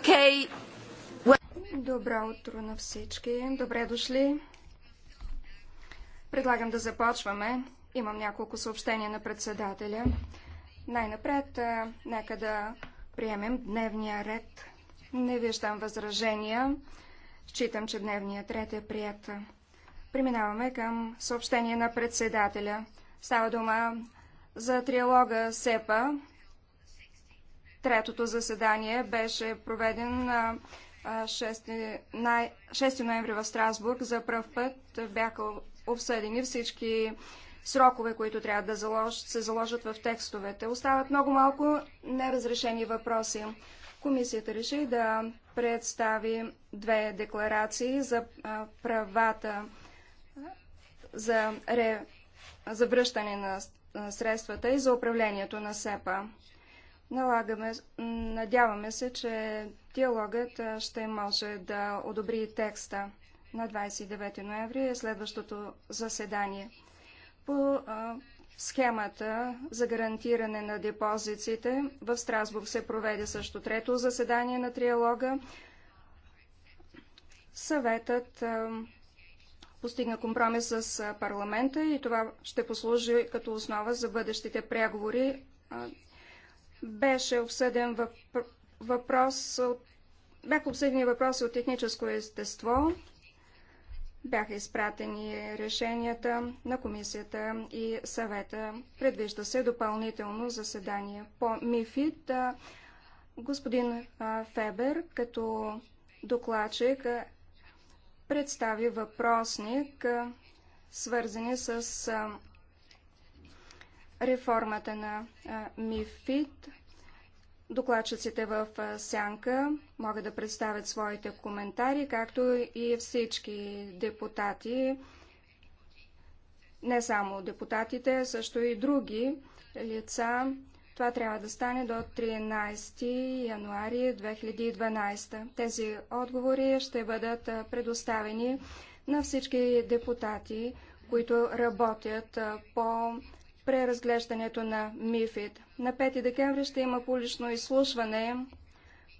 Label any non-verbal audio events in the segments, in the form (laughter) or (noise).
Okay. Добро утро на всички. Добре дошли. Предлагам да започваме. Имам няколко съобщения на председателя. Най-напред, нека да приемем дневния ред. Не виждам възражения. Считам, че дневният ред е прият. Преминаваме към съобщение на председателя. Става дума за триалога СЕПА Третото заседание беше проведено на 6 ноември в Страсбург. За първ път бяха обсъдени всички срокове, които трябва да залож... се заложат в текстовете. Остават много малко неразрешени въпроси. Комисията реши да представи две декларации за правата за, ре... за връщане на средствата и за управлението на СЕПА. Налагаме, надяваме се, че диалогът ще може да одобри текста на 29 ноември е следващото заседание. По а, схемата за гарантиране на депозиците в Страсбург се проведе също трето заседание на триалога. Съветът а, постигна компромис с парламента и това ще послужи като основа за бъдещите преговори а, беше обсъден въпрос, бяха обсъдени въпроси от техническо естество, бяха изпратени решенията на комисията и съвета. Предвижда се допълнително заседание по МИФИД. Господин Фебер, като докладчик, представи въпросник, свързани с реформата на МИФИД. Докладчиците в Сянка могат да представят своите коментари, както и всички депутати, не само депутатите, също и други лица. Това трябва да стане до 13 януари 2012. Тези отговори ще бъдат предоставени на всички депутати, които работят по преразглеждането на МИФИД. На 5 декември ще има публично изслушване.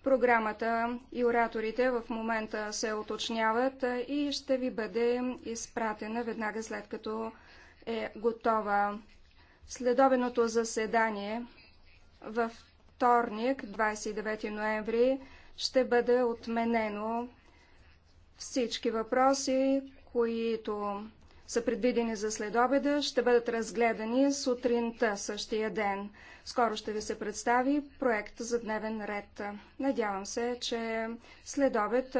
Програмата и ораторите в момента се уточняват и ще ви бъде изпратена веднага след като е готова. Следобеното заседание във вторник, 29 ноември, ще бъде отменено всички въпроси, които са предвидени за следобеда, ще бъдат разгледани сутринта същия ден. Скоро ще ви се представи проект за дневен ред. Надявам се, че следобед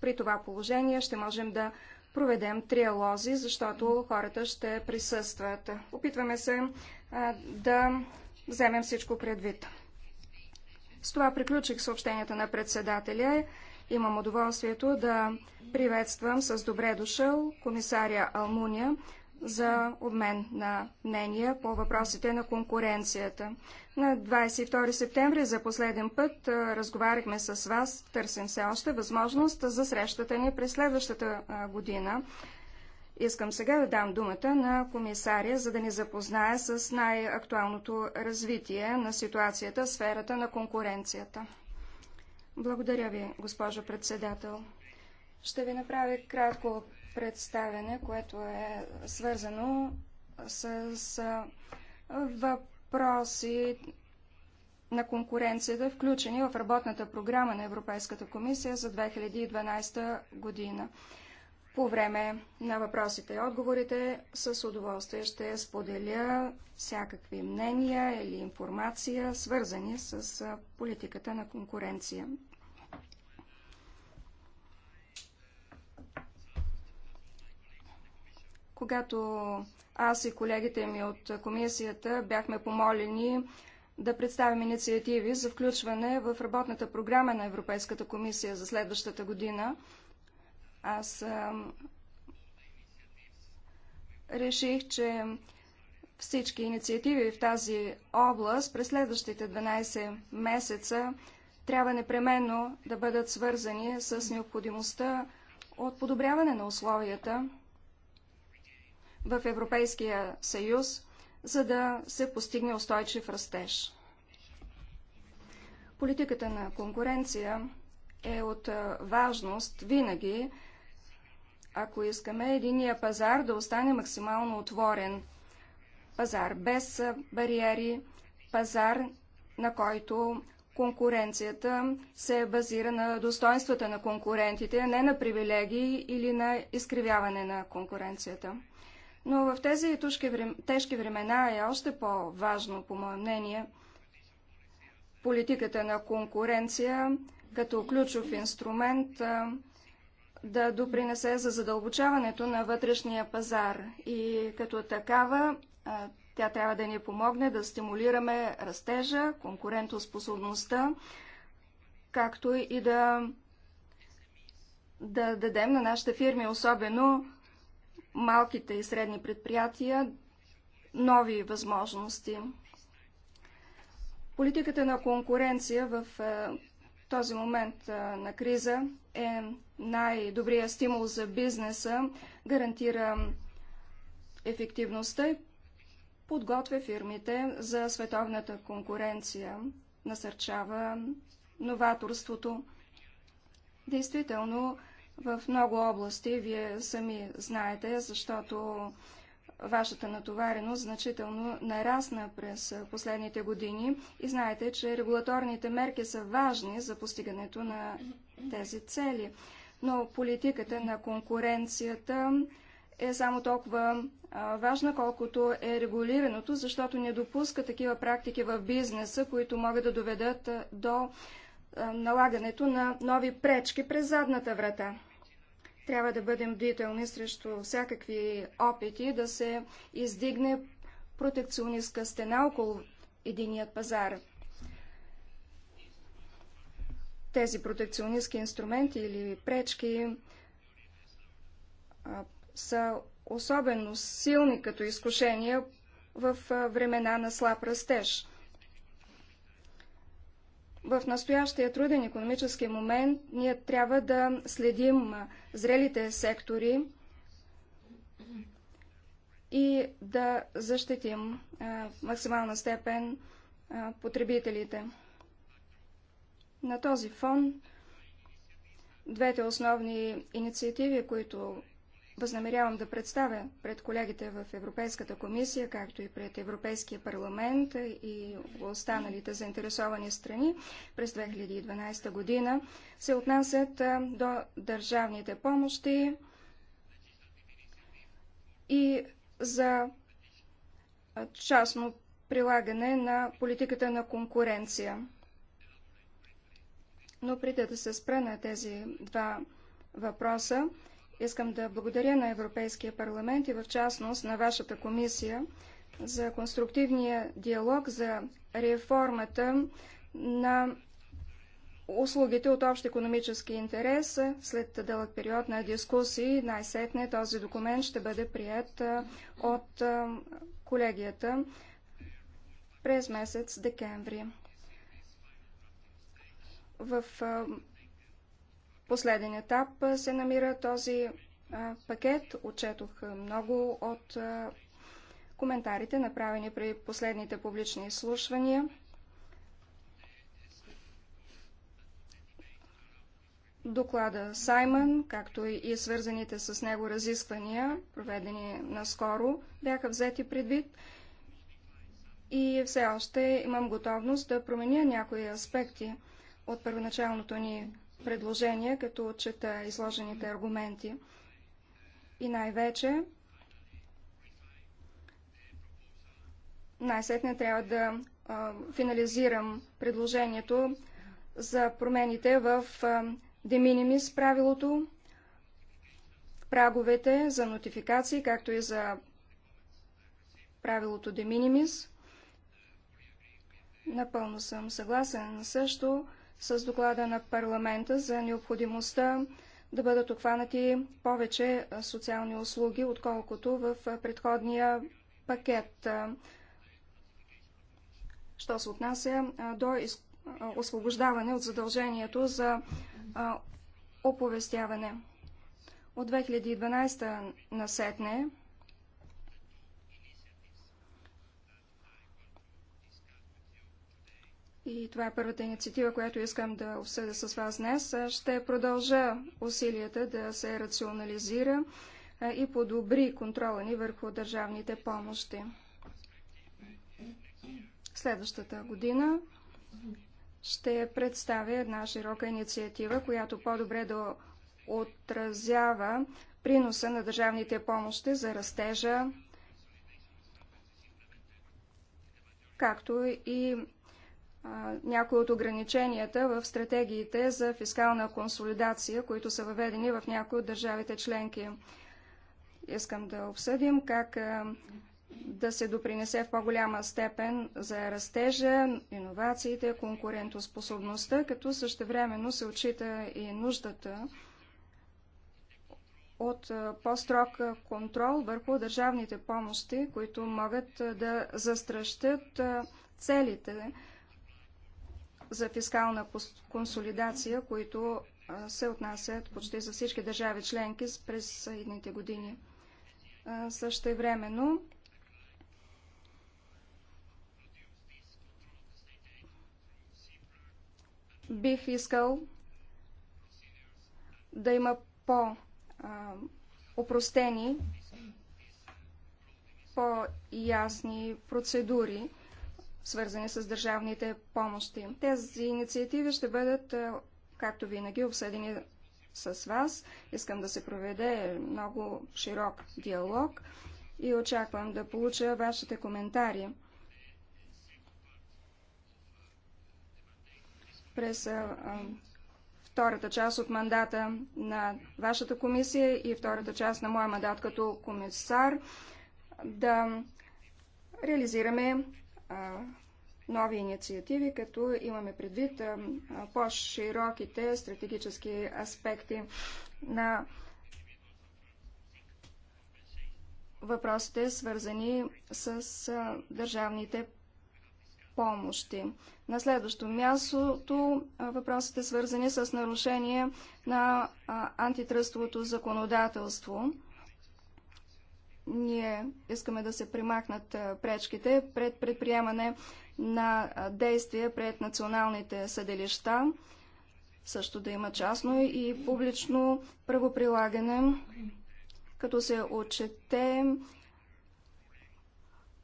при това положение ще можем да проведем триалози, защото хората ще присъстват. Опитваме се а, да вземем всичко предвид. С това приключих съобщенията на председателя. Имам удоволствието да приветствам с добре дошъл комисаря Алмуния за обмен на мнения по въпросите на конкуренцията. На 22 септември за последен път разговаряхме с вас, търсим все още възможност за срещата ни през следващата година. Искам сега да дам думата на комисаря, за да ни запознае с най-актуалното развитие на ситуацията в сферата на конкуренцията. Благодаря ви, госпожо председател. Ще ви направя кратко представяне, което е свързано с въпроси на конкуренцията, включени в работната програма на Европейската комисия за 2012 година. По време на въпросите и отговорите с удоволствие ще споделя всякакви мнения или информация, свързани с политиката на конкуренция Когато аз и колегите ми от комисията бяхме помолени да представим инициативи за включване в работната програма на Европейската комисия за следващата година, аз реших, че всички инициативи в тази област през следващите 12 месеца трябва непременно да бъдат свързани с необходимостта от подобряване на условията в Европейския съюз, за да се постигне устойчив растеж. Политиката на конкуренция е от важност винаги, ако искаме единия пазар да остане максимално отворен. Пазар без бариери, пазар, на който конкуренцията се е базира на достоинствата на конкурентите, а не на привилегии или на изкривяване на конкуренцията. Но в тези тежки времена е още по-важно, по мое мнение, политиката на конкуренция като ключов инструмент да допринесе за задълбочаването на вътрешния пазар и като такава тя трябва да ни помогне да стимулираме растежа, конкурентоспособността, както и да, да дадем на нашите фирми, особено малките и средни предприятия нови възможности. Политиката на конкуренция в е, този момент е, на криза е най-добрият стимул за бизнеса, гарантира ефективността и подготвя фирмите за световната конкуренция, насърчава новаторството. Действително, в много области. Вие сами знаете, защото вашата натовареност значително нарасна през последните години и знаете, че регулаторните мерки са важни за постигането на тези цели. Но политиката на конкуренцията е само толкова важна, колкото е регулираното, защото не допуска такива практики в бизнеса, които могат да доведат до налагането на нови пречки през задната врата. Трябва да бъдем бдителни срещу всякакви опити да се издигне протекционистка стена около единият пазар. Тези протекционистки инструменти или пречки а, са особено силни като изкушения в времена на слаб растеж. В настоящия труден економически момент ние трябва да следим зрелите сектори и да защитим в максимална степен потребителите. На този фон двете основни инициативи, които Възнамерявам да представя пред колегите в Европейската комисия, както и пред Европейския парламент и останалите заинтересовани страни през 2012 година се отнасят до държавните помощи и за частно прилагане на политиката на конкуренция. Но преди да се спра на тези два въпроса, Искам да благодаря на Европейския парламент и в частност на вашата комисия за конструктивния диалог за реформата на услугите от общ економически интерес. След дълъг период на дискусии най-сетне този документ ще бъде прият от колегията през месец декември. В последен етап се намира този пакет. Отчетох много от коментарите, направени при последните публични изслушвания. Доклада Саймън, както и свързаните с него разисквания, проведени наскоро, бяха взети предвид и все още имам готовност да променя някои аспекти от първоначалното ни предложения, като отчета изложените аргументи и най-вече най-сетне трябва да а, финализирам предложението за промените в Деминимис правилото, праговете за нотификации, както и за правилото Деминимис. Напълно съм съгласен също с доклада на парламента за необходимостта да бъдат обхванати повече социални услуги, отколкото в предходния пакет. Що се отнася до освобождаване от задължението за оповестяване. От 2012 насетне И това е първата инициатива, която искам да обсъдя с вас днес. Ще продължа усилията да се рационализира и подобри контрола ни върху държавните помощи. Следващата година ще представя една широка инициатива, която по-добре да отразява приноса на държавните помощи за растежа, както и някои от ограниченията в стратегиите за фискална консолидация, които са въведени в някои от държавите членки. Искам да обсъдим как да се допринесе в по-голяма степен за растежа, иновациите, конкурентоспособността, като същевременно се отчита и нуждата от по-строг контрол върху държавните помощи, които могат да застращат целите за фискална консолидация, които се отнасят почти за всички държави членки през едните години. Също времено бих искал да има по-опростени, по-ясни процедури свързани с държавните помощи. Тези инициативи ще бъдат, е, както винаги, обсъдени с вас. Искам да се проведе много широк диалог и очаквам да получа вашите коментари. През е, е, втората част от мандата на вашата комисия и втората част на моя мандат като комисар да реализираме нови инициативи, като имаме предвид по-широките стратегически аспекти на въпросите, свързани с държавните помощи. На следващо място въпросите, свързани с нарушение на антитръстовото законодателство. Ние искаме да се примахнат пречките пред предприемане на действия пред националните съдилища, също да има частно и публично правоприлагане, като се отчете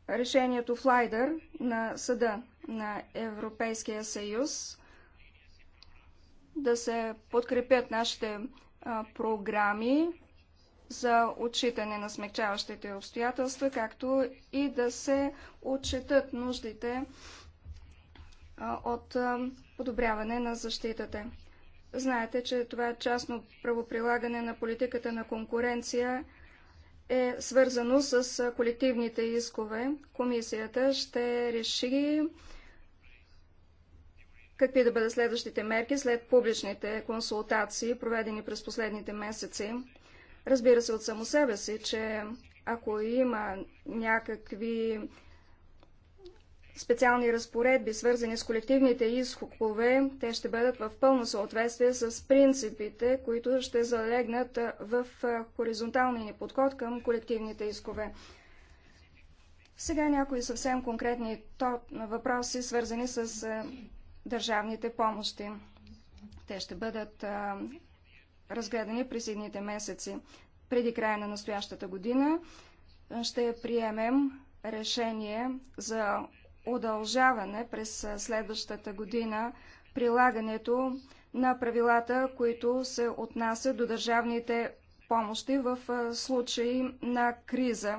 решението Флайдер на Съда на Европейския съюз да се подкрепят нашите програми за отчитане на смягчаващите обстоятелства, както и да се отчетат нуждите от подобряване на защитата. Знаете, че това частно правоприлагане на политиката на конкуренция е свързано с колективните искове. Комисията ще реши какви да бъдат следващите мерки след публичните консултации, проведени през последните месеци. Разбира се от само себе си, че ако има някакви специални разпоредби, свързани с колективните изхокове, те ще бъдат в пълно съответствие с принципите, които ще залегнат в хоризонталния ни подход към колективните искове. Сега някои съвсем конкретни въпроси, свързани с държавните помощи. Те ще бъдат разгледани през едните месеци. Преди края на настоящата година ще приемем решение за удължаване през следващата година прилагането на правилата, които се отнасят до държавните помощи в случай на криза.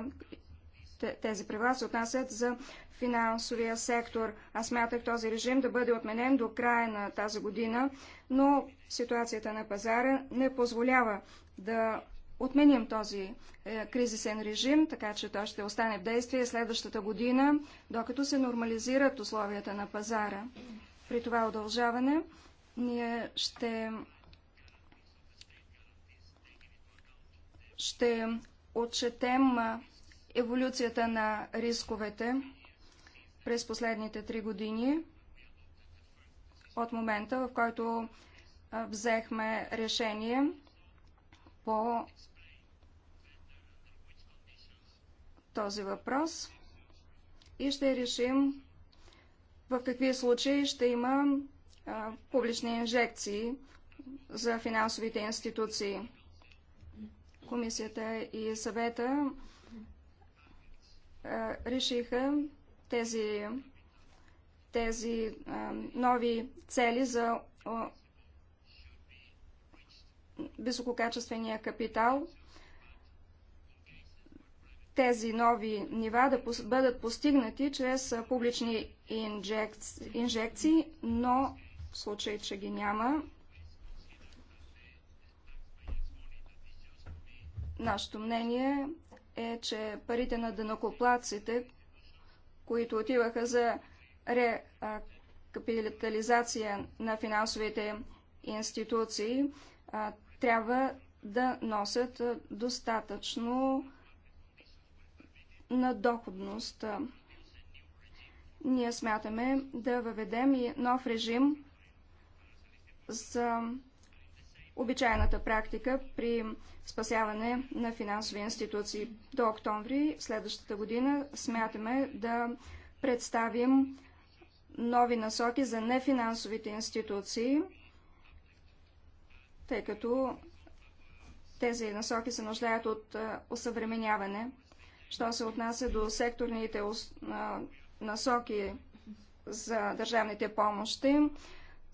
Тези правила се отнасят за финансовия сектор. Аз мятах този режим да бъде отменен до края на тази година, но ситуацията на пазара не позволява да отменим този е, кризисен режим, така че той ще остане в действие следващата година, докато се нормализират условията на пазара. При това удължаване ние ще, ще отчетем еволюцията на рисковете през последните три години, от момента, в който взехме решение по този въпрос и ще решим в какви случаи ще има публични инжекции за финансовите институции. Комисията и съвета решиха тези, тези а, нови цели за а, висококачествения капитал, тези нови нива да бъдат постигнати чрез публични инжекци, инжекции, но в случай, че ги няма, нашето мнение е, че парите на дънакоплаците, които отиваха за рекапитализация на финансовите институции, трябва да носят достатъчно на доходност. Ние смятаме да въведем и нов режим за обичайната практика при спасяване на финансови институции. До октомври следващата година смятаме да представим нови насоки за нефинансовите институции, тъй като тези насоки се нуждаят от осъвременяване. Що се отнася до секторните насоки за държавните помощи,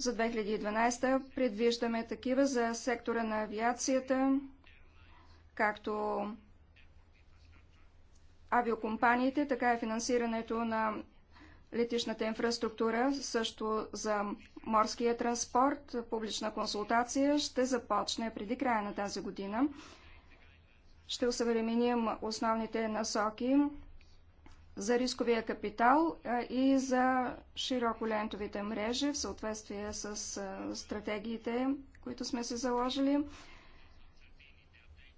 за 2012 предвиждаме такива за сектора на авиацията, както авиокомпаниите, така и финансирането на летишната инфраструктура, също за морския транспорт. Публична консултация ще започне преди края на тази година. Ще усъвременим основните насоки за рисковия капитал и за широколентовите мрежи в съответствие с стратегиите, които сме се заложили.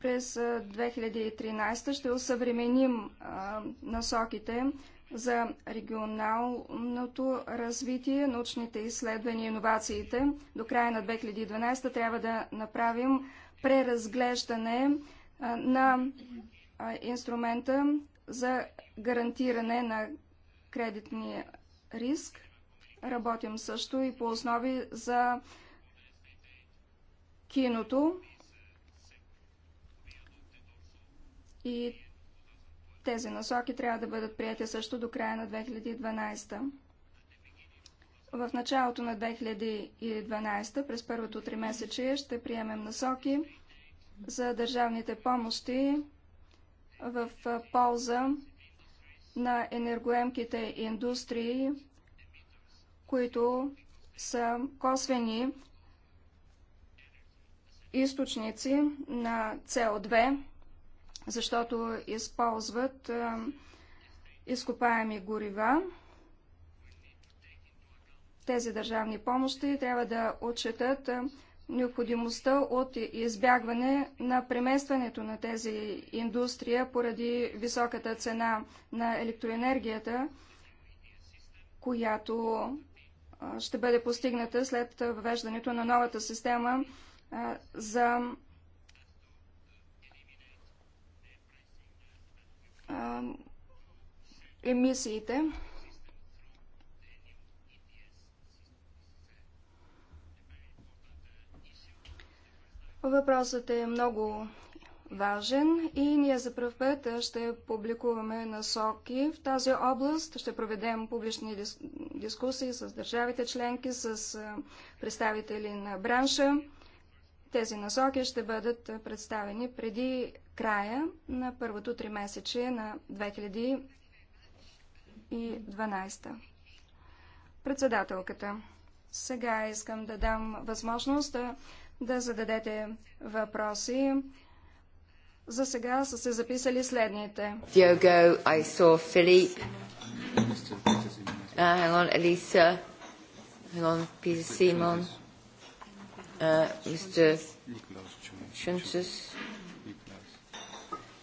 През 2013 ще усъвременим насоките за регионалното развитие, научните изследвания и иновациите. До края на 2012 трябва да направим преразглеждане на инструмента за гарантиране на кредитния риск. Работим също и по основи за киното и тези насоки трябва да бъдат прияти също до края на 2012. В началото на 2012, през първото три месече, ще приемем насоки за държавните помощи в полза на енергоемките индустрии, които са косвени източници на со 2 защото използват изкопаеми горива. Тези държавни помощи трябва да отчетат необходимостта от избягване на преместването на тези индустрия поради високата цена на електроенергията, която ще бъде постигната след въвеждането на новата система за емисиите. Въпросът е много важен и ние за първ път ще публикуваме насоки в тази област. Ще проведем публични дис... дискусии с държавите членки, с представители на бранша. Тези насоки ще бъдат представени преди края на първото три месече на 2012. Председателката. Сега искам да дам възможност да да зададете въпроси. За сега са се записали следните. Диого, I saw Philippe. Uh, hang on, Elisa. Hang on, Peter Simon. Uh, Mr. Shuntus.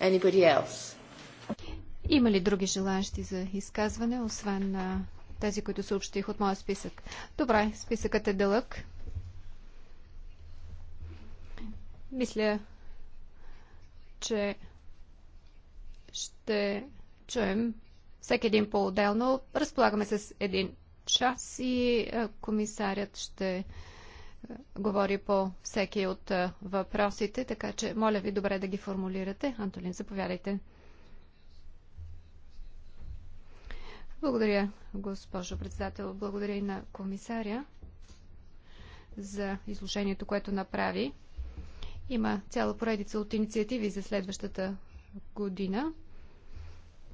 Anybody else? Има ли други желаящи за изказване, освен на тези, които съобщих от моя списък? Добре, списъкът е дълъг. Мисля, че ще чуем всеки един по-отделно. Разполагаме с един час и комисарят ще говори по всеки от въпросите, така че моля ви добре да ги формулирате. Антолин, заповядайте. Благодаря, госпожо председател. Благодаря и на комисаря за изложението, което направи. Има цяла поредица от инициативи за следващата година.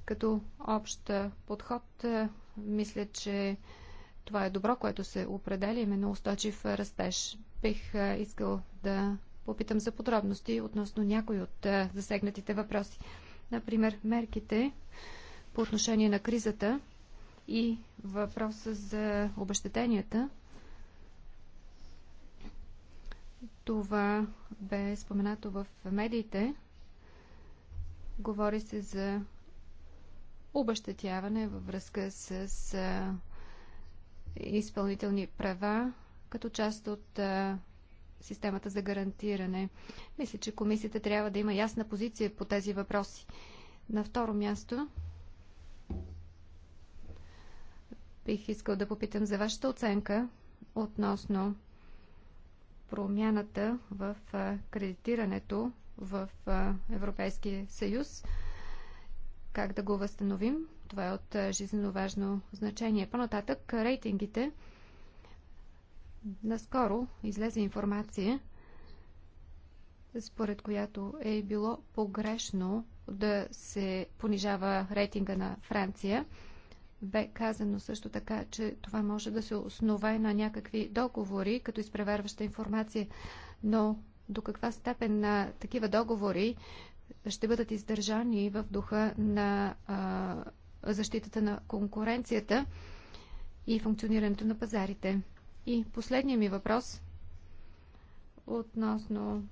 Като общ подход, мисля, че това е добро, което се определя именно устойчив растеж. Бих искал да попитам за подробности относно някои от засегнатите въпроси. Например, мерките по отношение на кризата и въпроса за обещетенията – това бе споменато в медиите. Говори се за обещатяване във връзка с изпълнителни права като част от системата за гарантиране. Мисля, че комисията трябва да има ясна позиция по тези въпроси. На второ място бих искал да попитам за вашата оценка относно промяната в кредитирането в Европейския съюз. Как да го възстановим? Това е от жизненно важно значение. По-нататък, рейтингите. Наскоро излезе информация, според която е било погрешно да се понижава рейтинга на Франция – бе казано също така, че това може да се основае на някакви договори, като изпреварваща информация, но до каква степен на такива договори ще бъдат издържани в духа на а, защитата на конкуренцията и функционирането на пазарите. И последният ми въпрос относно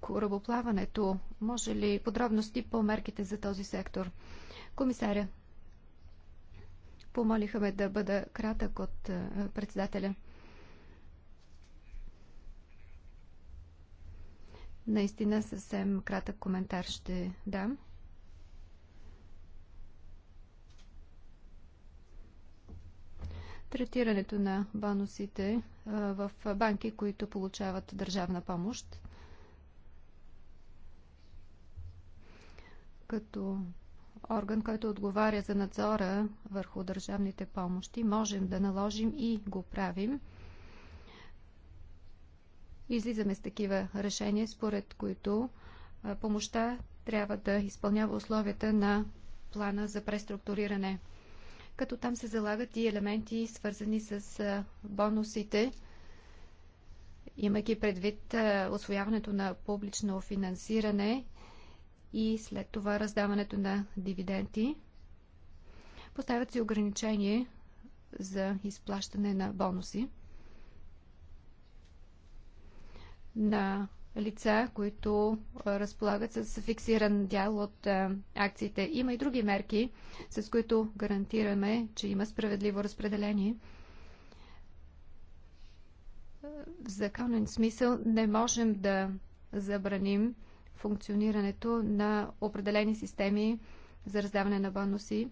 корабоплаването. Може ли подробности по мерките за този сектор? Комисаря, Помолиха ме да бъда кратък от е, председателя. Наистина съвсем кратък коментар ще дам. Третирането на бонусите е, в банки, които получават държавна помощ. Като орган, който отговаря за надзора върху държавните помощи, можем да наложим и го правим. Излизаме с такива решения, според които помощта трябва да изпълнява условията на плана за преструктуриране. Като там се залагат и елементи, свързани с бонусите, имайки предвид освояването на публично финансиране и след това раздаването на дивиденти. Поставят си ограничение за изплащане на бонуси на лица, които разполагат с фиксиран дял от акциите. Има и други мерки, с които гарантираме, че има справедливо разпределение. В законен смисъл не можем да забраним функционирането на определени системи за раздаване на бонуси.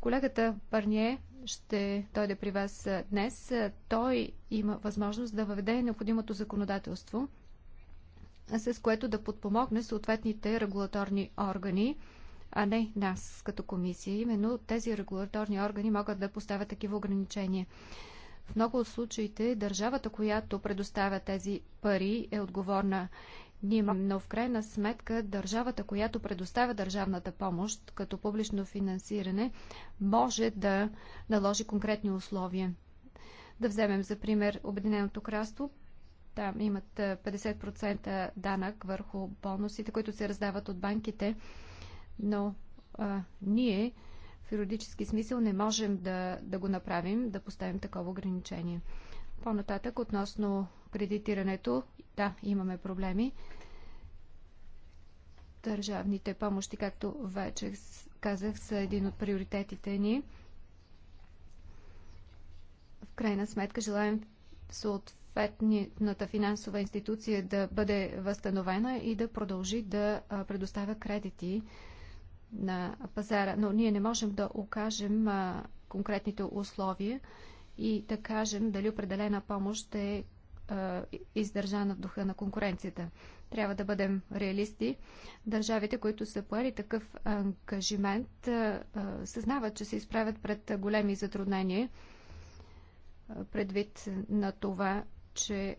Колегата Парние ще дойде при вас днес. Той има възможност да въведе необходимото законодателство, с което да подпомогне съответните регулаторни органи, а не нас като комисия. Именно тези регулаторни органи могат да поставят такива ограничения. В много от случаите държавата, която предоставя тези пари, е отговорна Нима. но в крайна сметка държавата, която предоставя държавната помощ като публично финансиране, може да наложи конкретни условия. Да вземем за пример Обединеното кралство. Там имат 50% данък върху бонусите, които се раздават от банките, но а, ние в юридически смисъл не можем да, да го направим, да поставим такова ограничение. По-нататък, относно кредитирането да, имаме проблеми. Държавните помощи, както вече казах, са един от приоритетите ни. В крайна сметка желаем съответната финансова институция да бъде възстановена и да продължи да предоставя кредити на пазара. Но ние не можем да окажем конкретните условия и да кажем дали определена помощ е издържана в духа на конкуренцията. Трябва да бъдем реалисти. Държавите, които са поели такъв ангажимент, съзнават, че се изправят пред големи затруднения предвид на това, че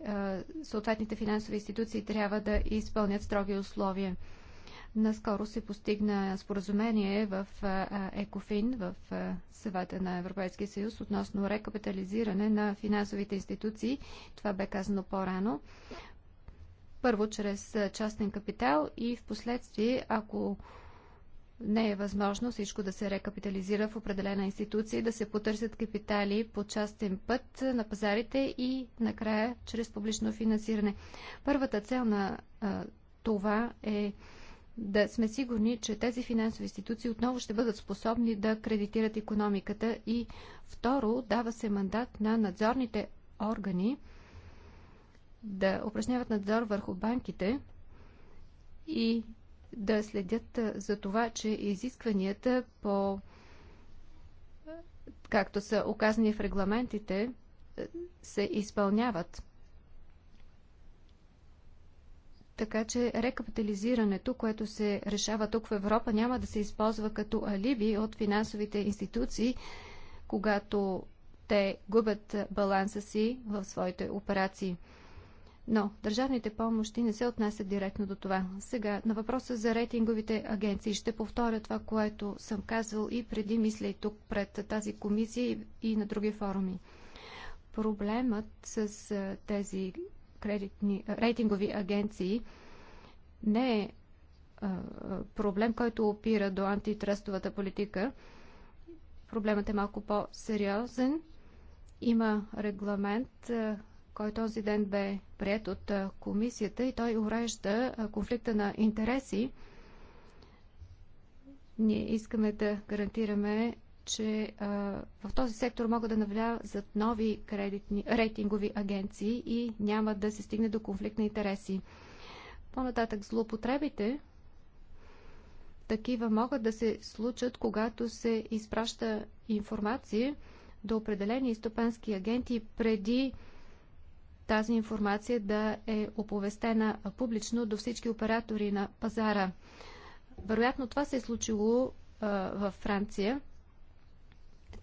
съответните финансови институции трябва да изпълнят строги условия. Наскоро се постигна споразумение в ЕКОФИН, в съвета на Европейския съюз, относно рекапитализиране на финансовите институции. Това бе казано по-рано. Първо чрез частен капитал и в последствие, ако не е възможно всичко да се рекапитализира в определена институция, да се потърсят капитали по частен път на пазарите и накрая чрез публично финансиране. Първата цел на а, това е да сме сигурни, че тези финансови институции отново ще бъдат способни да кредитират економиката и второ, дава се мандат на надзорните органи да упражняват надзор върху банките и да следят за това, че изискванията по както са оказани в регламентите, се изпълняват. Така че рекапитализирането, което се решава тук в Европа, няма да се използва като алиби от финансовите институции, когато те губят баланса си в своите операции. Но държавните помощи не се отнасят директно до това. Сега, на въпроса за рейтинговите агенции, ще повторя това, което съм казвал и преди, мисля и тук пред тази комисия и на други форуми. Проблемът с тези кредитни, рейтингови агенции не е проблем, който опира до антитръстовата политика. Проблемът е малко по-сериозен. Има регламент, който този ден бе прият от комисията и той урежда конфликта на интереси. Ние искаме да гарантираме че а, в този сектор могат да навлязат нови кредитни, рейтингови агенции и няма да се стигне до конфликт на интереси. По-нататък злоупотребите такива могат да се случат, когато се изпраща информация до определени стопански агенти преди тази информация да е оповестена публично до всички оператори на пазара. Вероятно това се е случило а, във Франция –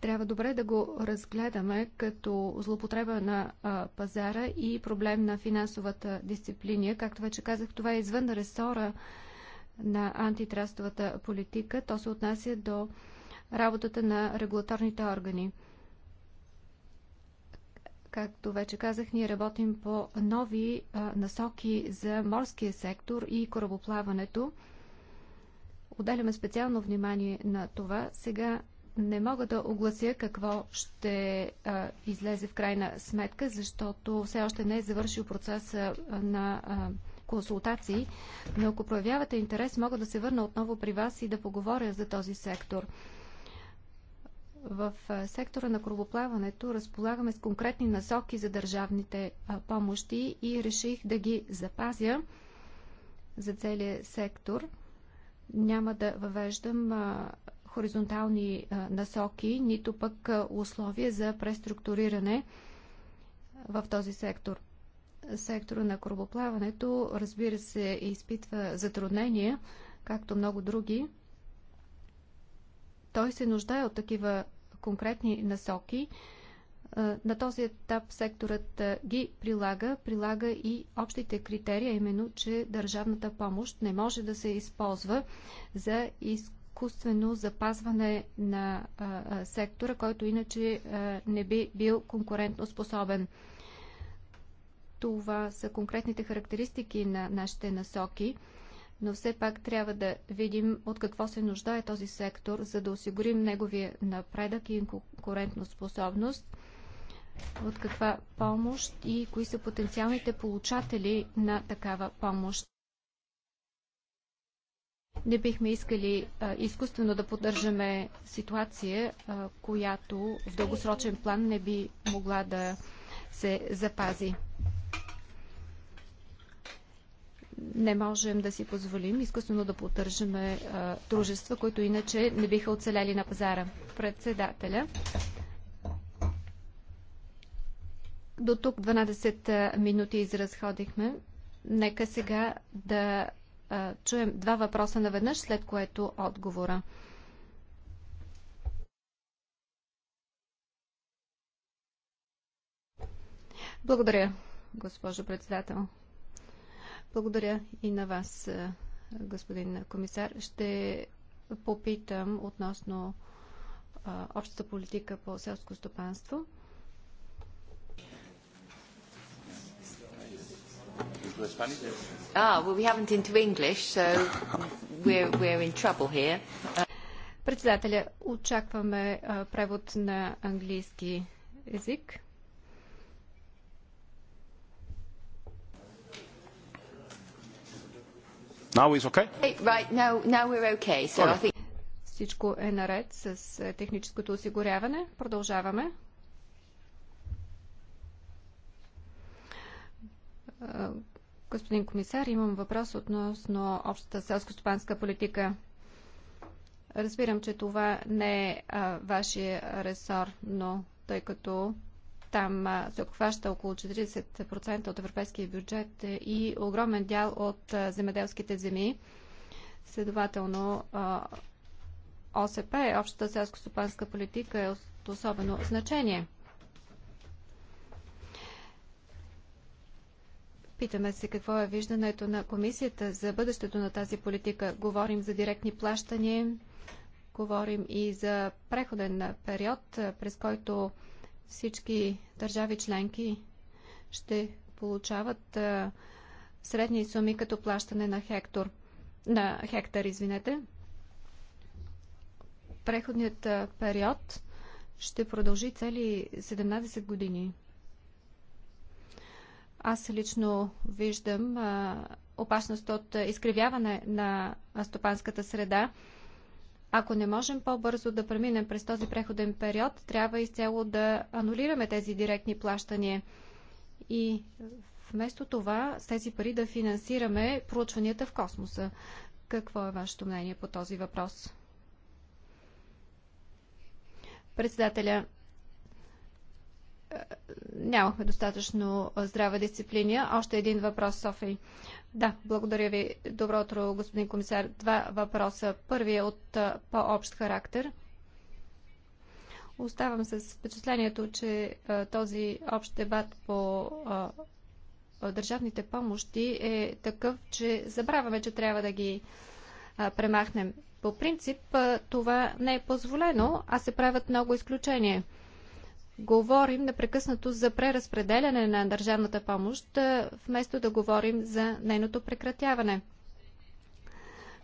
трябва добре да го разгледаме като злопотреба на а, пазара и проблем на финансовата дисциплина. Както вече казах, това е извън ресора на антитрастовата политика. То се отнася до работата на регулаторните органи. Както вече казах, ние работим по нови а, насоки за морския сектор и корабоплаването отделяме специално внимание на това. Сега не мога да оглася какво ще а, излезе в крайна сметка, защото все още не е завършил процеса на а, консултации, но ако проявявате интерес, мога да се върна отново при вас и да поговоря за този сектор. В сектора на кровоплаването разполагаме с конкретни насоки за държавните помощи и реших да ги запазя за целият сектор. Няма да въвеждам хоризонтални насоки, нито пък условия за преструктуриране в този сектор. Сектора на корабоплаването, разбира се, изпитва затруднения, както много други. Той се нуждае от такива конкретни насоки. На този етап секторът ги прилага, прилага и общите критерия, именно, че държавната помощ не може да се използва за изкупване изкуствено запазване на сектора, който иначе не би бил конкурентно способен. Това са конкретните характеристики на нашите насоки, но все пак трябва да видим от какво се нуждае този сектор, за да осигурим неговия напредък и способност, от каква помощ и кои са потенциалните получатели на такава помощ. Не бихме искали а, изкуствено да поддържаме ситуация, а, която в дългосрочен план не би могла да се запази. Не можем да си позволим изкуствено да поддържаме дружества, които иначе не биха оцеляли на пазара. Председателя. До тук 12 минути изразходихме. Нека сега да чуем два въпроса наведнъж, след което отговора. Благодаря, госпожо председател. Благодаря и на вас, господин комисар. Ще попитам относно общата политика по селско стопанство. to the Spanish? Ah, well, we haven't into English, so we're, we're in trouble here. Председателя, очакваме превод на английски език. Now it's okay? Right, now, now we're okay, so okay. I think... Всичко е наред с техническото осигуряване. Продължаваме. Господин комисар, имам въпрос относно общата селско-стопанска политика. Разбирам, че това не е а, вашия ресор, но тъй като там а, се обхваща около 40% от европейския бюджет и огромен дял от а, земеделските земи, следователно а, ОСП, общата селско-стопанска политика е от особено значение – Питаме се какво е виждането на комисията за бъдещето на тази политика. Говорим за директни плащания, говорим и за преходен период, през който всички държави членки ще получават средни суми като плащане на хектор. На хектар, извинете. Преходният период ще продължи цели 17 години. Аз лично виждам опасност от изкривяване на стопанската среда. Ако не можем по-бързо да преминем през този преходен период, трябва изцяло да анулираме тези директни плащания. И вместо това, с тези пари да финансираме проучванията в космоса. Какво е вашето мнение по този въпрос? Председателя, нямахме достатъчно здрава дисциплина. Още един въпрос, Софи. Да, благодаря ви. Добро утро, господин комисар. Два въпроса. Първият е от по-общ характер. Оставам с впечатлението, че този общ дебат по държавните помощи е такъв, че забравяме, че трябва да ги премахнем. По принцип това не е позволено, а се правят много изключения говорим непрекъснато за преразпределяне на държавната помощ, вместо да говорим за нейното прекратяване.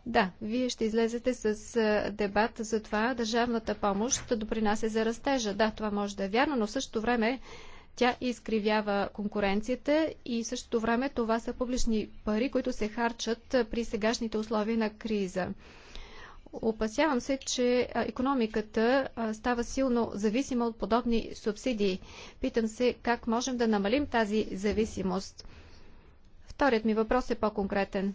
Да, вие ще излезете с дебат за това държавната помощ допринася за растежа. Да, това може да е вярно, но в същото време тя изкривява конкуренцията и в същото време това са публични пари, които се харчат при сегашните условия на криза. Опасявам се, че економиката става силно зависима от подобни субсидии. Питам се как можем да намалим тази зависимост. Вторият ми въпрос е по-конкретен.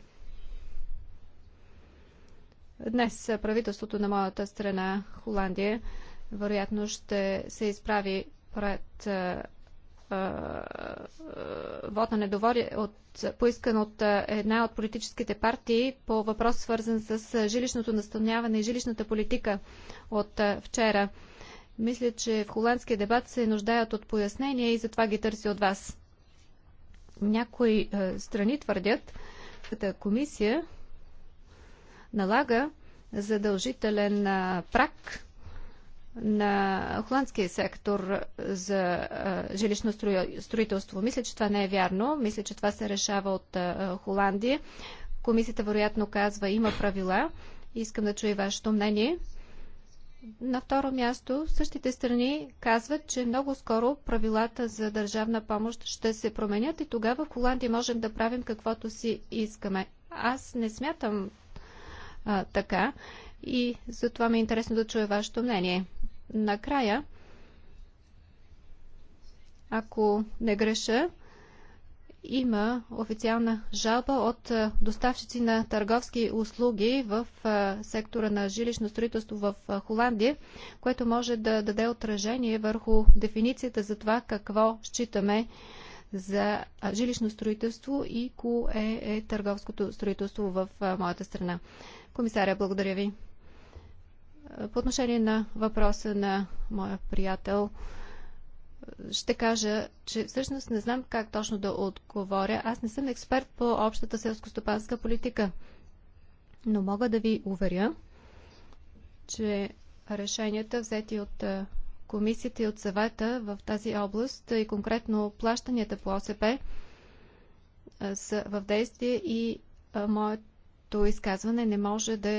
Днес правителството на моята страна, Холандия, вероятно ще се изправи пред вод на недоволие от, поискан от една от политическите партии по въпрос свързан с жилищното настаняване и жилищната политика от вчера. Мисля, че в холандския дебат се нуждаят от пояснения и затова ги търси от вас. Някои страни твърдят, като комисия налага задължителен прак на холандския сектор за жилищно строителство. Мисля, че това не е вярно. Мисля, че това се решава от Холандия. Комисията вероятно казва, има правила. Искам да чуя вашето мнение. На второ място, същите страни казват, че много скоро правилата за държавна помощ ще се променят и тогава в Холандия можем да правим каквото си искаме. Аз не смятам а, така и затова ми е интересно да чуя вашето мнение. Накрая, ако не греша, има официална жалба от доставчици на търговски услуги в сектора на жилищно строителство в Холандия, което може да даде отражение върху дефиницията за това какво считаме за жилищно строителство и кое е търговското строителство в моята страна. Комисаря, благодаря ви. По отношение на въпроса на моя приятел, ще кажа, че всъщност не знам как точно да отговоря. Аз не съм експерт по общата селскостопанска политика, но мога да ви уверя, че решенията взети от комисията и от съвета в тази област и конкретно плащанията по ОСП са в действие и моят моето изказване не може да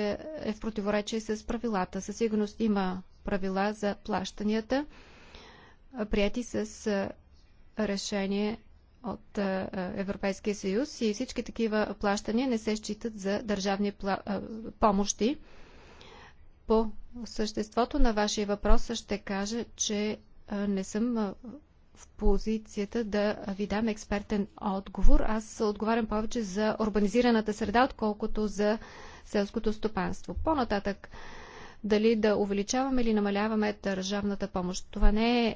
е в противоречие с правилата. Със сигурност има правила за плащанията, прияти с решение от Европейския съюз и всички такива плащания не се считат за държавни помощи. По съществото на вашия въпрос ще кажа, че не съм в позицията да ви дам експертен отговор. Аз отговарям повече за урбанизираната среда, отколкото за селското стопанство. По-нататък, дали да увеличаваме или намаляваме държавната помощ. Това не е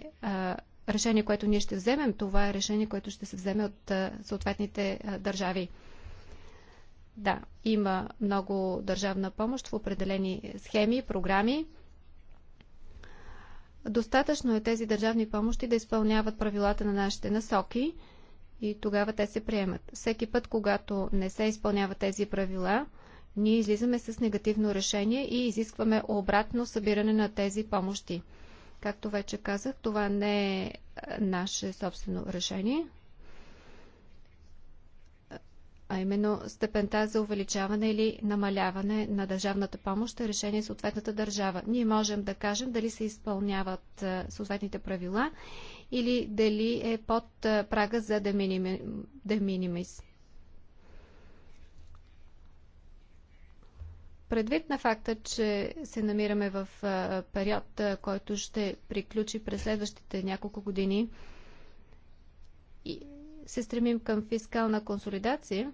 решение, което ние ще вземем, това е решение, което ще се вземе от съответните държави. Да, има много държавна помощ в определени схеми, програми. Достатъчно е тези държавни помощи да изпълняват правилата на нашите насоки и тогава те се приемат. Всеки път, когато не се изпълняват тези правила, ние излизаме с негативно решение и изискваме обратно събиране на тези помощи. Както вече казах, това не е наше собствено решение а именно степента за увеличаване или намаляване на държавната помощ е решение съответната държава. Ние можем да кажем дали се изпълняват съответните правила или дали е под прага за de minimis. Предвид на факта, че се намираме в период, който ще приключи през следващите няколко години, се стремим към фискална консолидация,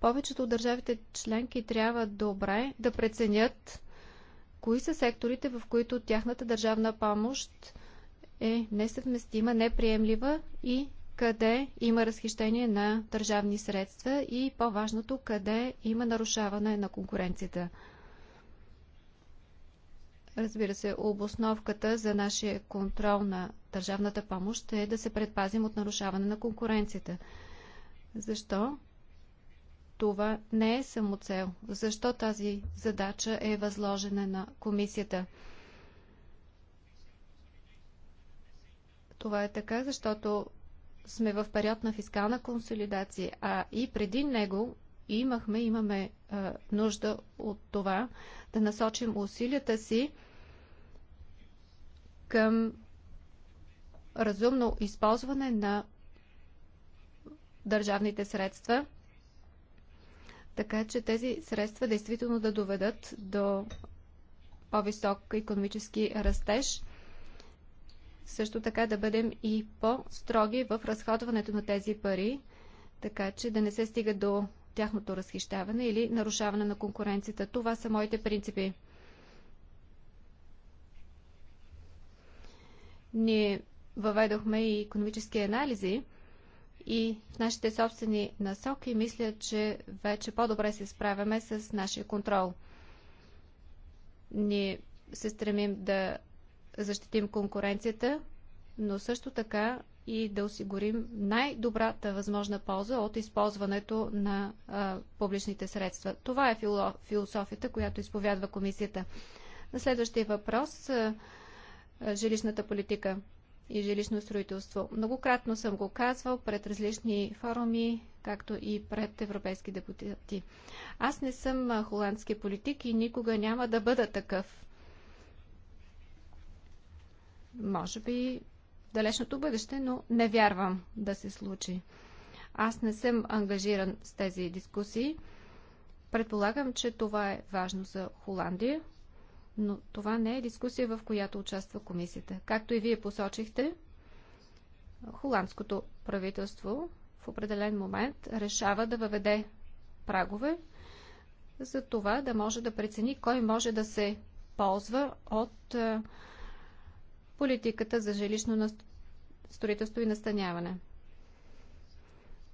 повечето от държавите членки трябва добре да преценят кои са секторите, в които тяхната държавна помощ е несъвместима, неприемлива и къде има разхищение на държавни средства и по-важното, къде има нарушаване на конкуренцията. Разбира се, обосновката за нашия контрол на държавната помощ е да се предпазим от нарушаване на конкуренцията. Защо? Това не е самоцел. Защо тази задача е възложена на комисията? Това е така, защото сме в период на фискална консолидация, а и преди него имахме, имаме а, нужда от това да насочим усилията си към разумно използване на държавните средства, така че тези средства действително да доведат до по-висок економически растеж. Също така да бъдем и по-строги в разходването на тези пари, така че да не се стига до тяхното разхищаване или нарушаване на конкуренцията. Това са моите принципи. Ние въведохме и економически анализи и в нашите собствени насоки мисля, че вече по-добре се справяме с нашия контрол. Ние се стремим да защитим конкуренцията, но също така и да осигурим най-добрата възможна полза от използването на а, публичните средства. Това е философията, която изповядва комисията. На следващия въпрос жилищната политика и жилищно строителство. Многократно съм го казвал пред различни форуми, както и пред европейски депутати. Аз не съм холандски политик и никога няма да бъда такъв. Може би далечното бъдеще, но не вярвам да се случи. Аз не съм ангажиран с тези дискусии. Предполагам, че това е важно за Холандия, но това не е дискусия, в която участва комисията. Както и вие посочихте, холандското правителство в определен момент решава да въведе прагове, за това да може да прецени кой може да се ползва от е, политиката за жилищно строителство и настаняване.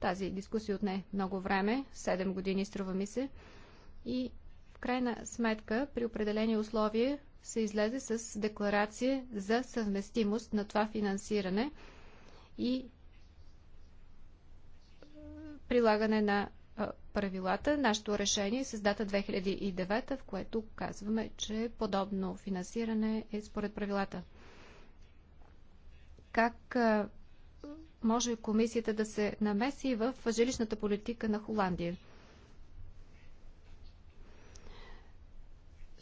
Тази дискусия отне много време, 7 години струва ми се, и крайна сметка при определени условия се излезе с декларация за съвместимост на това финансиране и е, прилагане на е, правилата. Нашето решение е с дата 2009, в което казваме, че подобно финансиране е според правилата. Как е, може комисията да се намеси в жилищната политика на Холандия?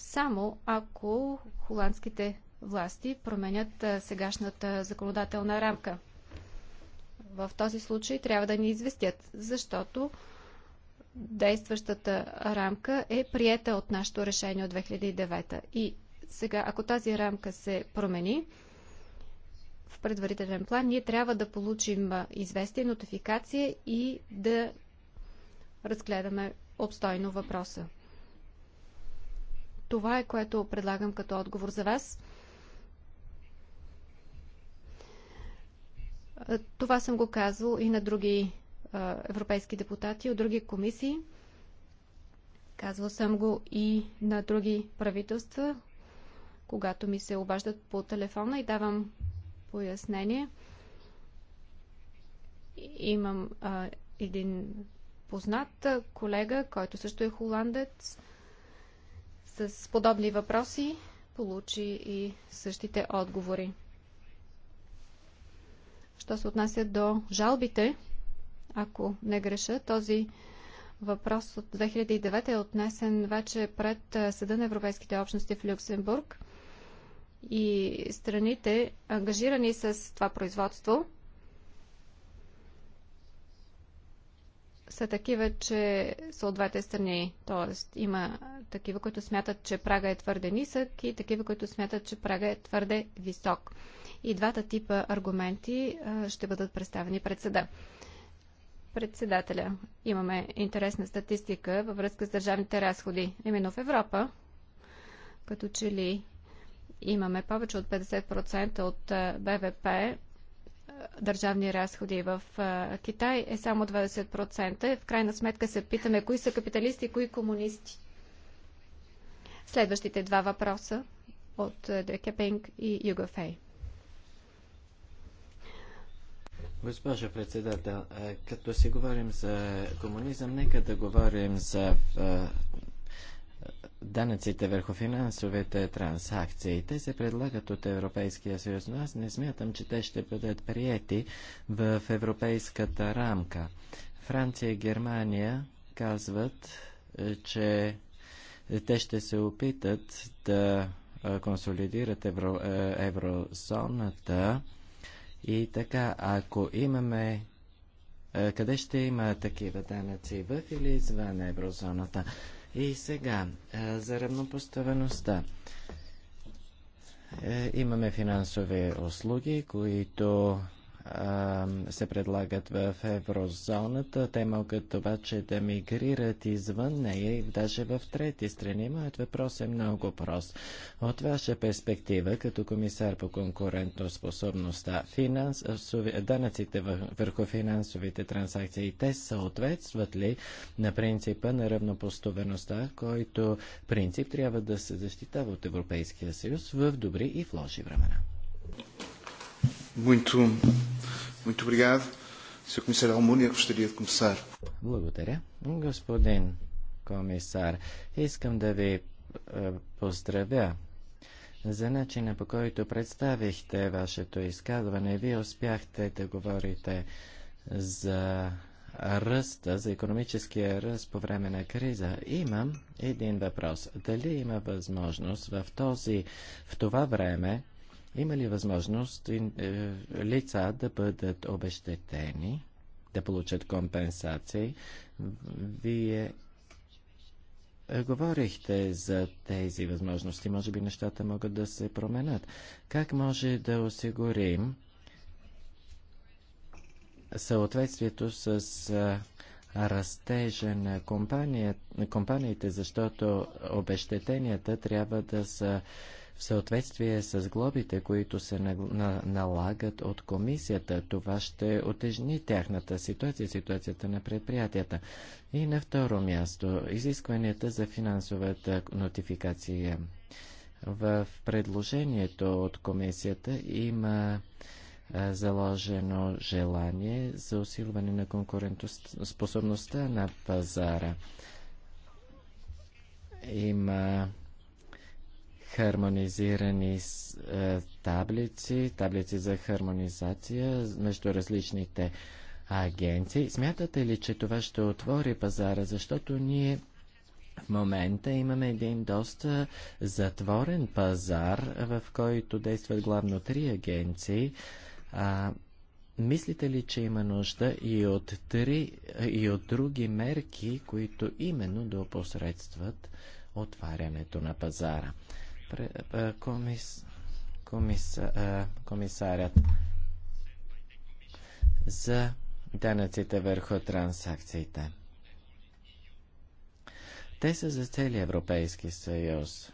само ако холандските власти променят сегашната законодателна рамка. В този случай трябва да ни известят, защото действащата рамка е приета от нашето решение от 2009. И сега, ако тази рамка се промени, в предварителен план, ние трябва да получим известие, нотификация и да разгледаме обстойно въпроса. Това е което предлагам като отговор за вас. Това съм го казал и на други европейски депутати от други комисии. Казвал съм го и на други правителства, когато ми се обаждат по телефона и давам пояснение. Имам а, един познат колега, който също е холандец – с подобни въпроси получи и същите отговори. Що се отнася до жалбите, ако не греша, този въпрос от 2009 е отнесен вече пред Съда на Европейските общности в Люксембург и страните, ангажирани с това производство, са такива, че са от двете страни. Тоест, има такива, които смятат, че прага е твърде нисък и такива, които смятат, че прага е твърде висок. И двата типа аргументи ще бъдат представени пред съда. Председателя, имаме интересна статистика във връзка с държавните разходи. Именно в Европа, като че ли имаме повече от 50% от БВП държавни разходи в Китай е само 20%. В крайна сметка се питаме кои са капиталисти и кои комунисти. Следващите два въпроса от Декепинг и Югофей. Госпожо председател, като си говорим за комунизъм, нека да говорим за данъците върху финансовите транзакции. Те се предлагат от Европейския съюз, но аз не смятам, че те ще бъдат приети в европейската рамка. Франция и Германия казват, е, че те ще се опитат да е, консолидират евро, е, еврозоната и така, ако имаме къде ще има такива данъци в или извън еврозоната? И сега, за равнопоставеността. Е, имаме финансови услуги, които се предлагат в еврозоната. Те могат обаче да мигрират извън нея и даже в трети страни. Моят въпрос е много прост. От ваша перспектива, като комисар по конкурентоспособността, финанс... данъците върху финансовите транзакции, те съответстват ли на принципа на равнопоставеността, който принцип трябва да се защитава от Европейския съюз в добри и в лоши времена? Muito, muito obrigado. Sr. Comissário Almunia, gostaria de começar. Благодаря. Господин комисар, искам да ви е, поздравя за начина по който представихте вашето изказване. Вие успяхте да говорите за ръста, за економическия ръст по време на криза. Имам един въпрос. Дали има възможност в, този, в това време има ли възможност е, лица да бъдат обещетени, да получат компенсации? Вие е, говорихте за тези възможности. Може би нещата могат да се променят. Как може да осигурим съответствието с е, растежа на компания, компаниите, защото обещетенията трябва да са в съответствие с глобите, които се на, на, налагат от комисията. Това ще отежни тяхната ситуация, ситуацията на предприятията. И на второ място, изискванията за финансовата нотификация. В предложението от комисията има заложено желание за усилване на конкурентоспособността на пазара. Има хармонизирани е, таблици, таблици за хармонизация между различните агенции. Смятате ли, че това ще отвори пазара, защото ние в момента имаме един доста затворен пазар, в който действат главно три агенции. А, мислите ли, че има нужда и от, три, и от други мерки, които именно да опосредстват отварянето на пазара? комисарят за данъците върху транзакциите. Те са за цели Европейски съюз.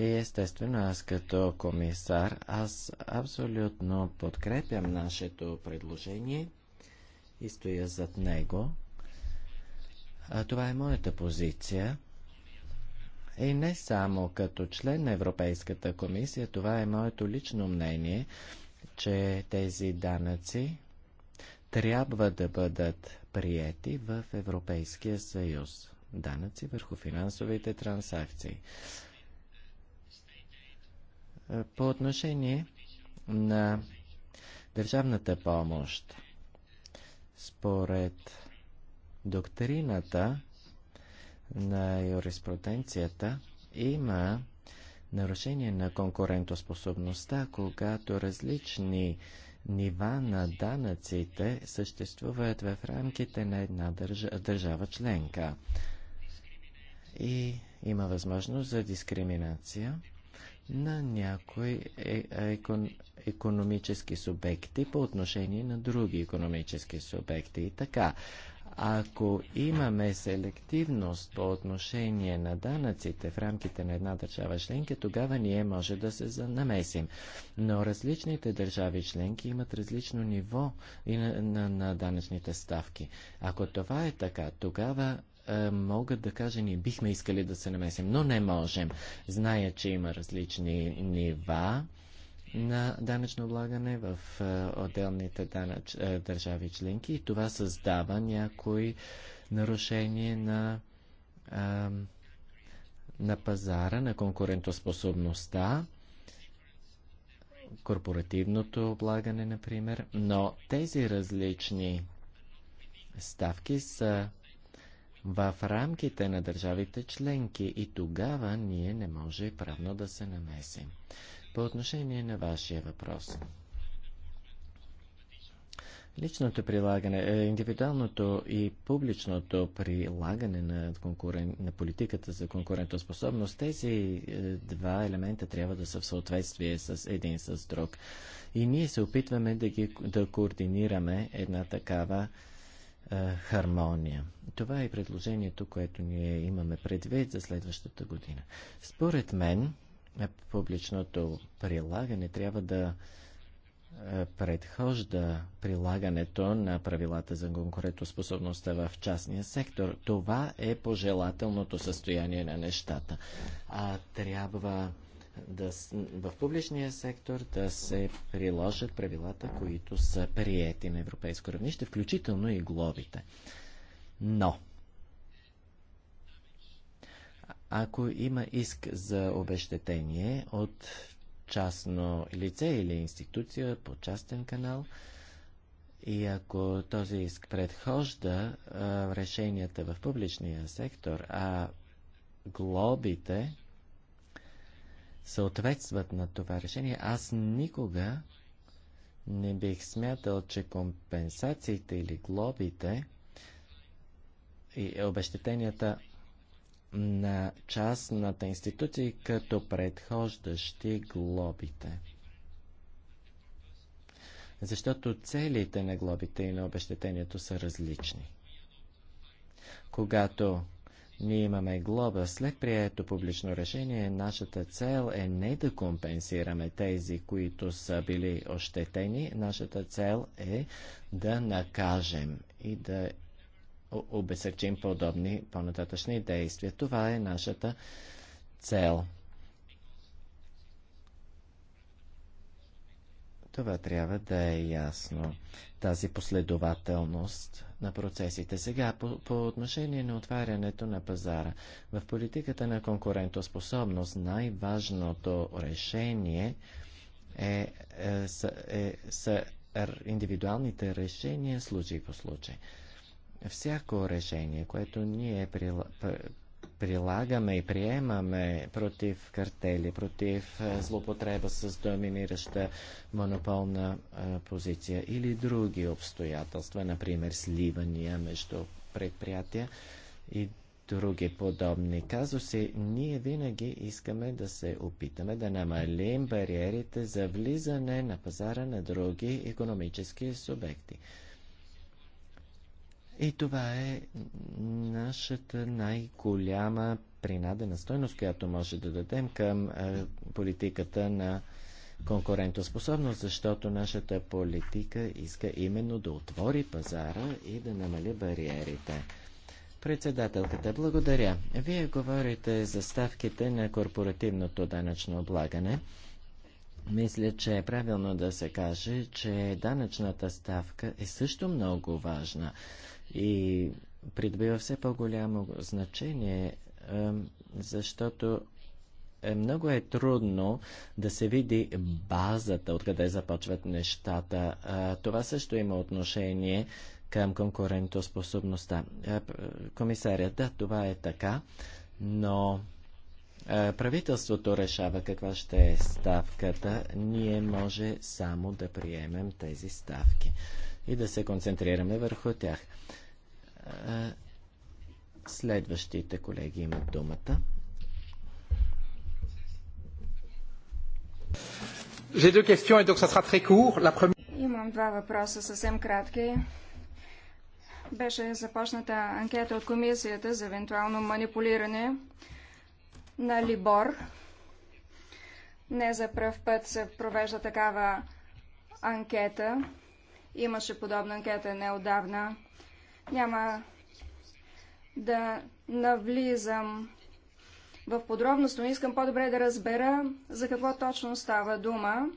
И естествено, аз като комисар, аз абсолютно подкрепям нашето предложение и стоя зад него. А това е моята позиция. И не само като член на Европейската комисия, това е моето лично мнение, че тези данъци трябва да бъдат приети в Европейския съюз. Данъци върху финансовите транзакции. По отношение на държавната помощ, според доктрината на юриспруденцията има нарушение на конкурентоспособността, когато различни нива на данъците съществуват в рамките на една държава членка. И има възможност за дискриминация на някои е, екон, економически субекти по отношение на други економически субекти. И така, ако имаме селективност по отношение на данъците в рамките на една държава членка, тогава ние може да се намесим. Но различните държави членки имат различно ниво и на, на, на данъчните ставки. Ако това е така, тогава е, могат да кажа, ние бихме искали да се намесим, но не можем. Зная, че има различни нива на данъчно облагане в е, отделните данъч, е, държави членки и това създава някои нарушения на, на пазара, на конкурентоспособността, корпоративното облагане, например, но тези различни ставки са в рамките на държавите членки и тогава ние не може правно да се намесим. По отношение на вашия въпрос. Личното прилагане, е, индивидуалното и публичното прилагане на, конкурен... на политиката за конкурентоспособност, тези е, два елемента трябва да са в съответствие с един с друг. И ние се опитваме да, ги... да координираме една такава е, хармония. Това е предложението, което ние имаме предвид за следващата година. Според мен, е публичното прилагане трябва да е, предхожда прилагането на правилата за конкурентоспособността в частния сектор. Това е пожелателното състояние на нещата. А трябва да, в публичния сектор да се приложат правилата, които са приети на европейско равнище, включително и глобите. Но Ако има иск за обещетение от частно лице или институция по частен канал, и ако този иск предхожда а, решенията в публичния сектор, а глобите съответстват на това решение, аз никога не бих смятал, че компенсациите или глобите и обещетенията на частната институция като предхождащи глобите. Защото целите на глобите и на обещетението са различни. Когато ние имаме глоба. След прието публично решение, нашата цел е не да компенсираме тези, които са били ощетени. Нашата цел е да накажем и да обесърчим подобни по-нататъчни действия. Това е нашата цел. Това трябва да е ясно. Тази последователност на процесите. Сега, по, по отношение на отварянето на пазара. В политиката на конкурентоспособност най-важното решение е, е, са, е, са индивидуалните решения случай по случай всяко решение, което ние прилагаме и приемаме против картели, против е, злопотреба с доминираща монополна е, позиция или други обстоятелства, например сливания между предприятия и други подобни казуси, ние винаги искаме да се опитаме да намалим бариерите за влизане на пазара на други економически субекти. И това е нашата най-голяма принадена стойност, която може да дадем към е, политиката на конкурентоспособност, защото нашата политика иска именно да отвори пазара и да намали бариерите. Председателката, благодаря. Вие говорите за ставките на корпоративното данъчно облагане. Мисля, че е правилно да се каже, че данъчната ставка е също много важна и придобива все по-голямо значение, защото е много е трудно да се види базата, откъде започват нещата. Това също има отношение към конкурентоспособността. Комисарят, да, това е така, но правителството решава каква ще е ставката. Ние може само да приемем тези ставки и да се концентрираме върху тях. Е, следващите колеги имат думата. Имам два въпроса съвсем кратки. Беше започната анкета от комисията за евентуално манипулиране на Либор. Не за пръв път се провежда такава анкета. Имаше подобна анкета неодавна. Няма да навлизам в подробност, но искам по-добре да разбера за какво точно става дума.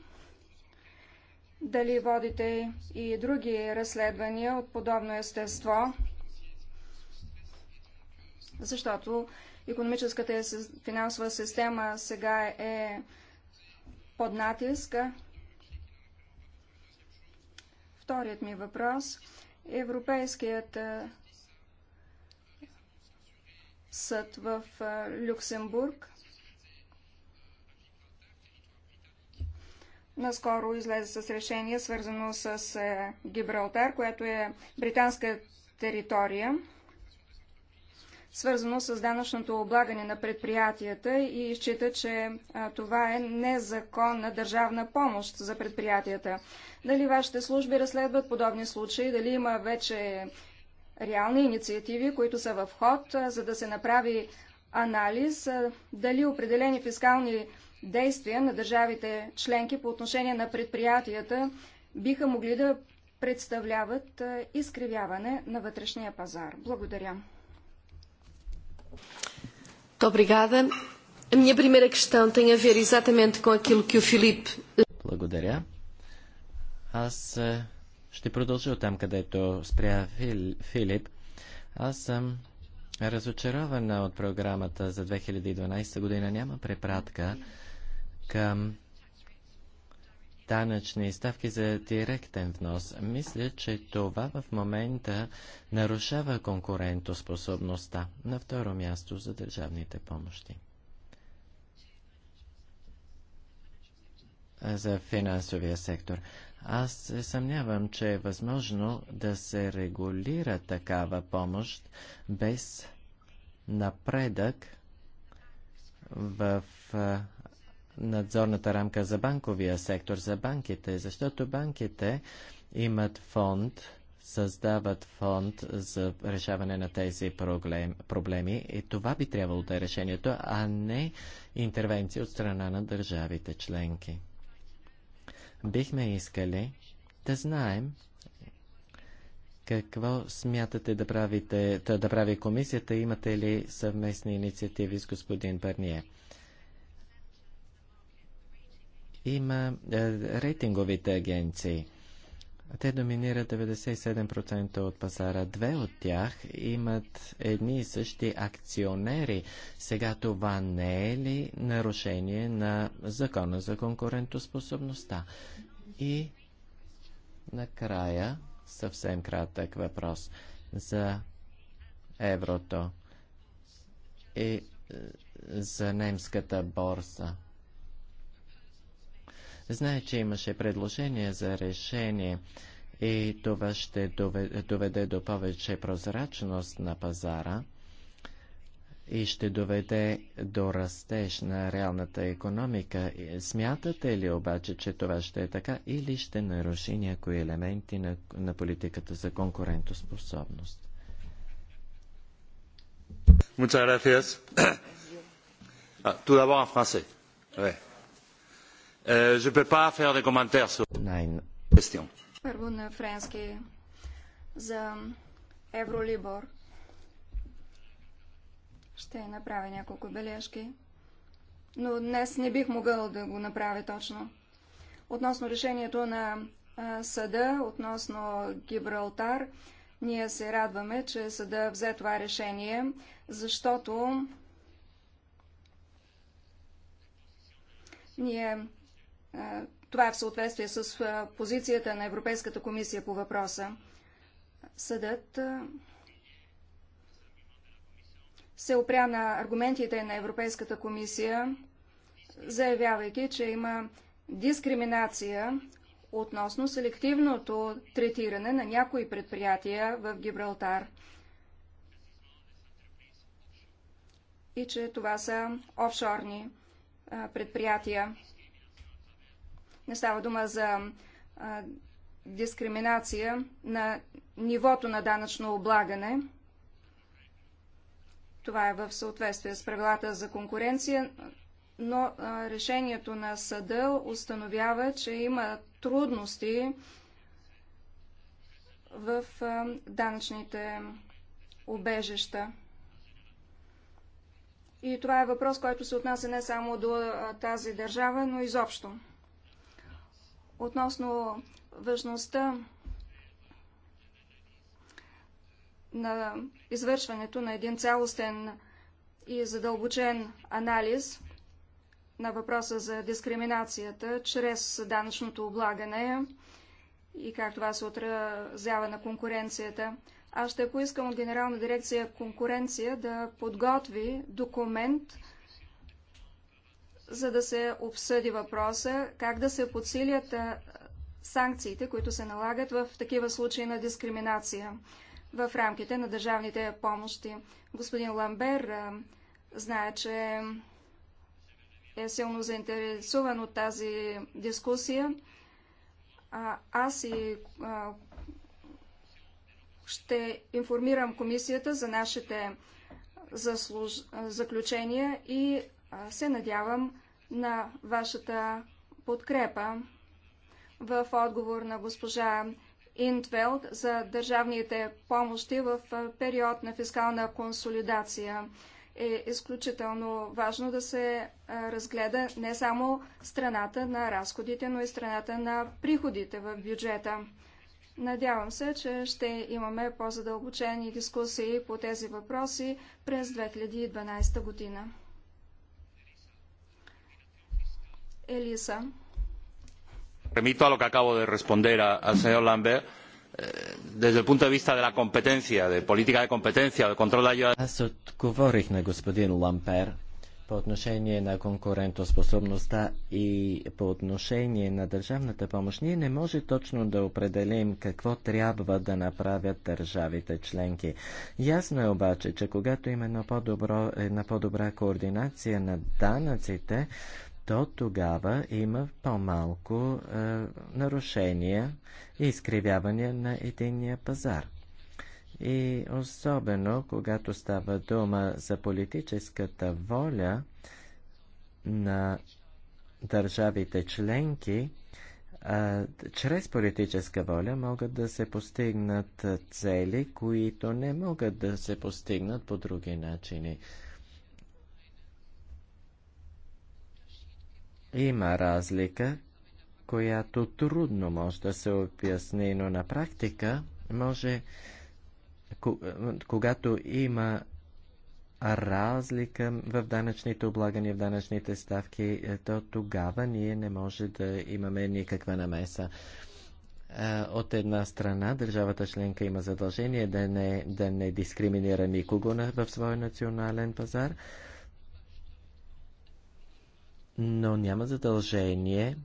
Дали водите и други разследвания от подобно естество, защото економическата и финансова система сега е под натиска. Вторият ми въпрос Европейският съд в Люксембург наскоро излезе с решение, свързано с Гибралтар, което е британска територия свързано с данъчното облагане на предприятията и счита, че това е незаконна държавна помощ за предприятията. Дали вашите служби разследват подобни случаи, дали има вече реални инициативи, които са в ход, за да се направи анализ, дали определени фискални действия на държавите членки по отношение на предприятията биха могли да представляват изкривяване на вътрешния пазар. Благодаря. Muito obrigada. A minha primeira questão tem a ver exatamente com aquilo que o Благодаря. Аз ще продължа там, където спря Филип. Аз съм разочарована от програмата за 2012 година. Няма препратка към данъчни ставки за директен внос. Мисля, че това в момента нарушава конкурентоспособността. На второ място за държавните помощи. За финансовия сектор. Аз се съмнявам, че е възможно да се регулира такава помощ без напредък в надзорната рамка за банковия сектор, за банките, защото банките имат фонд, създават фонд за решаване на тези проблем, проблеми и това би трябвало да е решението, а не интервенция от страна на държавите членки. Бихме искали да знаем какво смятате да, правите, да, да прави комисията? Имате ли съвместни инициативи с господин Бърние има е, рейтинговите агенции. Те доминират 97% от пазара. Две от тях имат едни и същи акционери. Сега това не е ли нарушение на закона за конкурентоспособността? И накрая съвсем кратък въпрос за еврото и е, за немската борса. Знае, че имаше предложение за решение и това ще доведе до повече прозрачност на пазара и ще доведе до растеж на реалната економика. Смятате ли обаче, че това ще е така или ще наруши някои елементи на, на политиката за конкурентоспособност? Muchas gracias. (coughs) Ah, tout d'abord en français. Ouais. Euh, je ne peux pas faire de commentaires sur Nein. question. Първо на френски за Евролибор. Ще направя няколко бележки, но днес не бих могъл да го направя точно. Относно решението на съда, относно Гибралтар, ние се радваме, че съда взе това решение, защото ние това е в съответствие с позицията на Европейската комисия по въпроса. Съдът се опря на аргументите на Европейската комисия, заявявайки, че има дискриминация относно селективното третиране на някои предприятия в Гибралтар и че това са офшорни предприятия. Не става дума за а, дискриминация на нивото на данъчно облагане. Това е в съответствие с правилата за конкуренция, но а, решението на съда установява, че има трудности в а, данъчните обежища. И това е въпрос, който се отнася не само до тази държава, но изобщо. Относно важността на извършването на един цялостен и задълбочен анализ на въпроса за дискриминацията чрез данъчното облагане и как това се отразява на конкуренцията. Аз ще поискам от Генерална дирекция конкуренция да подготви документ, за да се обсъди въпроса как да се подсилят санкциите, които се налагат в такива случаи на дискриминация в рамките на държавните помощи. Господин Ламбер знае, че е силно заинтересуван от тази дискусия. А, аз и а, ще информирам комисията за нашите заслуж... заключения и се надявам на вашата подкрепа в отговор на госпожа Интвелд за държавните помощи в период на фискална консолидация. Е изключително важно да се разгледа не само страната на разходите, но и страната на приходите в бюджета. Надявам се, че ще имаме по-задълбочени дискусии по тези въпроси през 2012 година. Елиса. Remito a lo que acabo de responder al señor Lambert eh, desde el punto de vista de la competencia, de política de competencia, de control de ayuda. Аз отговорих на господин Лампер по отношение на конкурентоспособността и по отношение на държавната помощ. Ние не може точно да определим какво трябва да направят държавите членки. Ясно е обаче, че когато има едно по-добро, една по-добра координация на данъците, то тогава има по-малко е, нарушения и изкривявания на единния пазар. И особено, когато става дума за политическата воля на държавите членки, е, чрез политическа воля могат да се постигнат цели, които не могат да се постигнат по други начини. Има разлика, която трудно може да се обясни, но на практика може, когато има разлика в данъчните облагания, в данъчните ставки, е, то тогава ние не може да имаме никаква намеса. Е, от една страна, държавата членка има задължение да не, да не дискриминира никого в своя национален пазар, но няма задължение.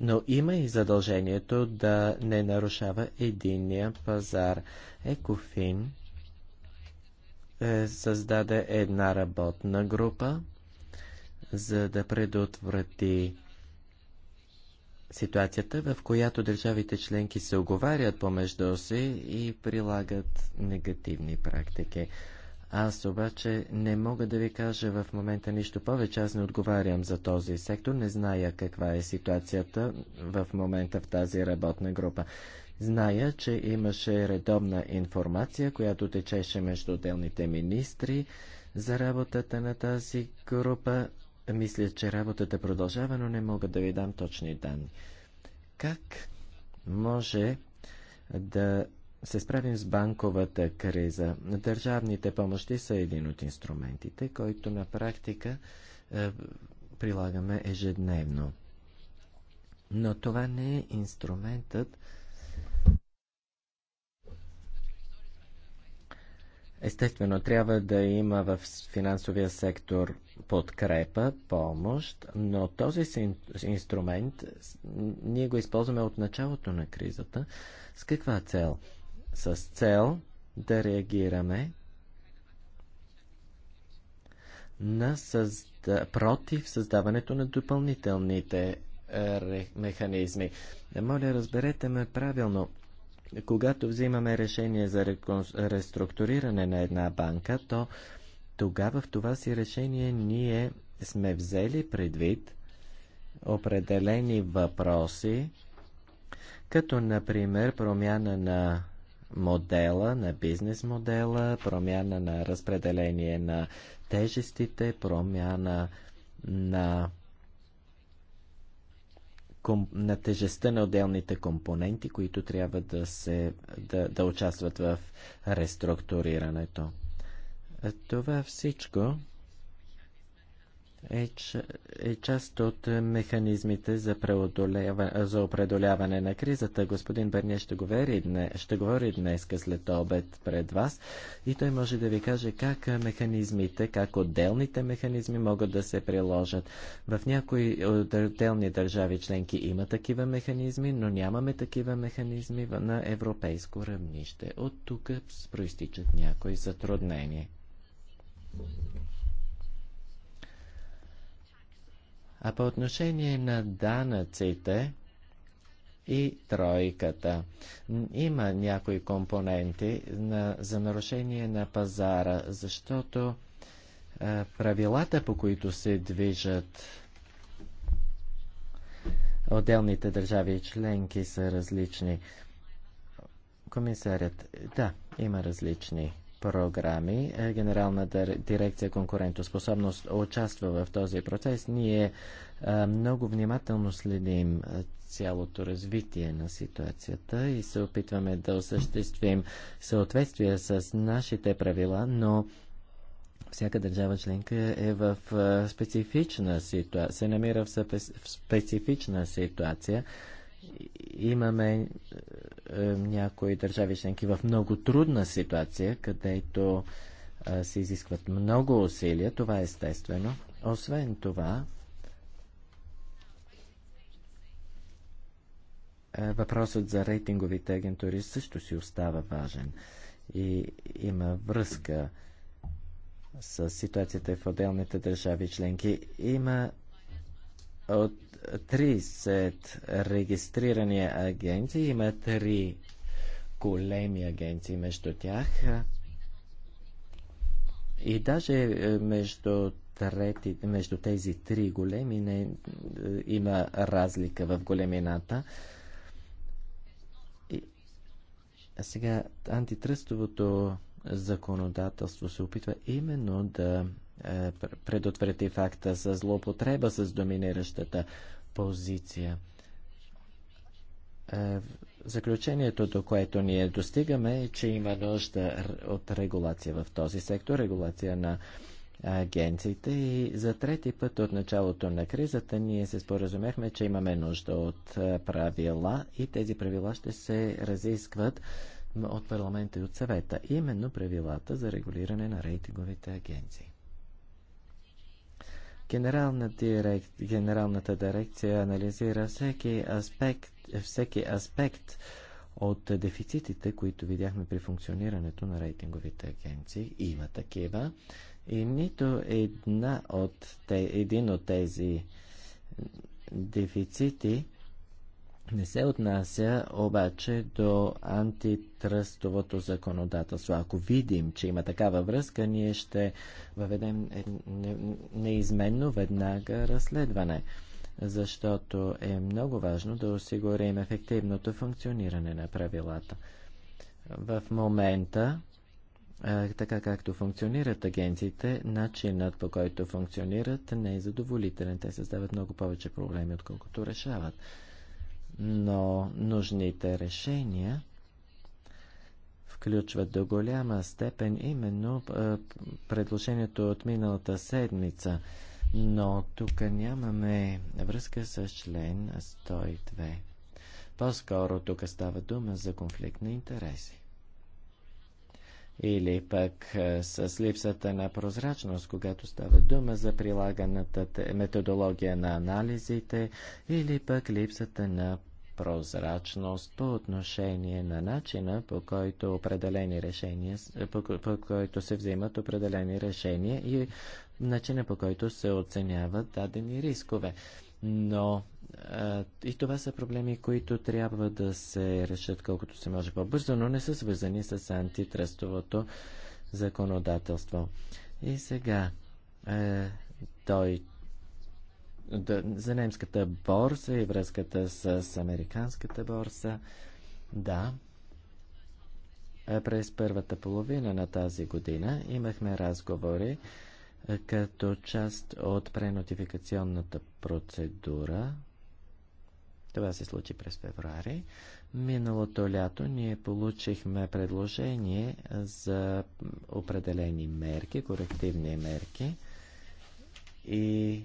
Но има и задължението да не нарушава единния пазар. Екофин е, създаде една работна група, за да предотврати ситуацията, в която държавите членки се оговарят помежду си и прилагат негативни практики. Аз обаче не мога да ви кажа в момента нищо повече. Аз не отговарям за този сектор. Не зная каква е ситуацията в момента в тази работна група. Зная, че имаше редовна информация, която течеше между отделните министри за работата на тази група. Мисля, че работата продължава, но не мога да ви дам точни данни. Как може да се справим с банковата криза. Държавните помощи са един от инструментите, който на практика е, прилагаме ежедневно. Но това не е инструментът. Естествено, трябва да има в финансовия сектор подкрепа, помощ, но този инструмент ние го използваме от началото на кризата. С каква цел? с цел да реагираме на създа... против създаването на допълнителните е, механизми. Моля, разберете ме правилно. Когато взимаме решение за рекон... реструктуриране на една банка, то тогава в това си решение ние сме взели предвид определени въпроси, като например промяна на модела, на бизнес модела, промяна на разпределение на тежестите, промяна на, на тежестта на отделните компоненти, които трябва да, се, да, да участват в реструктурирането. Е, това всичко е, е част от механизмите за, за определяване на кризата. Господин Берния ще говори, дне, ще говори днес след обед пред вас и той може да ви каже как механизмите, как отделните механизми могат да се приложат. В някои отделни държави членки има такива механизми, но нямаме такива механизми на европейско равнище. От тук проистичат някои затруднения. А по отношение на данъците и тройката, има някои компоненти на, за нарушение на пазара, защото а, правилата, по които се движат отделните държави и членки, са различни. Комисарят, да, има различни програми. Е, Генерална дирекция конкурентоспособност участва в този процес. Ние е, много внимателно следим е, цялото развитие на ситуацията и се опитваме да осъществим съответствие с нашите правила, но всяка държава членка е в специфична ситуация, се намира в специфична ситуация. Имаме е, е, някои държави членки в много трудна ситуация, където е, се изискват много усилия, това е естествено. Освен това, въпросът за рейтинговите агентури също си остава важен и има връзка с ситуацията в отделните държави членки. Има от 30 регистрирани агенции, има три големи агенции между тях и даже е, между, трети, между тези три големи не, е, има разлика в големината. И, а сега антитръстовото законодателство се опитва именно да е, предотврати факта за злоупотреба с доминиращата позиция. Е, заключението, до което ние достигаме е, че има нужда от регулация в този сектор, регулация на агенциите и за трети път от началото на кризата ние се споразумехме, че имаме нужда от е, правила и тези правила ще се разискват от парламента и от съвета. Именно правилата за регулиране на рейтинговите агенции. Генералната дирек... Генералната дирекция анализира всеки аспект, всеки аспект от дефицитите, които видяхме при функционирането на рейтинговите агенции. Има такива. И нито една от те, един от тези дефицити не се отнася обаче до антитръстовото законодателство. Ако видим, че има такава връзка, ние ще въведем неизменно веднага разследване, защото е много важно да осигурим ефективното функциониране на правилата. В момента, така както функционират агенциите, начинът по който функционират не е задоволителен. Те създават много повече проблеми, отколкото решават но нужните решения включват до голяма степен именно предложението от миналата седмица, но тук нямаме връзка с член 102. По-скоро тук става дума за конфликт на интереси. Или пък с липсата на прозрачност, когато става дума за прилаганата методология на анализите, или пък липсата на прозрачност по отношение на начина, по който определени решения, по, по който се взимат определени решения и начина по който се оценяват дадени рискове. Но а, и това са проблеми, които трябва да се решат колкото се може по-бързо, но не са свързани с антитръстовото законодателство. И сега, а, е, той за немската борса и връзката с американската борса. Да, през първата половина на тази година имахме разговори като част от пренотификационната процедура. Това се случи през февруари. Миналото лято ние получихме предложение за определени мерки, корективни мерки и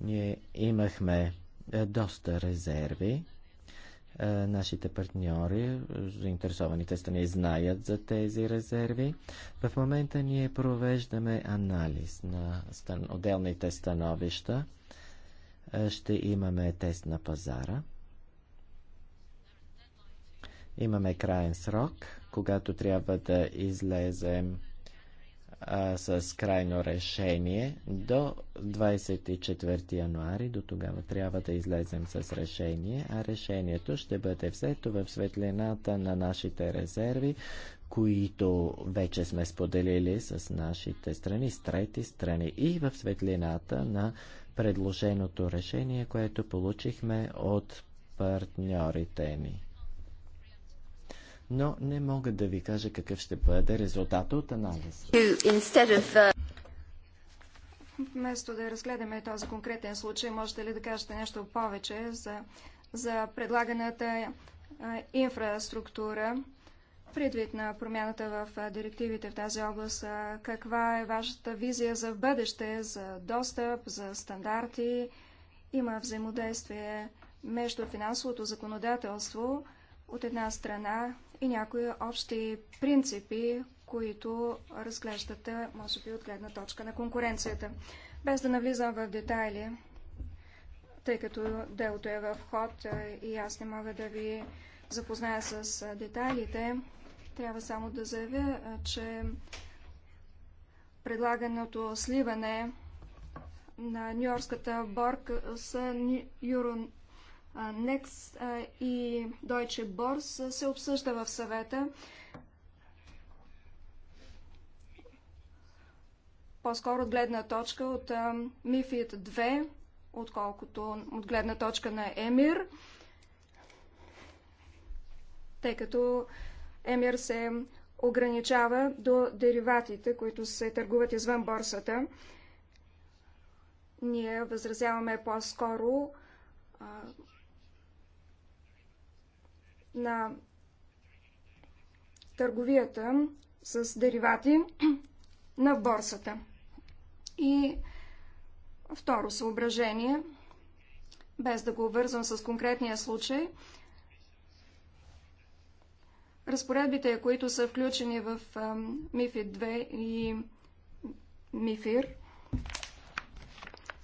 ние имахме е, доста резерви. Е, нашите партньори, заинтересованите страни, знаят за тези резерви. В момента ние провеждаме анализ на отделните становища. Е, ще имаме тест на пазара. Имаме краен срок, когато трябва да излезем а, с крайно решение до 24 януари. До тогава трябва да излезем с решение, а решението ще бъде взето в светлината на нашите резерви, които вече сме споделили с нашите страни, с трети страни и в светлината на предложеното решение, което получихме от партньорите ни но не мога да ви кажа какъв ще бъде резултат от анализ. Uh, Вместо да разгледаме този конкретен случай, можете ли да кажете нещо повече за, за предлаганата инфраструктура, предвид на промяната в директивите в тази област? Каква е вашата визия за бъдеще, за достъп, за стандарти? Има взаимодействие между финансовото законодателство от една страна и някои общи принципи, които разглеждате, може би, от гледна точка на конкуренцията. Без да навлизам в детайли, тъй като делото е в ход е, и аз не мога да ви запозная с е, детайлите, трябва само да заявя, е, че предлаганото сливане на Нью-Йоркската борка с Юро Next и Deutsche Борс се обсъжда в съвета. По-скоро от гледна точка от Мифит 2, отколкото от гледна точка на Емир, тъй като Емир се ограничава до дериватите, които се търгуват извън борсата. Ние възразяваме по-скоро на търговията с деривати (clears throat) на борсата. И второ съображение, без да го обвързвам с конкретния случай, разпоредбите, които са включени в Мифи 2 и МИФИР,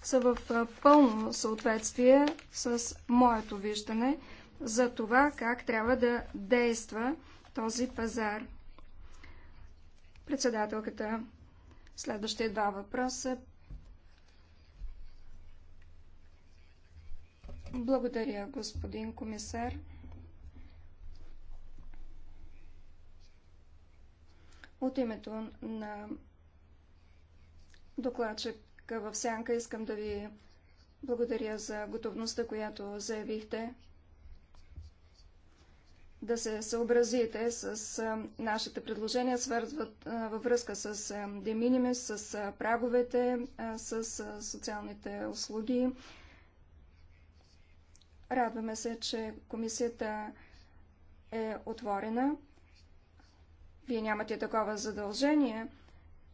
са в пълно съответствие с моето виждане – за това как трябва да действа този пазар. Председателката, следващия два въпроса. Благодаря, господин комисар. От името на докладчика в Сянка искам да ви благодаря за готовността, която заявихте да се съобразите с нашите предложения, свързват във връзка с деминими, с праговете, с социалните услуги. Радваме се, че комисията е отворена. Вие нямате такова задължение,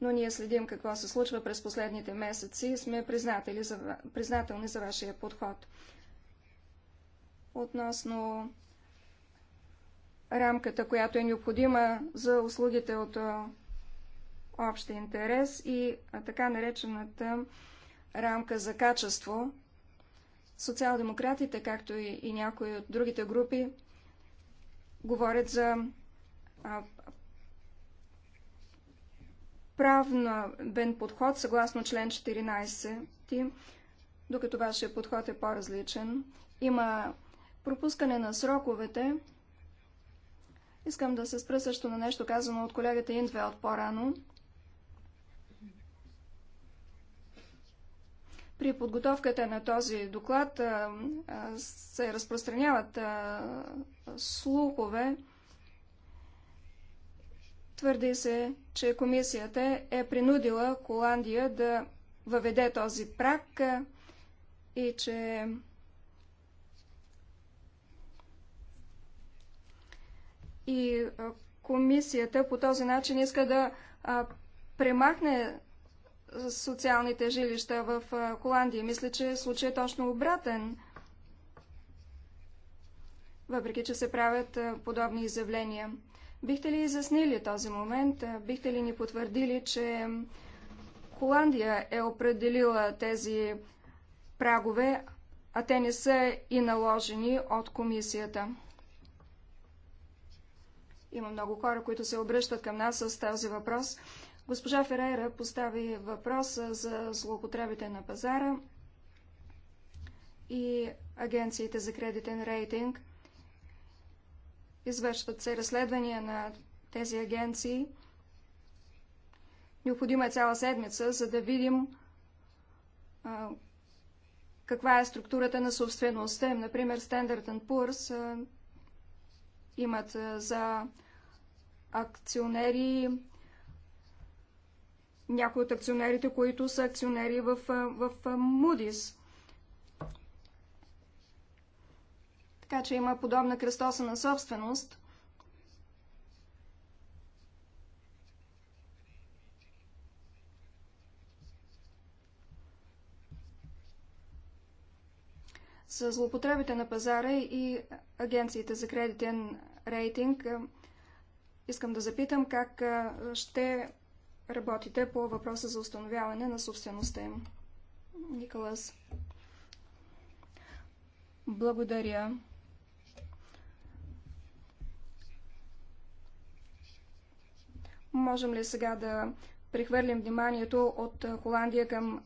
но ние следим какво се случва през последните месеци и сме признателни за, признателни за вашия подход. Относно рамката, която е необходима за услугите от общ интерес и така наречената рамка за качество. Социал-демократите, както и, и някои от другите групи, говорят за а, правна бен подход, съгласно член 14, докато вашия подход е по-различен. Има пропускане на сроковете, Искам да се спра също на нещо казано от колегата от по-рано. При подготовката на този доклад а, а, се разпространяват а, слухове. Твърди се, че комисията е принудила Холандия да въведе този прак и че И комисията по този начин иска да премахне социалните жилища в Холандия. Мисля, че случай е точно обратен. Въпреки, че се правят подобни изявления. Бихте ли изяснили този момент? Бихте ли ни потвърдили, че Холандия е определила тези прагове, а те не са и наложени от комисията? Има много хора, които се обръщат към нас с този въпрос. Госпожа Ферейра постави въпроса за злоупотребите на пазара и агенциите за кредитен рейтинг. Извършват се разследвания на тези агенции. Необходима е цяла седмица, за да видим а, каква е структурата на собствеността им. Например, Standard Poor's имат за акционери някои от акционерите, които са акционери в, в Мудис. Така че има подобна на собственост. с злоупотребите на пазара и агенциите за кредитен рейтинг. Искам да запитам как ще работите по въпроса за установяване на собствеността им. Николас. Благодаря. Можем ли сега да прехвърлим вниманието от Холандия към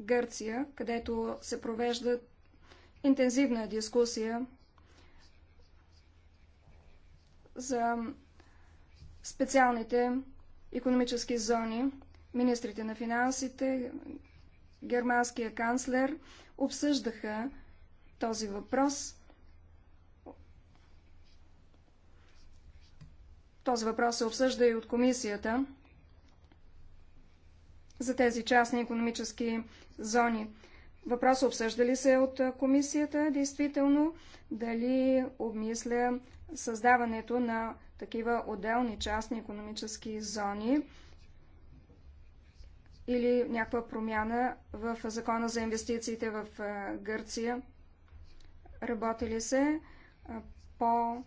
Гърция, където се провеждат интензивна дискусия за специалните економически зони. Министрите на финансите, германския канцлер обсъждаха този въпрос. Този въпрос се обсъжда и от комисията за тези частни економически зони. Въпрос обсъжда ли се от комисията, действително, дали обмисля създаването на такива отделни частни економически зони или някаква промяна в закона за инвестициите в Гърция. Работи ли се по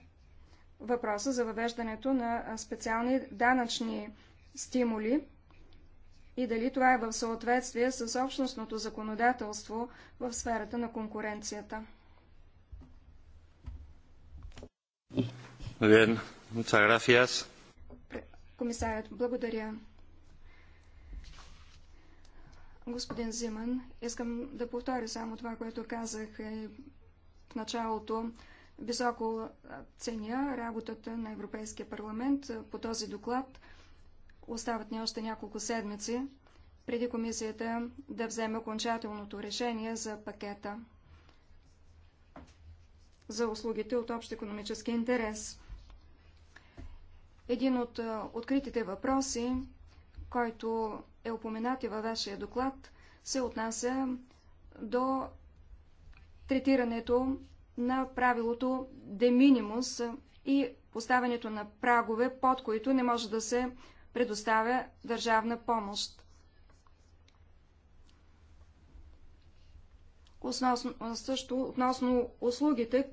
въпроса за въвеждането на специални данъчни стимули и дали това е в съответствие с общностното законодателство в сферата на конкуренцията. Bien, muchas gracias. Комисарят, благодаря. Господин Зиман, искам да повторя само това, което казах е в началото. Високо ценя работата на Европейския парламент по този доклад. Остават ни още няколко седмици, преди комисията да вземе окончателното решение за пакета за услугите от общ економически интерес. Един от откритите въпроси, който е упоменат и във вашия доклад, се отнася до третирането на правилото де минимус и поставянето на прагове, под които не може да се предоставя държавна помощ. Относно, също относно услугите,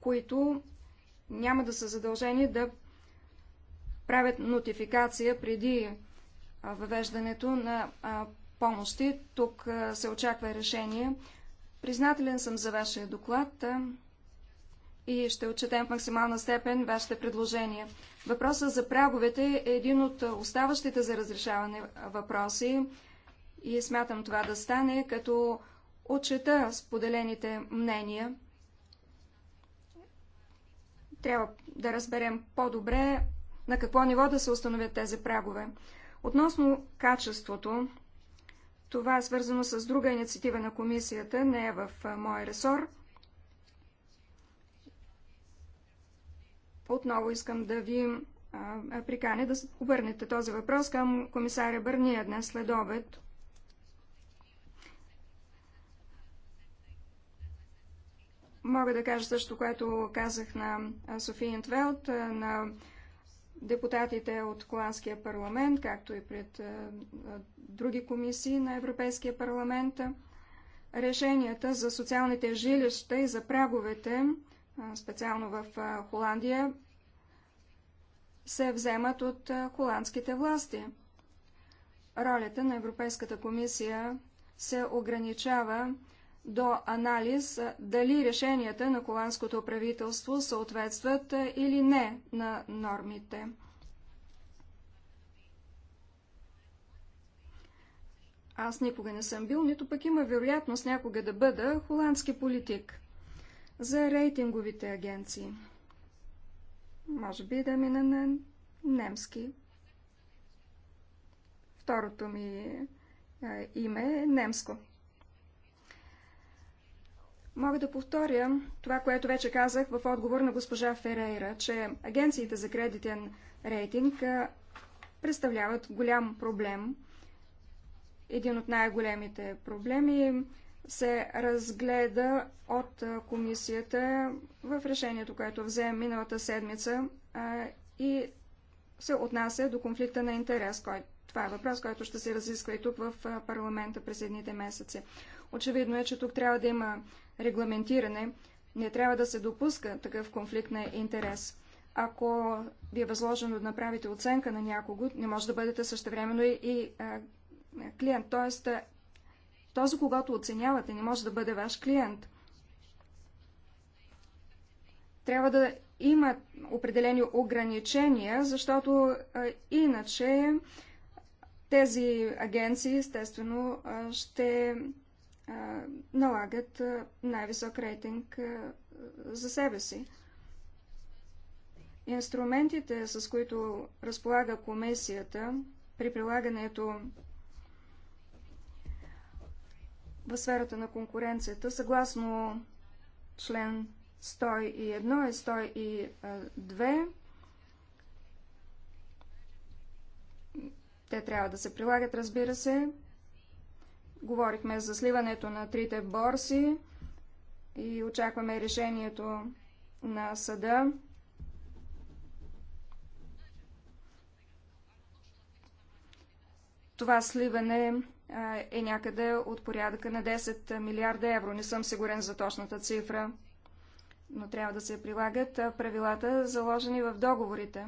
които няма да са задължени да правят нотификация преди въвеждането на помощи. Тук се очаква решение. Признателен съм за вашия доклад и ще отчетем в максимална степен вашите предложения. Въпросът за праговете е един от оставащите за разрешаване въпроси и смятам това да стане, като отчета споделените мнения. Трябва да разберем по-добре на какво ниво да се установят тези прагове. Относно качеството, това е свързано с друга инициатива на комисията, не е в мой ресор – Отново искам да ви приканя да обърнете този въпрос към комисаря Бърния днес след обед. Мога да кажа също, което казах на София Интвелт, на депутатите от коланския парламент, както и пред други комисии на Европейския парламент. Решенията за социалните жилища и за праговете специално в Холандия, се вземат от холандските власти. Ролята на Европейската комисия се ограничава до анализ дали решенията на холандското правителство съответстват или не на нормите. Аз никога не съм бил, нито пък има вероятност някога да бъда холандски политик за рейтинговите агенции. Може би да мина на немски. Второто ми е, име е немско. Мога да повторя това, което вече казах в отговор на госпожа Ферейра, че агенциите за кредитен рейтинг е, представляват голям проблем. Един от най-големите проблеми е, се разгледа от комисията в решението, което взе миналата седмица и се отнася до конфликта на интерес. Това е въпрос, който ще се разисква и тук в парламента през едните месеци. Очевидно е, че тук трябва да има регламентиране. Не трябва да се допуска такъв конфликт на интерес. Ако ви е възложено да направите оценка на някого, не може да бъдете същевременно и, и а, клиент. Тоест, този, когато оценявате, не може да бъде ваш клиент. Трябва да има определени ограничения, защото а, иначе тези агенции, естествено, а, ще а, налагат най-висок рейтинг а, за себе си. Инструментите, с които разполага комисията при прилагането в сферата на конкуренцията, съгласно член 101 и 102, те трябва да се прилагат, разбира се. Говорихме за сливането на трите борси и очакваме решението на съда. Това сливане е някъде от порядъка на 10 милиарда евро. Не съм сигурен за точната цифра, но трябва да се прилагат правилата, заложени в договорите.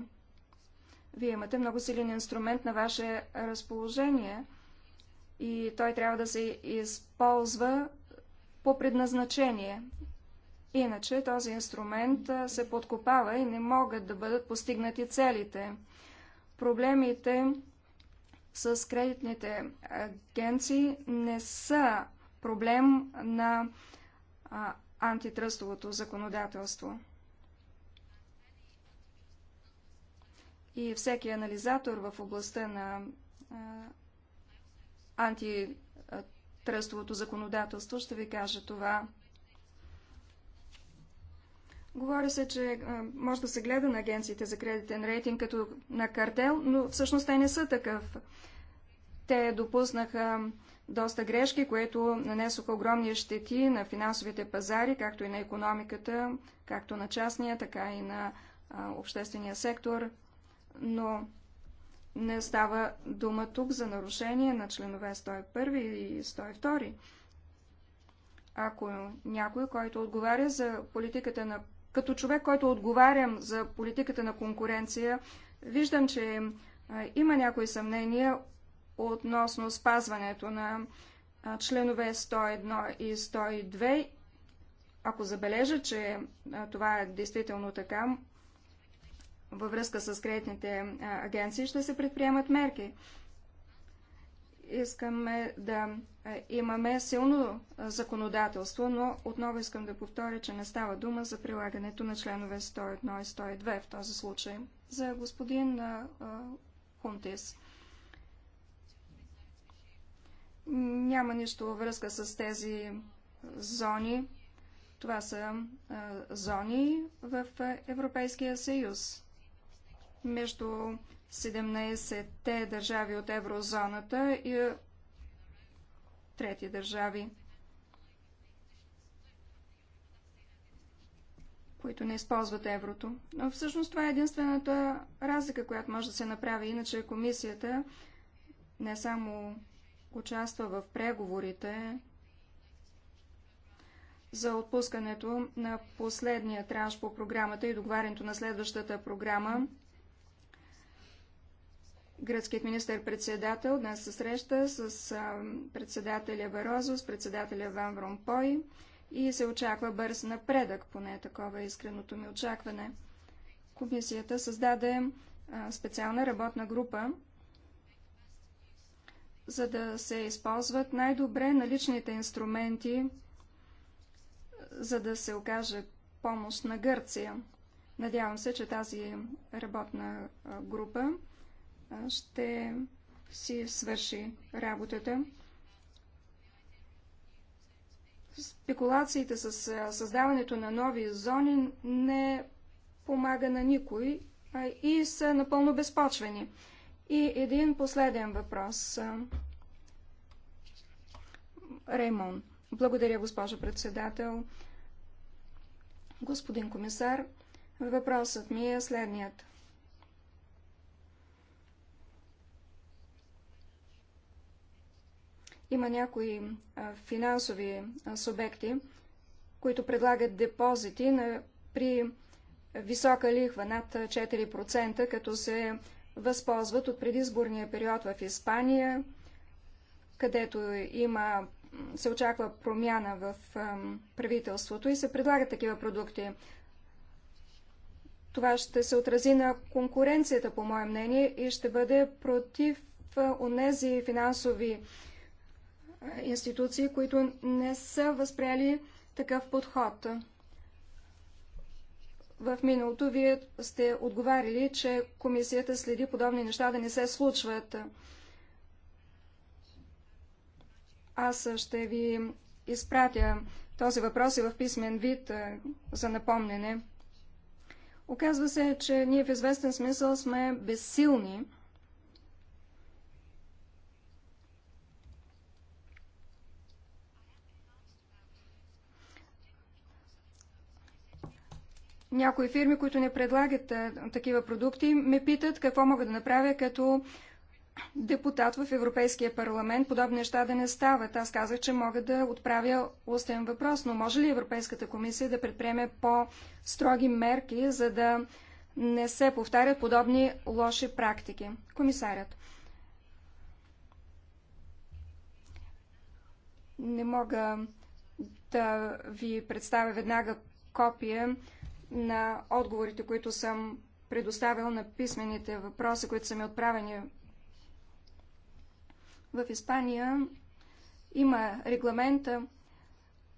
Вие имате много силен инструмент на ваше разположение и той трябва да се използва по предназначение. Иначе този инструмент се подкопава и не могат да бъдат постигнати целите. Проблемите с кредитните агенции не са проблем на антитръстовото законодателство. И всеки анализатор в областта на антитръстовото законодателство ще ви каже това. Говори се, че може да се гледа на агенциите за кредитен рейтинг като на картел, но всъщност те не са такъв. Те допуснаха доста грешки, което нанесоха огромни щети на финансовите пазари, както и на економиката, както на частния, така и на а, обществения сектор. Но не става дума тук за нарушение на членове 101 и 102. Ако някой, който отговаря за политиката на като човек, който отговарям за политиката на конкуренция, виждам, че има някои съмнения относно спазването на членове 101 и 102. Ако забележа, че това е действително така, във връзка с кредитните агенции, ще се предприемат мерки искаме да е, имаме силно е, законодателство, но отново искам да повторя, че не става дума за прилагането на членове 101 и 102 в този случай. За господин е, Хунтис. Няма нищо във връзка с тези зони. Това са зони в Европейския съюз между 17-те държави от еврозоната и трети държави, които не използват еврото. Но всъщност това е единствената разлика, която може да се направи. Иначе комисията не само участва в преговорите за отпускането на последния транш по програмата и договарянето на следващата програма, Гръцкият министър председател днес се среща с председателя Барозо, с председателя Ван Ромпой и се очаква бърз напредък, поне такова е искреното ми очакване. Комисията създаде специална работна група, за да се използват най-добре наличните инструменти, за да се окаже помощ на Гърция. Надявам се, че тази работна група ще си свърши работата. Спекулациите с създаването на нови зони не помага на никой и са напълно безпочвени. И един последен въпрос. Реймон. Благодаря, госпожо председател. Господин комисар, въпросът ми е следният. Има някои финансови субекти, които предлагат депозити на, при висока лихва над 4%, като се възползват от предизборния период в Испания, където има, се очаква промяна в правителството и се предлагат такива продукти. Това ще се отрази на конкуренцията, по мое мнение, и ще бъде против онези финансови институции, които не са възприели такъв подход. В миналото вие сте отговарили, че комисията следи подобни неща да не се случват. Аз ще ви изпратя този въпрос и в писмен вид за напомнене. Оказва се, че ние в известен смисъл сме безсилни. Някои фирми, които не предлагат а, такива продукти, ме питат какво мога да направя като депутат в Европейския парламент. Подобни неща да не стават. Аз казах, че мога да отправя устен въпрос, но може ли Европейската комисия да предприеме по-строги мерки, за да не се повтарят подобни лоши практики? Комисарят. Не мога да ви представя веднага копия на отговорите, които съм предоставил на писмените въпроси, които са ми отправени. В Испания има регламента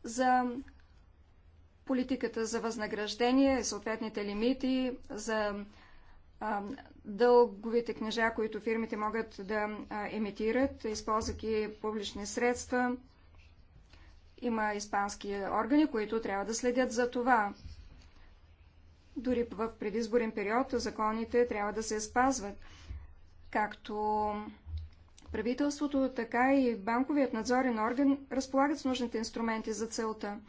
за политиката за възнаграждение, съответните лимити, за а, дълговите книжа, които фирмите могат да а, емитират, използвайки публични средства. Има испански органи, които трябва да следят за това. Дори в предизборен период законите трябва да се спазват. Както правителството, така и банковият надзорен орган разполагат с нужните инструменти за целта.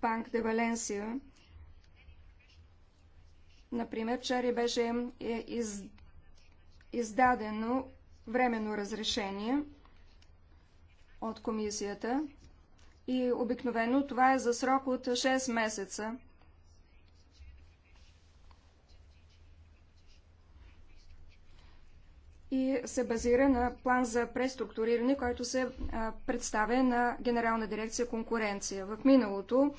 Банк де Валенсия. Например, вчера беше е, издадено временно разрешение от комисията и обикновено това е за срок от 6 месеца. и се базира на план за преструктуриране, който се представя на Генерална дирекция конкуренция. В миналото,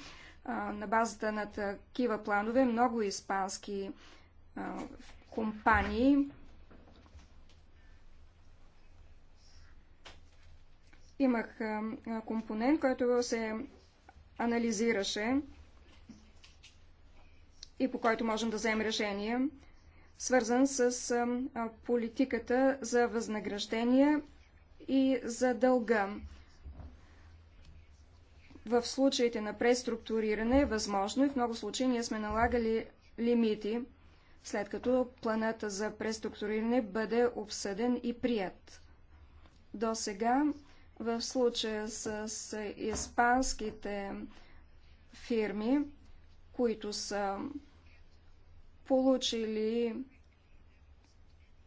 на базата на такива планове, много испански компании Имах компонент, който се анализираше и по който можем да вземем решение, свързан с политиката за възнаграждения и за дълга. В случаите на преструктуриране е възможно и в много случаи ние сме налагали лимити, след като планата за преструктуриране бъде обсъден и прият. До сега в случая с, с испанските фирми, които са получили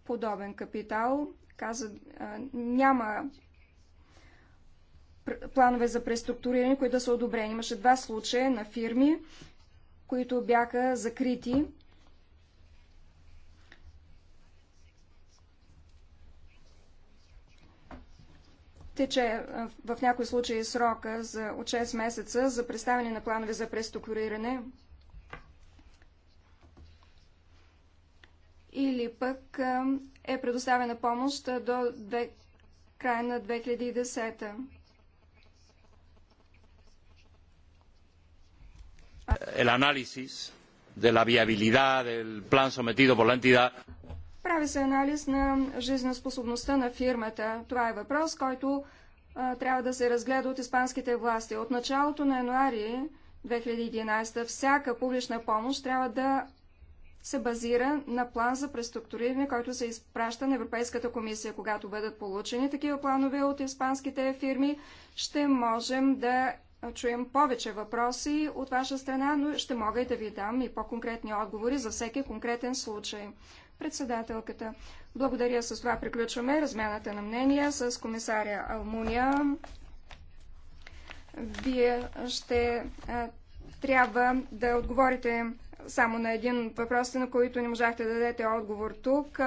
подобен капитал, каза, няма планове за преструктуриране, които да са одобрени. Имаше два случая на фирми, които бяха закрити Тече е, в някои случаи срока за, от 6 месеца за представяне на планове за преструктуриране или пък е, е предоставена помощ е, до две, края на 2010 -та. el análisis de la viabilidad del plan sometido por la entidad прави се анализ на жизнеспособността на фирмата. Това е въпрос, който а, трябва да се разгледа от испанските власти. От началото на януари 2011 всяка публична помощ трябва да се базира на план за преструктуриране, който се изпраща на Европейската комисия. Когато бъдат получени такива планове от испанските фирми, ще можем да чуем повече въпроси от ваша страна, но ще мога и да ви дам и по-конкретни отговори за всеки конкретен случай. Председателката. Благодаря. С това приключваме размяната на мнения с комисаря Алмуния. Вие ще трябва да отговорите само на един въпрос, на който не можахте да дадете отговор тук,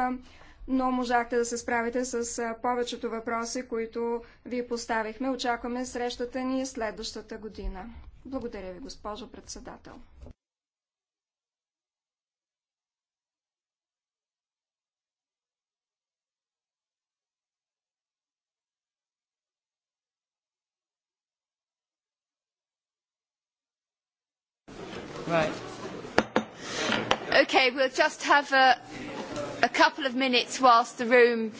но можахте да се справите с повечето въпроси, които ви поставихме. Очакваме срещата ни следващата година. Благодаря ви, госпожо председател. Right. Okay, we'll just have a, a couple of minutes whilst the room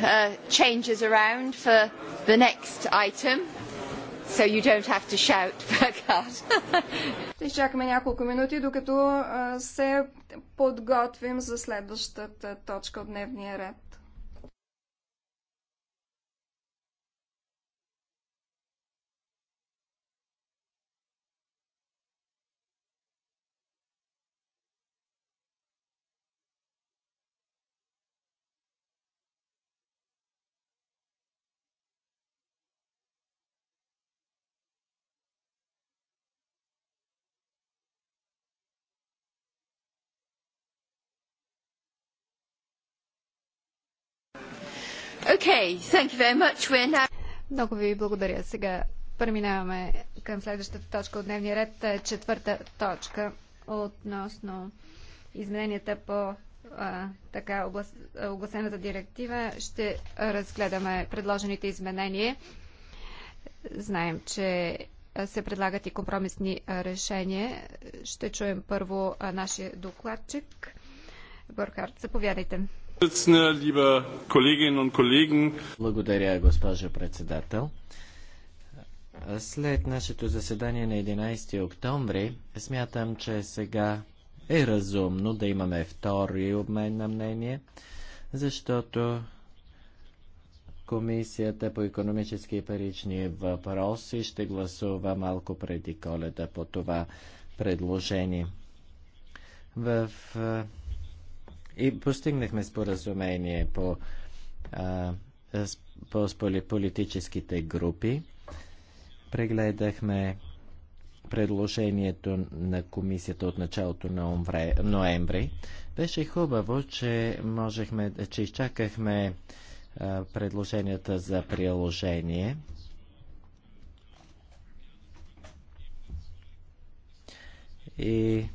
uh, changes around for the next item. So you don't have to shout, Burkhard. Ще изчакаме няколко минути, докато се подготвим за следващата точка от дневния ред. Okay, thank you very much. We're now... Много ви благодаря. Сега преминаваме към следващата точка от дневния ред. Е, четвърта точка относно измененията по а, така огласената директива. Ще разгледаме предложените изменения. Знаем, че се предлагат и компромисни решения. Ще чуем първо нашия докладчик. Бърхард, заповядайте. Благодаря, госпожо председател. След нашето заседание на 11 октомври, смятам, че сега е разумно да имаме втори обмен на мнение, защото Комисията по економически и парични въпроси ще гласува малко преди коледа по това предложение. В и постигнахме споразумение по, а, по политическите групи. Прегледахме предложението на комисията от началото на ноември. Беше хубаво, че можехме, че изчакахме а, предложенията за приложение. И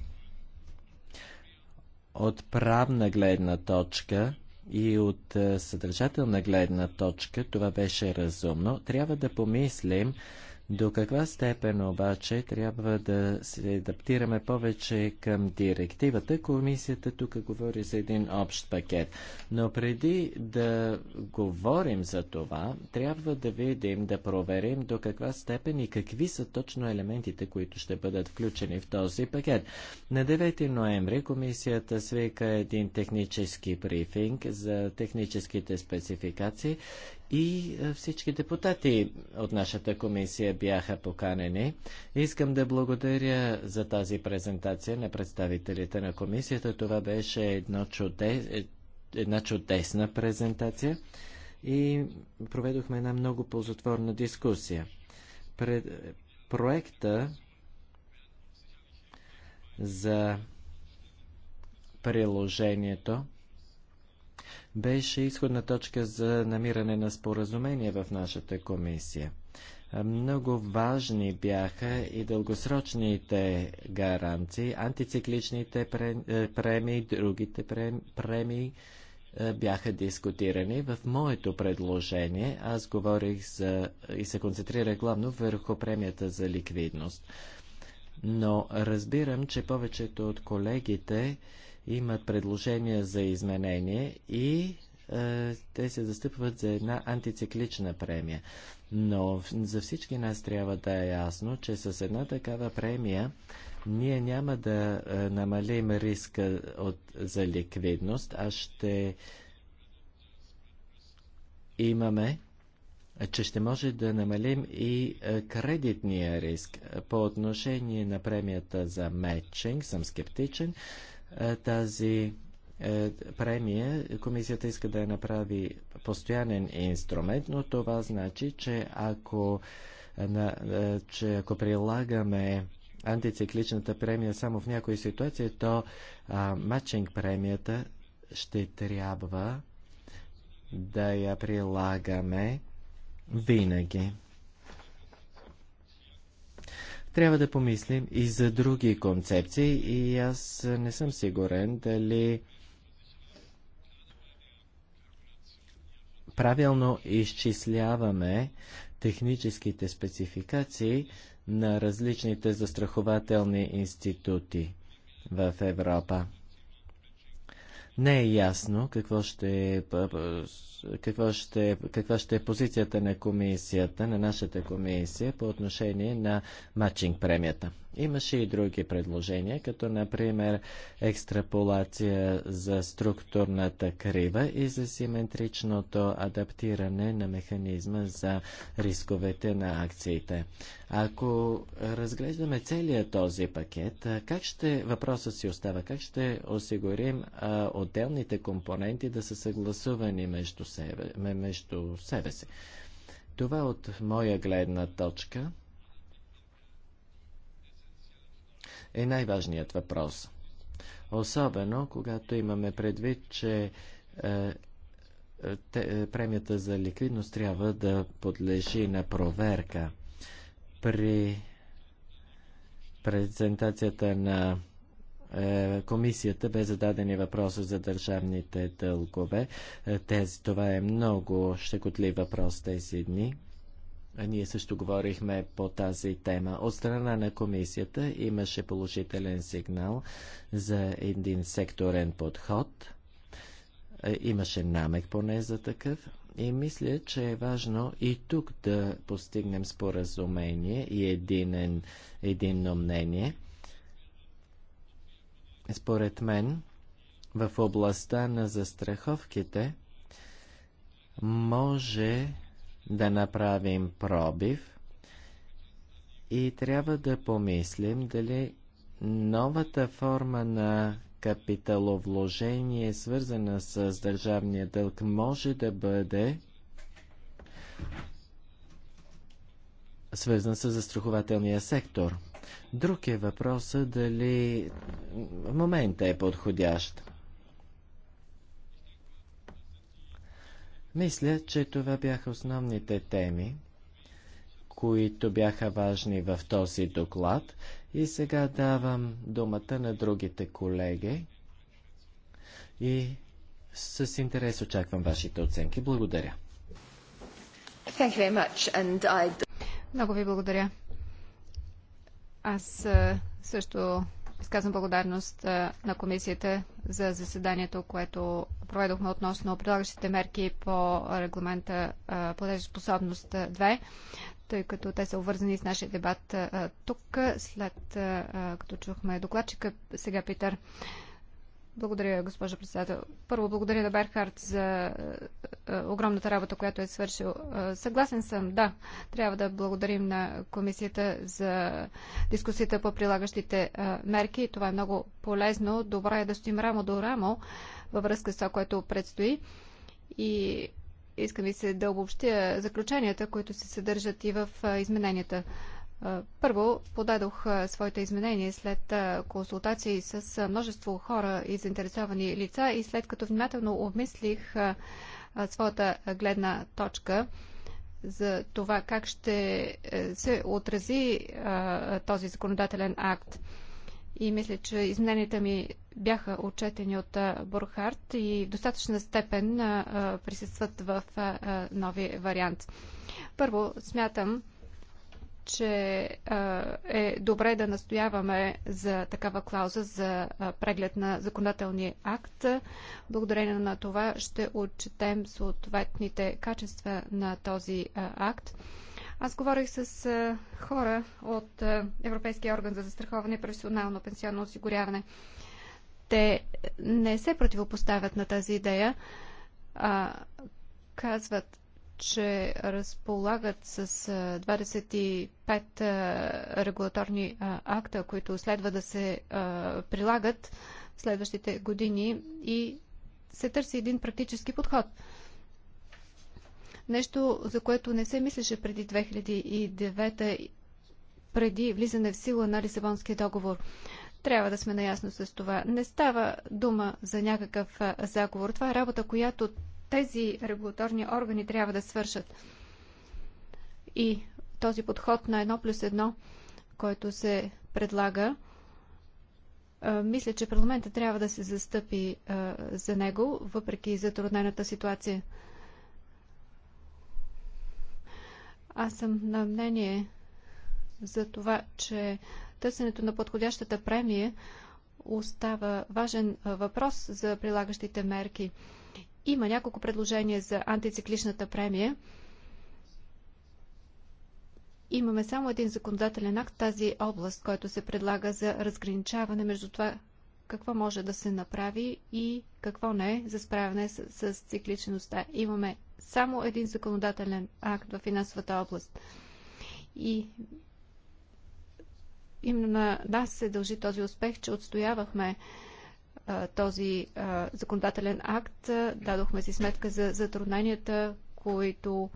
от правна гледна точка и от е, съдържателна гледна точка това беше разумно. Трябва да помислим до каква степен обаче трябва да се адаптираме повече към директивата? Комисията тук говори за един общ пакет. Но преди да говорим за това, трябва да видим, да проверим до каква степен и какви са точно елементите, които ще бъдат включени в този пакет. На 9 ноември комисията свика един технически брифинг за техническите спецификации и е, всички депутати от нашата комисия бяха поканени. Искам да благодаря за тази презентация на представителите на комисията. Това беше едно чудес, е, една чудесна презентация и проведохме една много ползотворна дискусия. Пред, проекта за приложението беше изходна точка за намиране на споразумение в нашата комисия. Много важни бяха и дългосрочните гаранции, антицикличните е, премии, другите премии е, бяха дискутирани. В моето предложение аз говорих за и се концентрирах главно върху премията за ликвидност. Но разбирам, че повечето от колегите имат предложения за изменение и е, те се застъпват за една антициклична премия. Но за всички нас трябва да е ясно, че с една такава премия ние няма да е, намалим риска от, за ликвидност, а ще имаме че ще може да намалим и е, кредитния риск. По отношение на премията за мечинг съм скептичен. Е, тази е, премия, комисията иска да я направи постоянен инструмент, но това значи, че ако, на, е, че ако прилагаме антицикличната премия само в някои ситуации, то а, матчинг премията ще трябва да я прилагаме винаги. Трябва да помислим и за други концепции и аз не съм сигурен дали правилно изчисляваме техническите спецификации на различните застрахователни институти в Европа. Не е ясно какво ще е какво ще, каква ще е позицията на комисията, на нашата комисия по отношение на матчинг премията. Имаше и други предложения, като например екстраполация за структурната крива и за симетричното адаптиране на механизма за рисковете на акциите. Ако разглеждаме целият този пакет, как ще, въпросът си остава, как ще осигурим а, отделните компоненти да са съгласувани между себе, между себе си. Това от моя гледна точка е най-важният въпрос. Особено, когато имаме предвид, че е, е те, е, премията за ликвидност трябва да подлежи на проверка. При презентацията на е, комисията бе зададени въпроса за държавните дългове. Е, тези, това е много щекотлив въпрос тези дни. Е, ние също говорихме по тази тема. От страна на комисията имаше положителен сигнал за един секторен подход. Имаше намек поне за такъв. И мисля, че е важно и тук да постигнем споразумение и единен, единно мнение – според мен, в областта на застраховките може да направим пробив и трябва да помислим дали новата форма на капиталовложение, свързана с държавния дълг, може да бъде свързан с застрахователния сектор – Друг е въпроса дали момента е подходящ. Мисля, че това бяха основните теми, които бяха важни в този доклад и сега давам думата на другите колеги и с интерес очаквам вашите оценки. Благодаря. I... Много ви благодаря. Аз също изказвам благодарност на комисията за заседанието, което проведохме относно прилагащите мерки по регламента платежеспособност 2, тъй като те са увързани с нашия дебат тук, след като чухме докладчика. Сега, Питър, благодаря, госпожа председател. Първо, благодаря на Берхард за е, е, огромната работа, която е свършил. Е, съгласен съм, да. Трябва да благодарим на комисията за дискусията по прилагащите мерки. Това е много полезно. Добре е да стоим рамо до рамо във връзка с това, което предстои. И искам и се да обобщя заключенията, които се съдържат и в измененията. Първо, подадох своите изменения след консултации с множество хора и заинтересовани лица и след като внимателно обмислих своята гледна точка за това как ще е, се отрази този законодателен акт. И мисля, че измененията ми бяха отчетени от Бурхарт и в достатъчна степен присъстват в нови вариант. Първо, смятам, че е добре да настояваме за такава клауза за преглед на законодателния акт. Благодарение на това ще отчетем съответните качества на този акт. Аз говорих с хора от Европейския орган за застраховане и професионално пенсионно осигуряване. Те не се противопоставят на тази идея. А, казват, че разполагат с 25 регулаторни акта, които следва да се прилагат в следващите години и се търси един практически подход. Нещо, за което не се мислеше преди 2009, преди влизане в сила на Лисабонския договор. Трябва да сме наясно с това. Не става дума за някакъв заговор. Това е работа, която тези регулаторни органи трябва да свършат. И този подход на едно плюс едно, който се предлага, мисля, че парламента трябва да се застъпи за него, въпреки затруднената ситуация. Аз съм на мнение за това, че търсенето на подходящата премия остава важен въпрос за прилагащите мерки. Има няколко предложения за антицикличната премия. Имаме само един законодателен акт тази област, който се предлага за разграничаване между това какво може да се направи и какво не за справяне с, с цикличността. Имаме само един законодателен акт в финансовата област. И именно на нас се дължи този успех, че отстоявахме този законодателен акт. Дадохме си сметка за затрудненията, които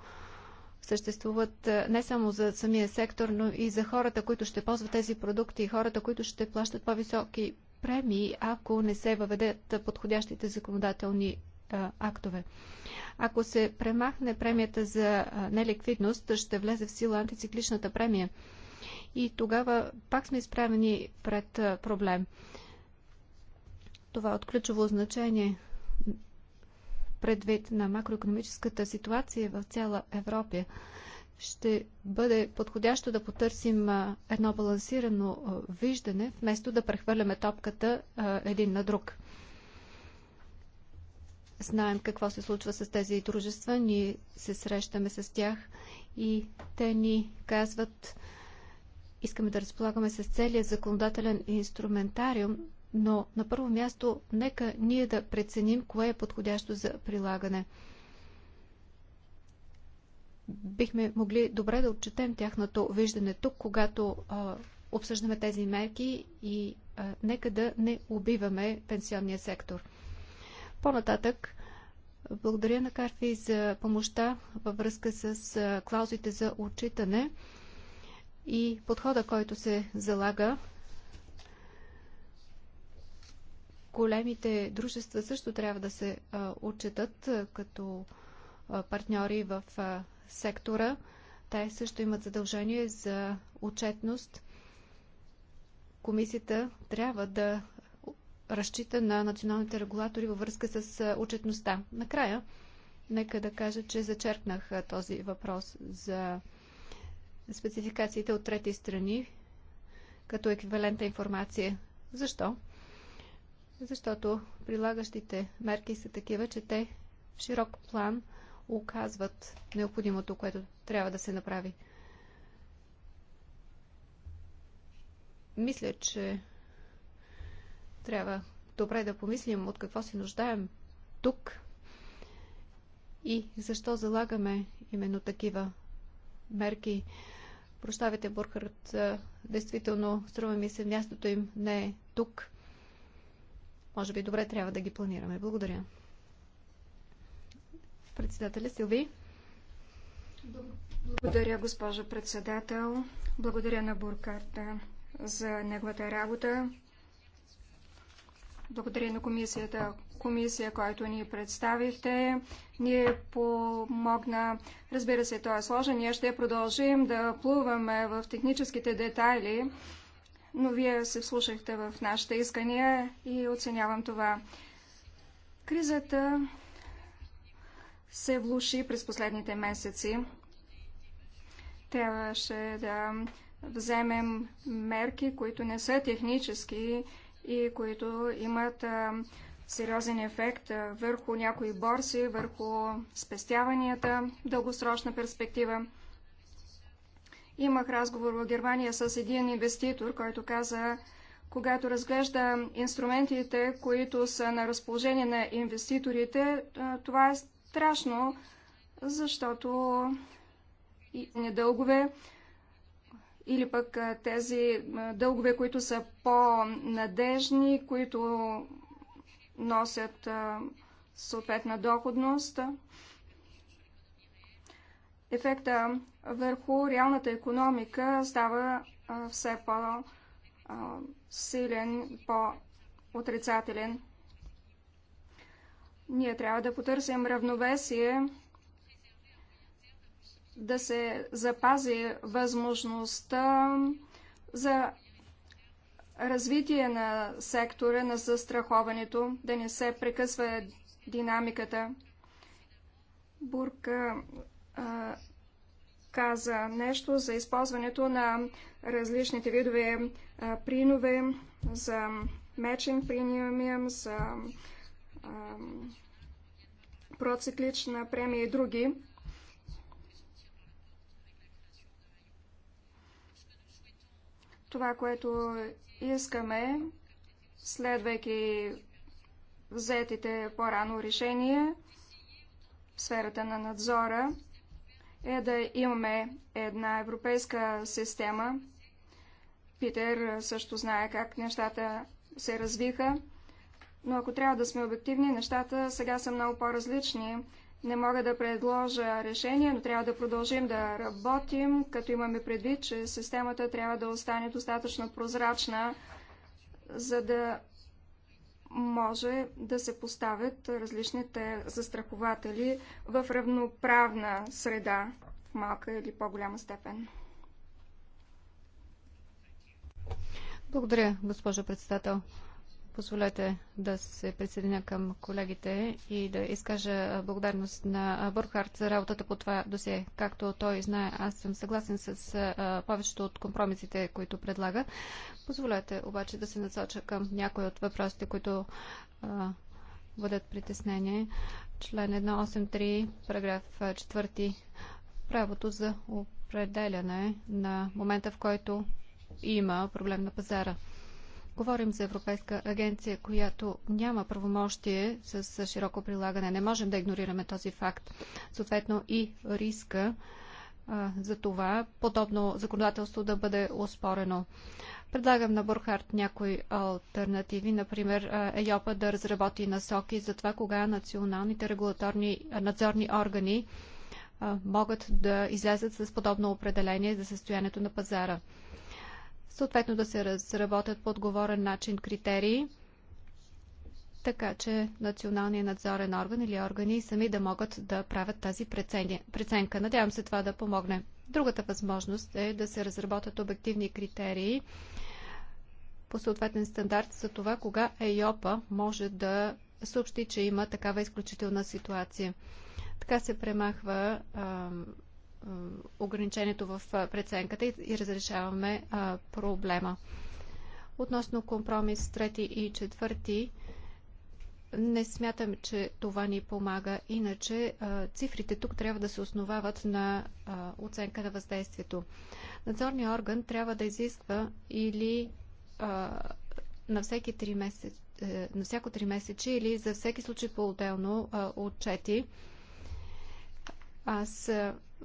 съществуват не само за самия сектор, но и за хората, които ще ползват тези продукти и хората, които ще плащат по-високи премии, ако не се въведат подходящите законодателни актове. Ако се премахне премията за неликвидност, ще влезе в сила антицикличната премия. И тогава пак сме изправени пред проблем. Това е от ключово значение предвид на макроекономическата ситуация в цяла Европа. Ще бъде подходящо да потърсим едно балансирано виждане, вместо да прехвърляме топката един на друг. Знаем какво се случва с тези дружества, ние се срещаме с тях и те ни казват, искаме да разполагаме с целият законодателен инструментариум, но на първо място нека ние да преценим кое е подходящо за прилагане. Бихме могли добре да отчетем тяхното виждане тук, когато а, обсъждаме тези мерки и а, нека да не убиваме пенсионния сектор. По-нататък, благодаря на Карфи за помощта във връзка с а, клаузите за отчитане и подхода, който се залага Големите дружества също трябва да се отчетат като партньори в сектора. Те също имат задължение за отчетност. Комисията трябва да разчита на националните регулатори във връзка с отчетността. Накрая, нека да кажа, че зачеркнах този въпрос за спецификациите от трети страни като еквивалентна информация. Защо? защото прилагащите мерки са такива, че те в широк план оказват необходимото, което трябва да се направи. Мисля, че трябва добре да помислим от какво се нуждаем тук и защо залагаме именно такива мерки. Прощавайте, Бурхард, действително струва ми се мястото им не е тук. Може би добре трябва да ги планираме. Благодаря. Председателя Силви. Благодаря, госпожа председател. Благодаря на Буркарта за неговата работа. Благодаря на комисията, комисия, която ни представихте. Ние помогна. Разбира се, той е сложен. Ние ще продължим да плуваме в техническите детайли но вие се вслушахте в нашите искания и оценявам това. Кризата се влуши през последните месеци. Трябваше да вземем мерки, които не са технически и които имат сериозен ефект върху някои борси, върху спестяванията, дългосрочна перспектива. Имах разговор в Германия с един инвеститор, който каза, когато разглежда инструментите, които са на разположение на инвеститорите, това е страшно, защото недългове или пък тези дългове, които са по-надежни, които носят съответна доходност ефекта върху реалната економика става все по-силен, по-отрицателен. Ние трябва да потърсим равновесие, да се запази възможността за развитие на сектора на застраховането, да не се прекъсва динамиката. Бурка каза нещо за използването на различните видове принове, за мечен премиум, за проциклична премия и други. Това, което искаме, следвайки взетите по-рано решения в сферата на надзора, е да имаме една европейска система. Питер също знае как нещата се развиха, но ако трябва да сме обективни, нещата сега са много по-различни. Не мога да предложа решение, но трябва да продължим да работим, като имаме предвид, че системата трябва да остане достатъчно прозрачна, за да може да се поставят различните застрахователи в равноправна среда в малка или по-голяма степен. Благодаря, госпожо председател. Позволете да се присъединя към колегите и да изкажа благодарност на Бурхард за работата по това досие. Както той знае, аз съм съгласен с повечето от компромисите, които предлага. Позволете обаче да се насоча към някои от въпросите, които а, бъдат притеснение. Член 183, параграф 4, правото за определяне на момента, в който има проблем на пазара. Говорим за Европейска агенция, която няма правомощие с широко прилагане. Не можем да игнорираме този факт. Съответно и риска а, за това подобно законодателство да бъде оспорено. Предлагам на Бурхарт някои альтернативи, например ЕЙОПА да разработи насоки за това кога националните регулаторни надзорни органи могат да излязат с подобно определение за състоянието на пазара. Съответно да се разработят по отговорен начин критерии, така че националният надзорен орган или органи сами да могат да правят тази преценка. Надявам се това да помогне. Другата възможност е да се разработят обективни критерии по съответен стандарт за това кога ЕЙОПА може да съобщи, че има такава изключителна ситуация. Така се премахва а, ограничението в преценката и разрешаваме а, проблема. Относно компромис трети и четвърти, не смятам, че това ни помага. Иначе а, цифрите тук трябва да се основават на а, оценка на въздействието. Надзорният орган трябва да изисква или на, всеки 3 месец, е, на всяко 3 месече или за всеки случай по-отделно отчети. Аз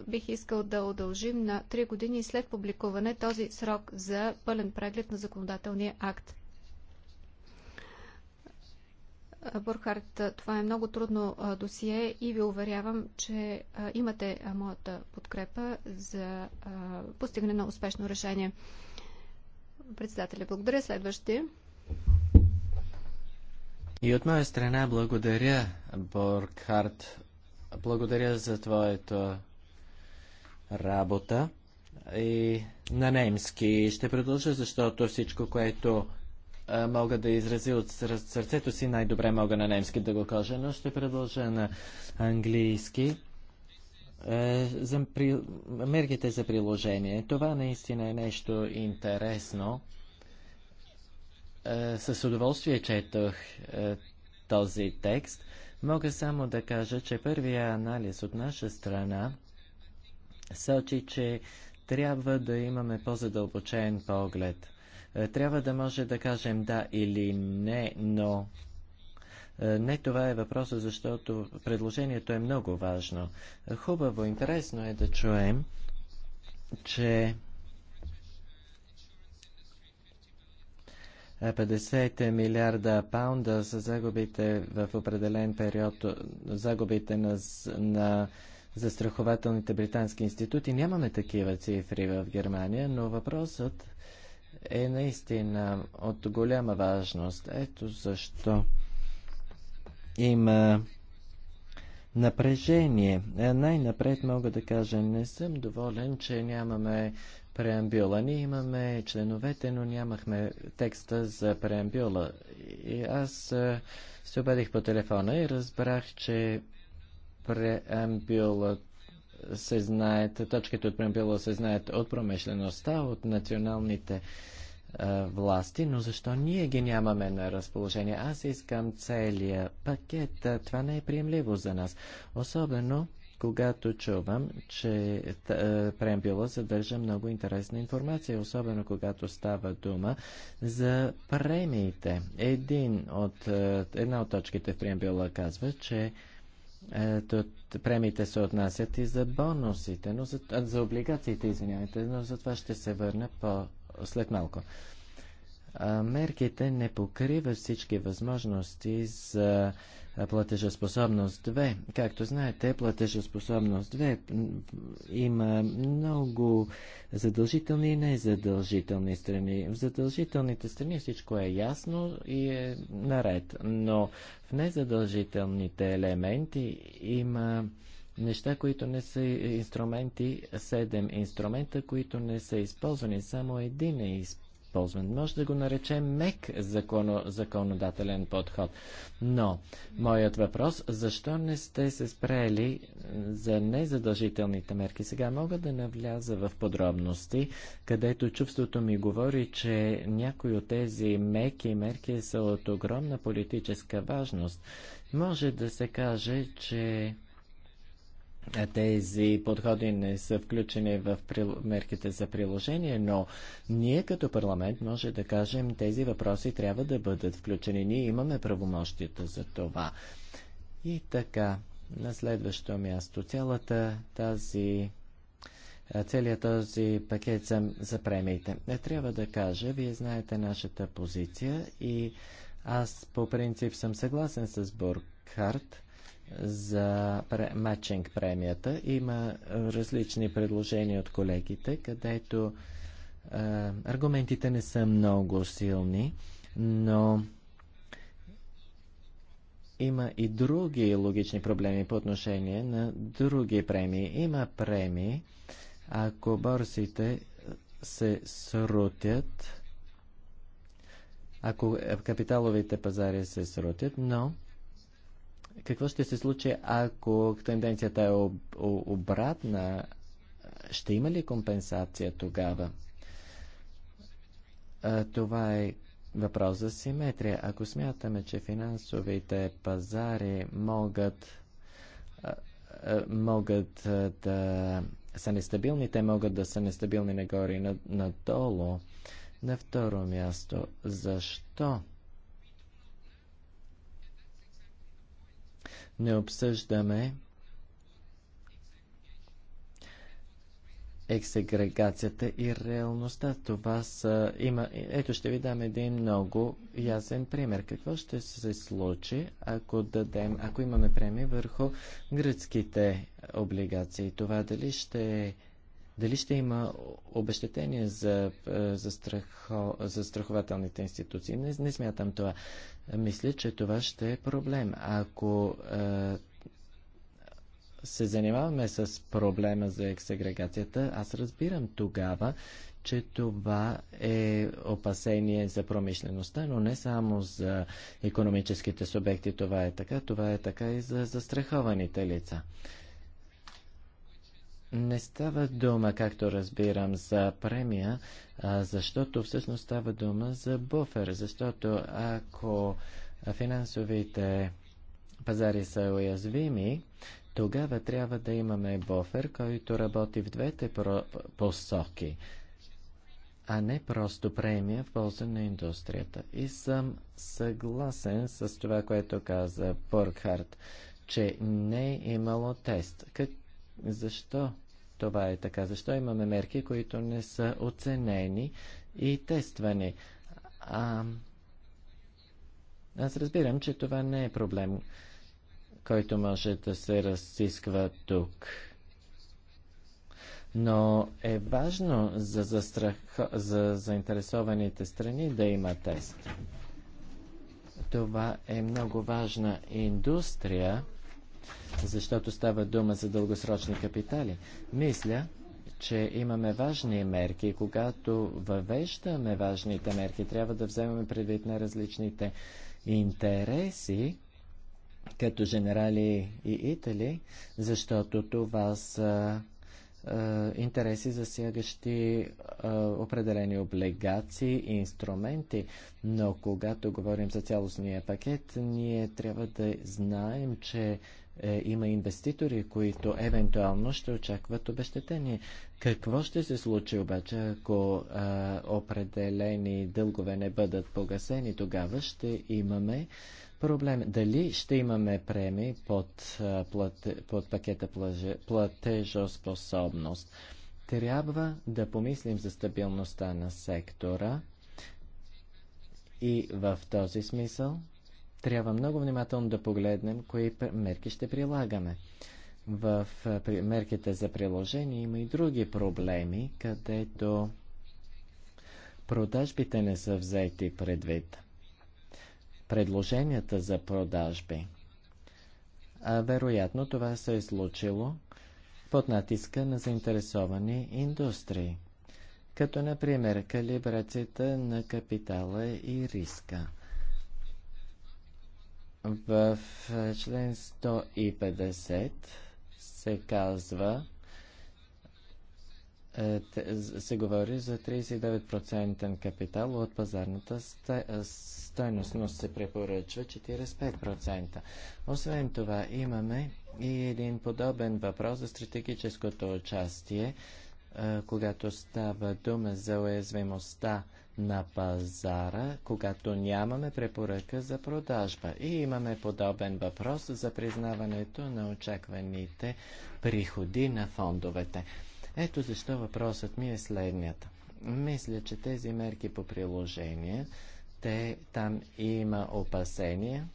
бих искал да удължим на 3 години след публикуване този срок за пълен преглед на законодателния акт. Бурхард, това е много трудно досие и ви уверявам, че имате моята подкрепа за постигане на успешно решение. Председателя, благодаря. Следващи. И от моя страна благодаря, Боргхарт. Благодаря за твоето работа. И на немски ще продължа, защото всичко, което мога да изразя от сърцето си, най-добре мога на немски да го кажа, но ще продължа на английски. Е, за при... мерките за приложение. Това наистина е нещо интересно. Е, с удоволствие четох е, този текст. Мога само да кажа, че първия анализ от наша страна сочи, че трябва да имаме по-задълбочен поглед. Е, трябва да може да кажем да или не, но е, не това е въпроса, защото предложението е много важно. Хубаво, интересно е да чуем, че 50 милиарда паунда са загубите в определен период, загубите на, на застрахователните британски институти. Нямаме такива цифри в Германия, но въпросът е наистина от голяма важност. Ето защо има напрежение. Е, най-напред мога да кажа, не съм доволен, че нямаме преамбюла. Ние имаме членовете, но нямахме текста за преамбюла. И аз е, се обадих по телефона и разбрах, че преамбюлът се знаят, точките от преамбюла се знаят от промишлеността, от националните е, власти, но защо ние ги нямаме на разположение? Аз искам целия пакет. Това не е приемливо за нас. Особено когато чувам, че е, преамбюла съдържа много интересна информация, особено когато става дума за премиите. Един от, е, една от точките в преамбюла казва, че премиите се отнасят и за бонусите, но за, за облигациите, извинявайте, но за това ще се върна по след малко. Мерките не покриват всички възможности за платежеспособност 2. Както знаете, платежеспособност 2 има много задължителни и незадължителни страни. В задължителните страни всичко е ясно и е наред, но в незадължителните елементи има неща, които не са инструменти, седем инструмента, които не са използвани, само един е използван. Може да го наречем мек законо, законодателен подход. Но, моят въпрос, защо не сте се спрели за незадължителните мерки? Сега мога да навляза в подробности, където чувството ми говори, че някои от тези меки мерки са от огромна политическа важност. Може да се каже, че тези подходи не са включени в мерките за приложение, но ние като парламент може да кажем, тези въпроси трябва да бъдат включени. Ние имаме правомощията за това. И така, на следващо място, цялата тази целият този пакет за, за премиите. Не трябва да кажа, вие знаете нашата позиция и аз по принцип съм съгласен с Харт, за матчинг премията. Има различни предложения от колегите, където а, е, аргументите не са много силни, но има и други логични проблеми по отношение на други премии. Има премии, ако борсите се срутят, ако капиталовите пазари се срутят, но какво ще се случи, ако тенденцията е обратна? Ще има ли компенсация тогава? Това е въпрос за симетрия. Ако смятаме, че финансовите пазари могат, могат да са нестабилни, те могат да са нестабилни нагоре и надолу. На второ място, защо не обсъждаме ексегрегацията и реалността. Това са, има, ето ще ви дам един много ясен пример. Какво ще се случи, ако, дадем, ако имаме премия върху гръцките облигации? Това дали ще е дали ще има обещетение за, е, за, страхо, за страхователните институции? Не, не смятам това. Мисля, че това ще е проблем. Ако е, се занимаваме с проблема за ексегрегацията, аз разбирам тогава, че това е опасение за промишлеността, но не само за економическите субекти. Това е така, това е така и за застрахованите лица. Не става дума, както разбирам, за премия, а, защото всъщност става дума за буфер, защото ако финансовите пазари са уязвими, тогава трябва да имаме буфер, който работи в двете посоки, а не просто премия в полза на индустрията. И съм съгласен с това, което каза Боргхарт, че не е имало тест. Как... Защо това е така. Защо имаме мерки, които не са оценени и тествани? А, аз разбирам, че това не е проблем, който може да се разисква тук. Но е важно за, застрах... за заинтересованите страни да има тест. Това е много важна индустрия, защото става дума за дългосрочни капитали. Мисля, че имаме важни мерки. Когато въвеждаме важните мерки, трябва да вземем предвид на различните интереси, като генерали и итали, защото това са интереси, засягащи определени облигации и инструменти. Но когато говорим за цялостния пакет, ние трябва да знаем, че е, има инвеститори, които евентуално ще очакват обещетение. Какво ще се случи обаче, ако е, определени дългове не бъдат погасени? Тогава ще имаме проблем. Дали ще имаме премии под, е, плате, под пакета плаже, платежоспособност? Трябва да помислим за стабилността на сектора. И в този смисъл трябва много внимателно да погледнем кои мерки ще прилагаме. В мерките за приложение има и други проблеми, където продажбите не са взети предвид. Предложенията за продажби. А вероятно това се е случило под натиска на заинтересовани индустрии, като например калибрацията на капитала и риска. В е, член 150 се казва, е, се говори за 39% капитал от пазарната е, стойност, но се препоръчва 45%. Освен това имаме и един подобен въпрос за стратегическото участие когато става дума за уязвимостта на пазара, когато нямаме препоръка за продажба. И имаме подобен въпрос за признаването на очакваните приходи на фондовете. Ето защо въпросът ми е следният. Мисля, че тези мерки по приложение, те там има опасения,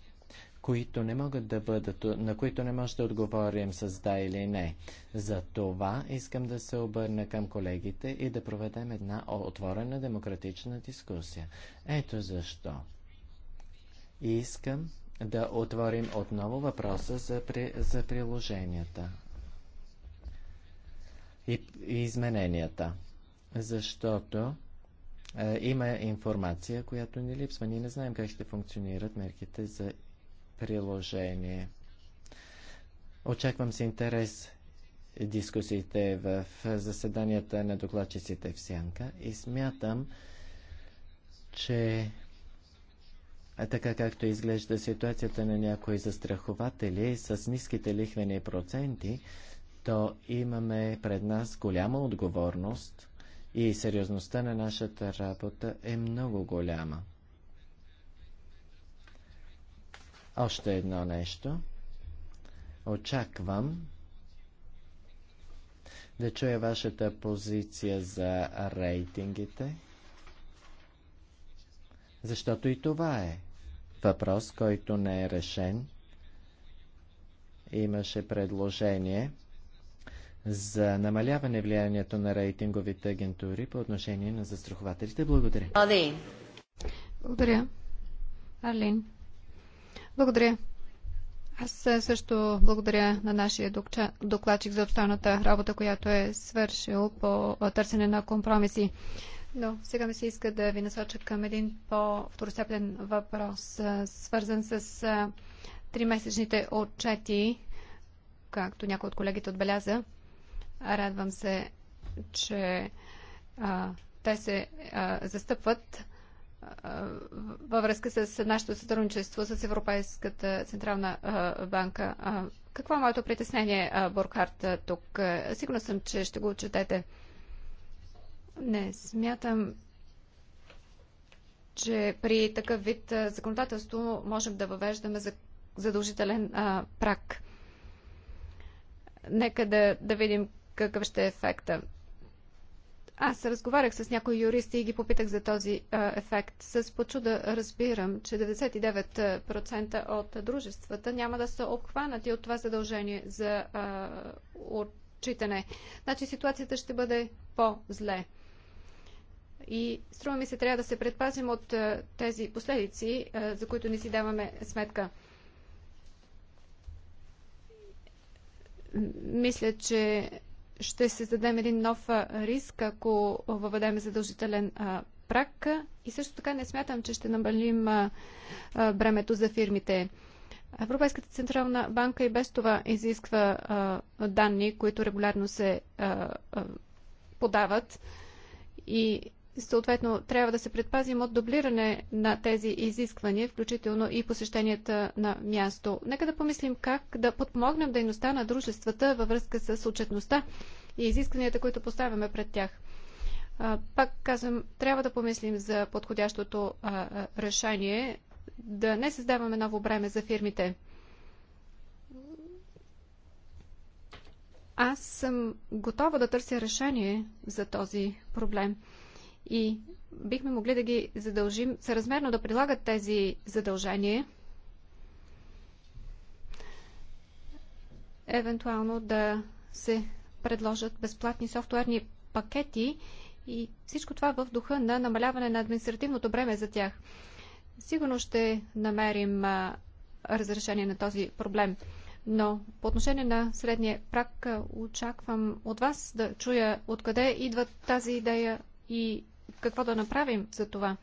които не могат да бъдат, на които не може да отговорим с да или не. За това искам да се обърна към колегите и да проведем една отворена демократична дискусия. Ето защо. Искам да отворим отново въпроса за, при, за приложенията и, и измененията. Защото е, има информация, която ни липсва. Ние не знаем как ще функционират мерките за приложение. Очаквам с интерес дискусиите в заседанията на докладчиците в Сянка и смятам, че така както изглежда ситуацията на някои застрахователи с ниските лихвени проценти, то имаме пред нас голяма отговорност и сериозността на нашата работа е много голяма. Още едно нещо. Очаквам да чуя вашата позиция за рейтингите, защото и това е въпрос, който не е решен. Имаше предложение за намаляване влиянието на рейтинговите агентури по отношение на застрахователите. Благодаря. Благодаря. Арлин. Благодаря. Аз също благодаря на нашия докладчик за обстойната работа, която е свършил по търсене на компромиси. Но сега ми се иска да ви насоча към един по-второстепен въпрос, свързан с тримесечните отчети, както някой от колегите отбеляза. Радвам се, че а, те се а, застъпват във връзка с нашето сътрудничество с Европейската Централна банка. Какво е моето притеснение, Буркарт, тук? Сигурна съм, че ще го отчетете. Не, смятам, че при такъв вид законодателство можем да въвеждаме задължителен прак. Нека да, да видим какъв ще е ефекта. Аз разговарях с някои юристи и ги попитах за този а, ефект. С почуда разбирам, че 99% от дружествата няма да са обхванати от това задължение за а, отчитане. Значи ситуацията ще бъде по-зле. И струва ми се, трябва да се предпазим от а, тези последици, а, за които не си даваме сметка. Мисля, че ще се зададем един нов риск, ако въведем задължителен прак. И също така не смятам, че ще намалим бремето за фирмите. Европейската централна банка и без това изисква данни, които регулярно се подават. И Съответно, трябва да се предпазим от дублиране на тези изисквания, включително и посещенията на място. Нека да помислим как да подпомогнем дейността на дружествата във връзка с отчетността и изискванията, които поставяме пред тях. Пак казвам, трябва да помислим за подходящото решение да не създаваме ново бреме за фирмите. Аз съм готова да търся решение за този проблем и бихме могли да ги задължим съразмерно да прилагат тези задължения, евентуално да се предложат безплатни софтуерни пакети и всичко това в духа на намаляване на административното бреме за тях. Сигурно ще намерим а, разрешение на този проблем. Но по отношение на средния прак очаквам от вас да чуя откъде идва тази идея и какво да направим за това.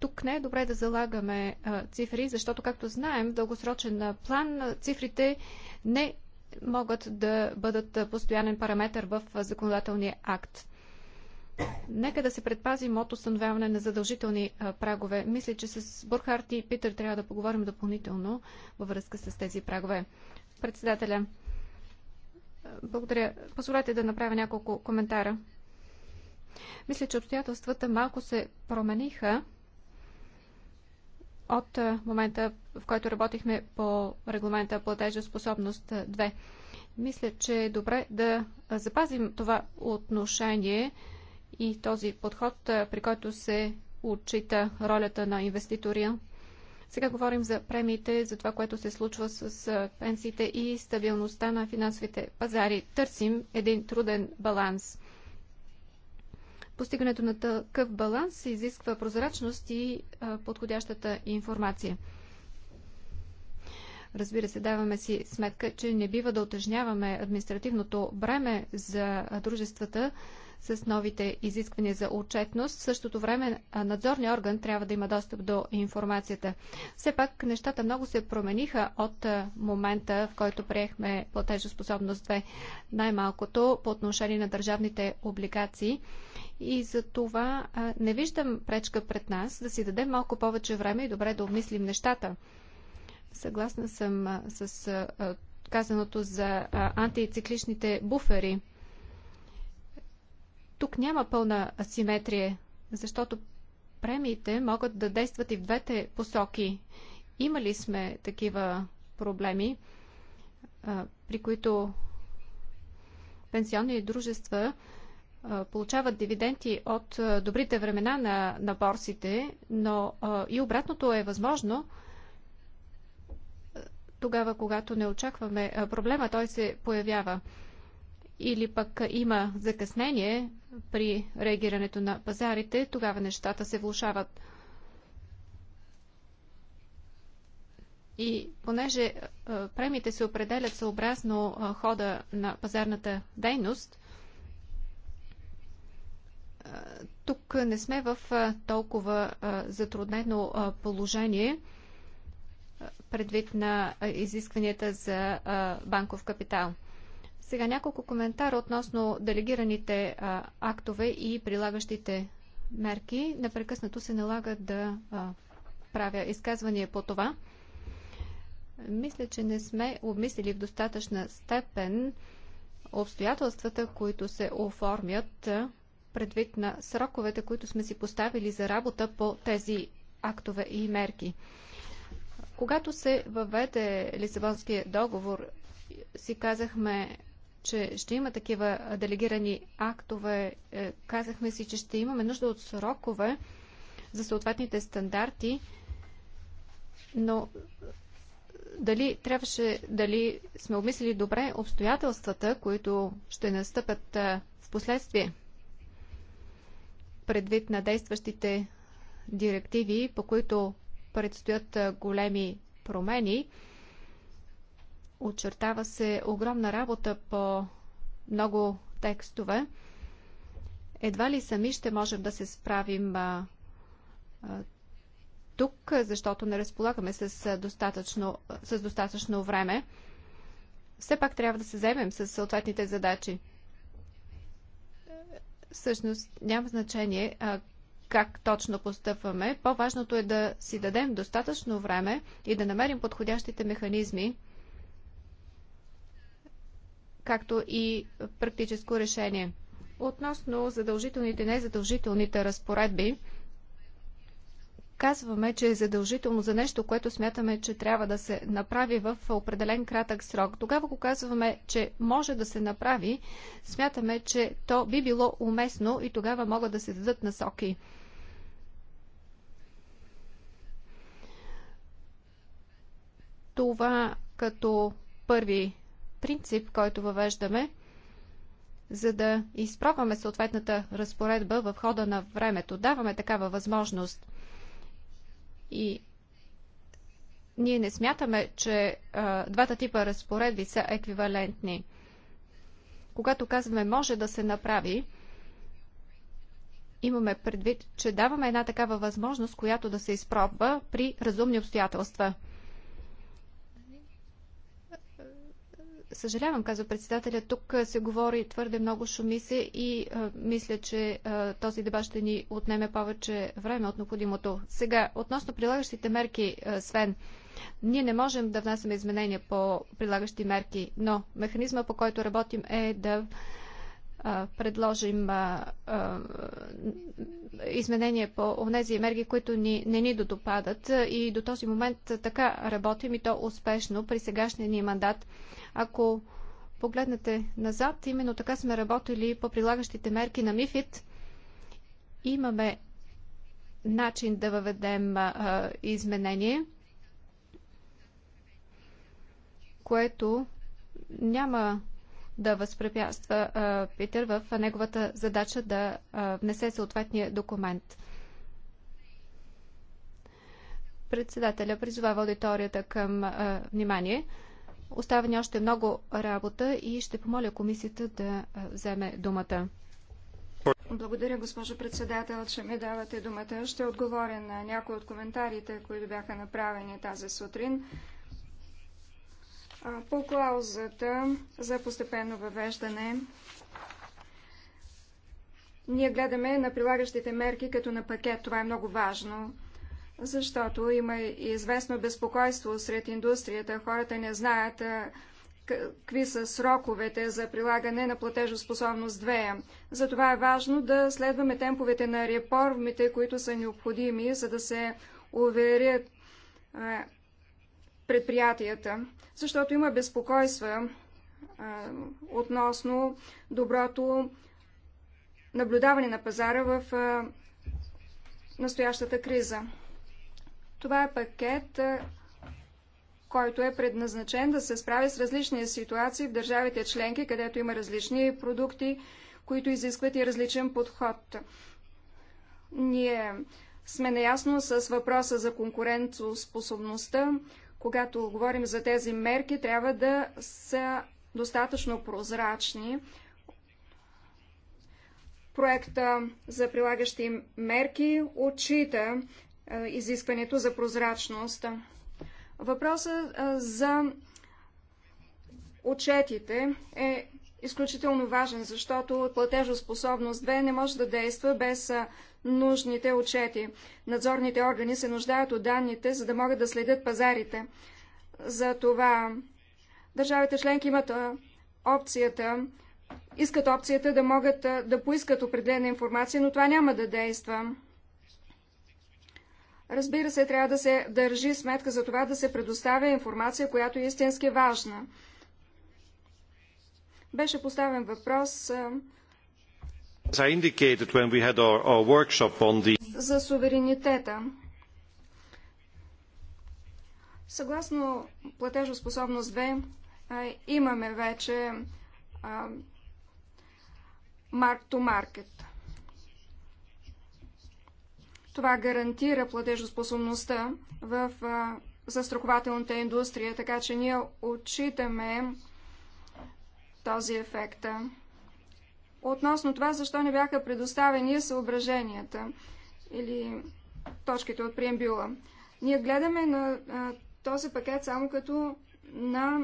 Тук не е добре да залагаме а, цифри, защото, както знаем, в дългосрочен план цифрите не могат да бъдат постоянен параметр в законодателния акт. Нека да се предпазим от установяване на задължителни а, прагове. Мисля, че с Бурхарт и Питър трябва да поговорим допълнително във връзка с тези прагове. Председателя, благодаря. Позволете да направя няколко коментара. Мисля, че обстоятелствата малко се промениха от момента, в който работихме по регламента платежоспособност 2. Мисля, че е добре да запазим това отношение и този подход, при който се отчита ролята на инвеститория. Сега говорим за премиите, за това, което се случва с пенсиите и стабилността на финансовите пазари. Търсим един труден баланс. Постигането на такъв баланс изисква прозрачност и подходящата информация. Разбира се, даваме си сметка, че не бива да отъжняваме административното бреме за дружествата с новите изисквания за отчетност. В същото време надзорният орган трябва да има достъп до информацията. Все пак нещата много се промениха от момента, в който приехме платежоспособност 2, най-малкото по отношение на държавните облигации и за това а, не виждам пречка пред нас да си дадем малко повече време и добре да обмислим нещата. Съгласна съм а, с а, казаното за а, антицикличните буфери. Тук няма пълна асиметрия, защото премиите могат да действат и в двете посоки. Имали сме такива проблеми, а, при които пенсионни дружества получават дивиденти от добрите времена на, на борсите, но и обратното е възможно тогава, когато не очакваме проблема, той се появява. Или пък има закъснение при реагирането на пазарите, тогава нещата се влушават. И понеже премиите се определят съобразно хода на пазарната дейност – тук не сме в толкова затруднено положение предвид на изискванията за банков капитал. Сега няколко коментара относно делегираните актове и прилагащите мерки. Непрекъснато се налага да правя изказвания по това. Мисля, че не сме обмислили в достатъчна степен обстоятелствата, които се оформят предвид на сроковете, които сме си поставили за работа по тези актове и мерки. Когато се въведе Лисабонския договор, си казахме, че ще има такива делегирани актове. Е, казахме си, че ще имаме нужда от срокове за съответните стандарти, но дали трябваше, дали сме обмислили добре обстоятелствата, които ще настъпят е, в последствие предвид на действащите директиви, по които предстоят големи промени, очертава се огромна работа по много текстове. Едва ли сами ще можем да се справим а, а, тук, защото не разполагаме с достатъчно, с достатъчно време. Все пак трябва да се вземем с съответните задачи всъщност няма значение а, как точно постъпваме. По-важното е да си дадем достатъчно време и да намерим подходящите механизми, както и практическо решение. Относно задължителните и незадължителните разпоредби, казваме, че е задължително за нещо, което смятаме, че трябва да се направи в определен кратък срок. Тогава, го казваме, че може да се направи, смятаме, че то би било уместно и тогава могат да се дадат насоки. Това като първи принцип, който въвеждаме, за да изпробваме съответната разпоредба в хода на времето. Даваме такава възможност. И ние не смятаме, че а, двата типа разпоредби са еквивалентни. Когато казваме може да се направи, имаме предвид, че даваме една такава възможност, която да се изпробва при разумни обстоятелства. Съжалявам, казва председателя, тук се говори твърде много шуми се и а, мисля, че а, този дебат ще ни отнеме повече време от необходимото. Сега, относно прилагащите мерки, а, Свен, ние не можем да внасяме изменения по прилагащи мерки, но механизма по който работим е да предложим изменения по тези мерки, които ни, не ни додопадат. И до този момент така работим и то успешно при сегашния ни мандат. Ако погледнете назад, именно така сме работили по прилагащите мерки на Мифит, Имаме начин да въведем а, изменение, което няма да възпрепятства Питер в неговата задача да внесе съответния документ. Председателя призвава аудиторията към внимание. Остава ни още много работа и ще помоля комисията да вземе думата. Благодаря, госпожо председател, че ми давате думата. Ще отговоря на някои от коментарите, които бяха направени тази сутрин. По клаузата за постепенно въвеждане, ние гледаме на прилагащите мерки като на пакет. Това е много важно, защото има и известно безпокойство сред индустрията. Хората не знаят какви са сроковете за прилагане на платежоспособност 2. Затова е важно да следваме темповете на реформите, които са необходими, за да се уверят предприятията защото има безпокойства а, относно доброто наблюдаване на пазара в а, настоящата криза. Това е пакет, а, който е предназначен да се справи с различни ситуации в държавите членки, където има различни продукти, които изискват и различен подход. Ние сме наясно с въпроса за конкурентоспособността, когато говорим за тези мерки, трябва да са достатъчно прозрачни. Проекта за прилагащи мерки отчита е, изискването за прозрачност. Въпросът е, за отчетите е изключително важен, защото платежоспособност 2 не може да действа без е, нужните отчети. Надзорните органи се нуждаят от данните, за да могат да следят пазарите. За това държавите членки имат опцията, искат опцията да могат да поискат определена информация, но това няма да действа. Разбира се, трябва да се държи сметка за това да се предоставя информация, която е истински важна. Беше поставен въпрос за суверенитета. Съгласно платежоспособност 2, имаме вече марк-то-маркет. Това гарантира платежоспособността в застрахователната индустрия, така че ние отчитаме този ефект относно това, защо не бяха предоставени съображенията или точките от приембюла, Ние гледаме на а, този пакет само като на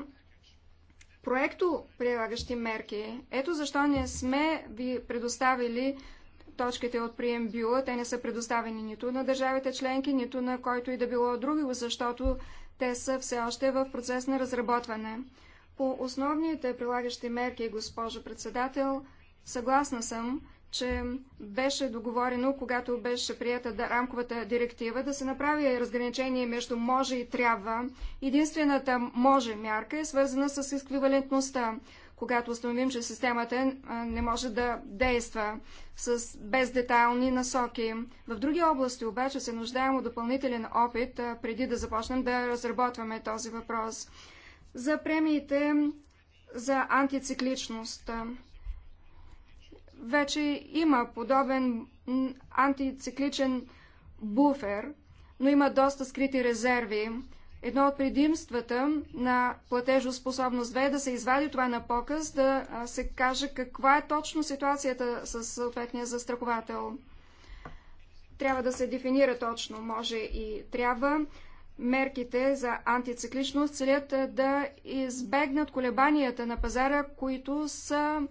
проекто прилагащи мерки. Ето защо не сме ви предоставили точките от приембюла. Те не са предоставени нито на държавите членки, нито на който и да било други, защото те са все още в процес на разработване. По основните прилагащи мерки, госпожо председател, Съгласна съм, че беше договорено, когато беше прията да, рамковата директива, да се направи разграничение между може и трябва. Единствената може мярка е свързана с еквивалентността, когато установим, че системата не може да действа с бездетайлни насоки. В други области обаче се нуждаем от допълнителен опит, преди да започнем да разработваме този въпрос. За премиите за антицикличност вече има подобен антицикличен буфер, но има доста скрити резерви. Едно от предимствата на платежоспособност 2 е да се извади това на показ, да се каже каква е точно ситуацията с съответния застраховател. Трябва да се дефинира точно, може и трябва. Мерките за антицикличност целят да избегнат колебанията на пазара, които са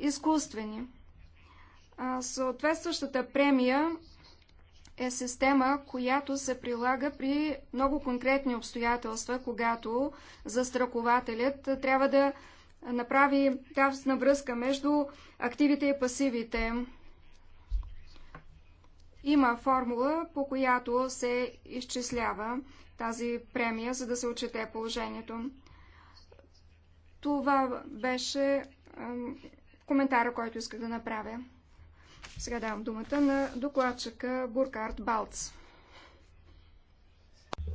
изкуствени. Съответстващата премия е система, която се прилага при много конкретни обстоятелства, когато застрахователят трябва да направи тясна връзка между активите и пасивите. Има формула, по която се изчислява тази премия, за да се отчете положението. Това беше коментара, който исках да направя. Сега давам думата на докладчика Буркарт Балц.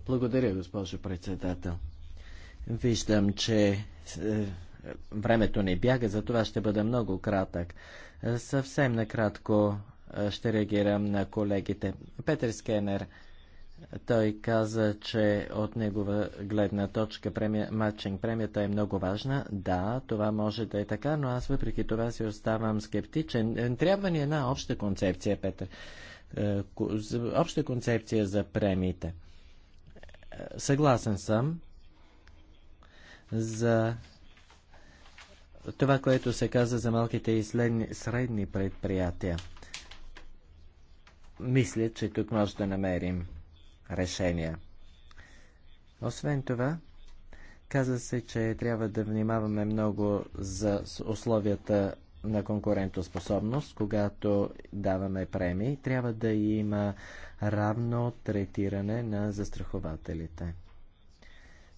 Благодаря, госпожо председател. Виждам, че е, времето не бяга, за това ще бъда много кратък. Е, съвсем накратко е, ще реагирам на колегите. Петър Скенер той каза, че от негова гледна точка премия, матчинг премията е много важна. Да, това може да е така, но аз въпреки това си оставам скептичен. Е, трябва ни една обща концепция, Петър. Е, обща концепция за премиите. Е, съгласен съм за това, което се каза за малките и средни предприятия. Мисля, че тук може да намерим решения. Освен това, каза се, че трябва да внимаваме много за условията на конкурентоспособност, когато даваме премии, трябва да има равно третиране на застрахователите.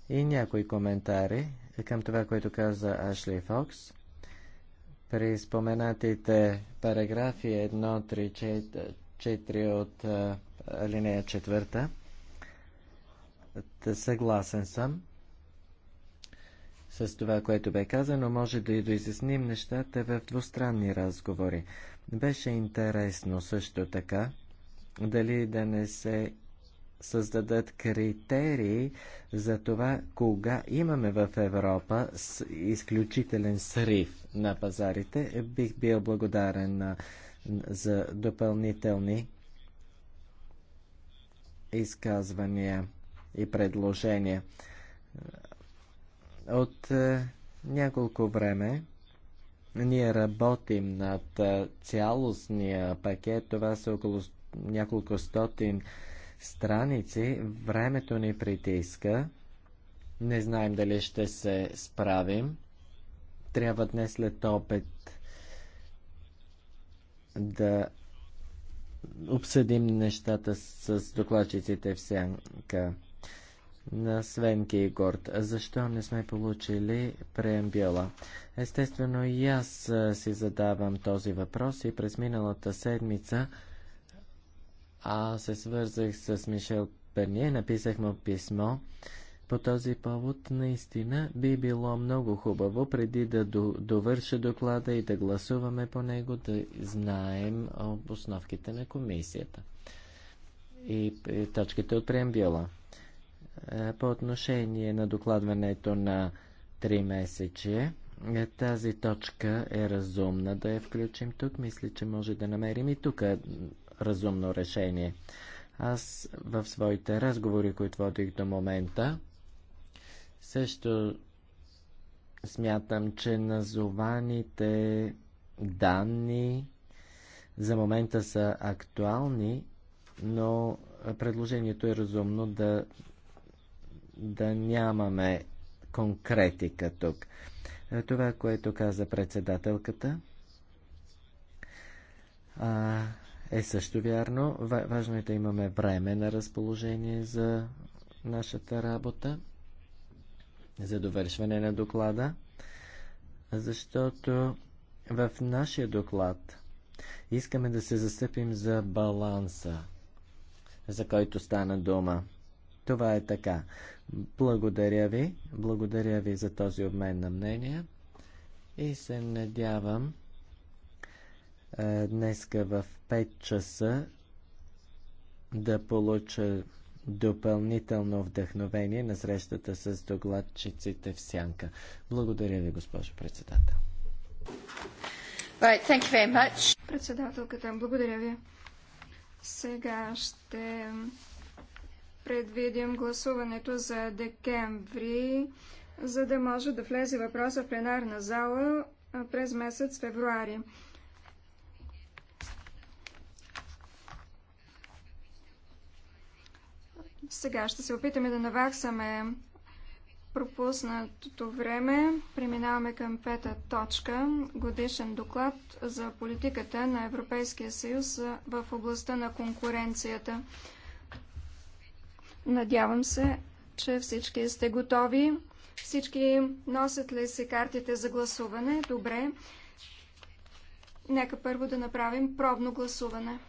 И някои коментари към това, което каза Ашли Фокс. При споменатите параграфи 1, 3, 4 от линия 4 Съгласен съм с това, което бе казано. Може да и доизясним нещата в двустранни разговори. Беше интересно също така дали да не се създадат критерии за това, кога имаме в Европа с изключителен срив на пазарите. Бих бил благодарен на, за допълнителни изказвания и предложения. От е, няколко време ние работим над е, цялостния пакет. Това са около няколко стотин страници. Времето ни притиска. Не знаем дали ще се справим. Трябва днес след опит да обсъдим нещата с докладчиците в сянка на Свенки и Горд. Защо не сме получили преембюла? Естествено и аз си задавам този въпрос и през миналата седмица а се свързах с Мишел Перние, написах му писмо. По този повод наистина би било много хубаво преди да довърша доклада и да гласуваме по него, да знаем основките на комисията и точките от преембюла. Е, по отношение на докладването на 3 месече, е, тази точка е разумна да я включим тук. Мисля, че може да намерим и тук разумно решение. Аз в своите разговори, които водих до момента, също смятам, че назованите данни за момента са актуални, но предложението е разумно да да нямаме конкретика тук. Е, това, което каза председателката, е също вярно. Важно е да имаме време на разположение за нашата работа, за довършване на доклада, защото в нашия доклад искаме да се застъпим за баланса, за който стана дума. Това е така. Благодаря ви. Благодаря ви за този обмен на мнения. И се надявам е, днеска в 5 часа да получа допълнително вдъхновение на срещата с докладчиците в Сянка. Благодаря ви, госпожо председател. Right, thank you very much. Председателката, благодаря ви. Сега ще предвидим гласуването за декември, за да може да влезе въпроса в пленарна зала през месец февруари. Сега ще се опитаме да наваксаме пропуснатото време. Преминаваме към пета точка. Годишен доклад за политиката на Европейския съюз в областта на конкуренцията. Надявам се, че всички сте готови. Всички носят ли си картите за гласуване? Добре. Нека първо да направим пробно гласуване.